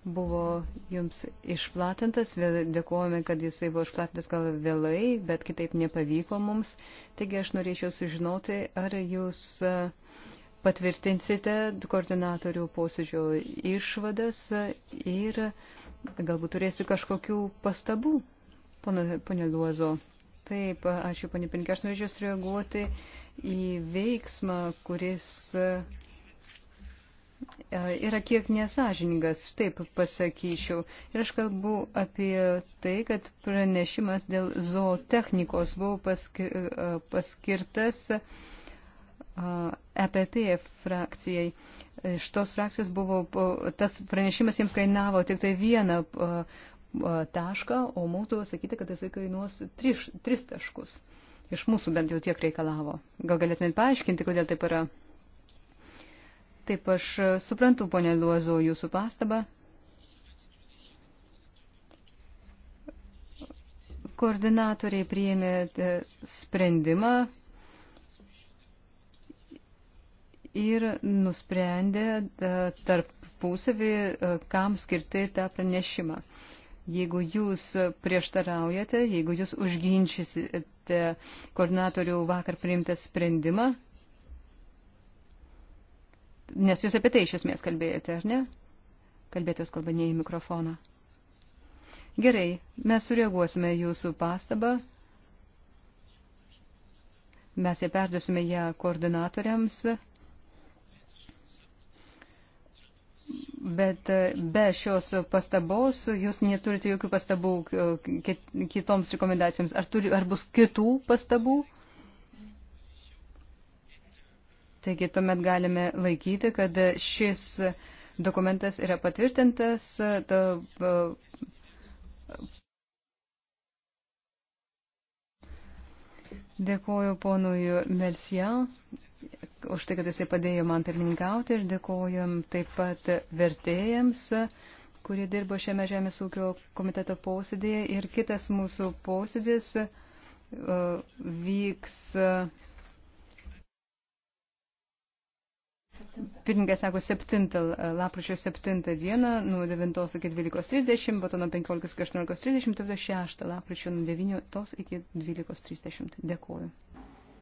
buvo jums išplatintas. Dėkuojame, kad jisai buvo išplatintas gal vėlai, bet kitaip nepavyko mums. Taigi aš norėčiau sužinoti, ar jūs e, patvirtinsite koordinatorių posėdžio išvadas ir galbūt turėsi kažkokių pastabų, ponė Luozo. Taip, ačiū, ponė Pinkė, aš norėčiau sureaguoti į veiksmą, kuris. Uh, E, yra kiek nesažiningas, taip pasakyčiau. Ir aš kalbu apie tai, kad pranešimas dėl zootechnikos buvo paski, e, paskirtas EPP e frakcijai. Iš tos frakcijos buvo, tas pranešimas jiems kainavo tik tai vieną tašką, o mūsų sakyti, kad jisai kainuos tris, tris taškus. Iš mūsų bent jau tiek reikalavo. Gal galėtumėt paaiškinti, kodėl taip yra? Taip aš e, suprantu, ponė Luozo, jūsų pastabą. Koordinatoriai priėmė e, sprendimą ir nusprendė e, tarpusavį, kam skirti tą pranešimą. Jeigu jūs prieštaraujate, jeigu jūs užginčysite koordinatorių vakar priimtą sprendimą, Nes jūs apie tai iš esmės kalbėjote, ar ne? Kalbėtos kalba ne į mikrofoną. Gerai, mes sureaguosime jūsų pastabą. Mes ją perduosime ją koordinatoriams. Bet e, be šios pastabos jūs neturite jokių pastabų kitoms rekomendacijoms. Ar, turi, ar bus kitų pastabų? Taigi tuomet galime laikyti, kad šis dokumentas yra patvirtintas. Ta, Dėkoju ponui Mersiel už tai, kad jisai padėjo man pirmininkauti ir dėkojom taip pat vertėjams, kurie dirbo šiame Žemės ūkio komiteto posėdėje. Ir kitas mūsų posėdis uh, vyks. Pirmininkė sako 7, lapkričio 7 dieną nuo 9 iki 12.30, po to nuo 15 iki 18.30, tada 6 lapkričio nuo 9 iki 12.30. Dėkuoju.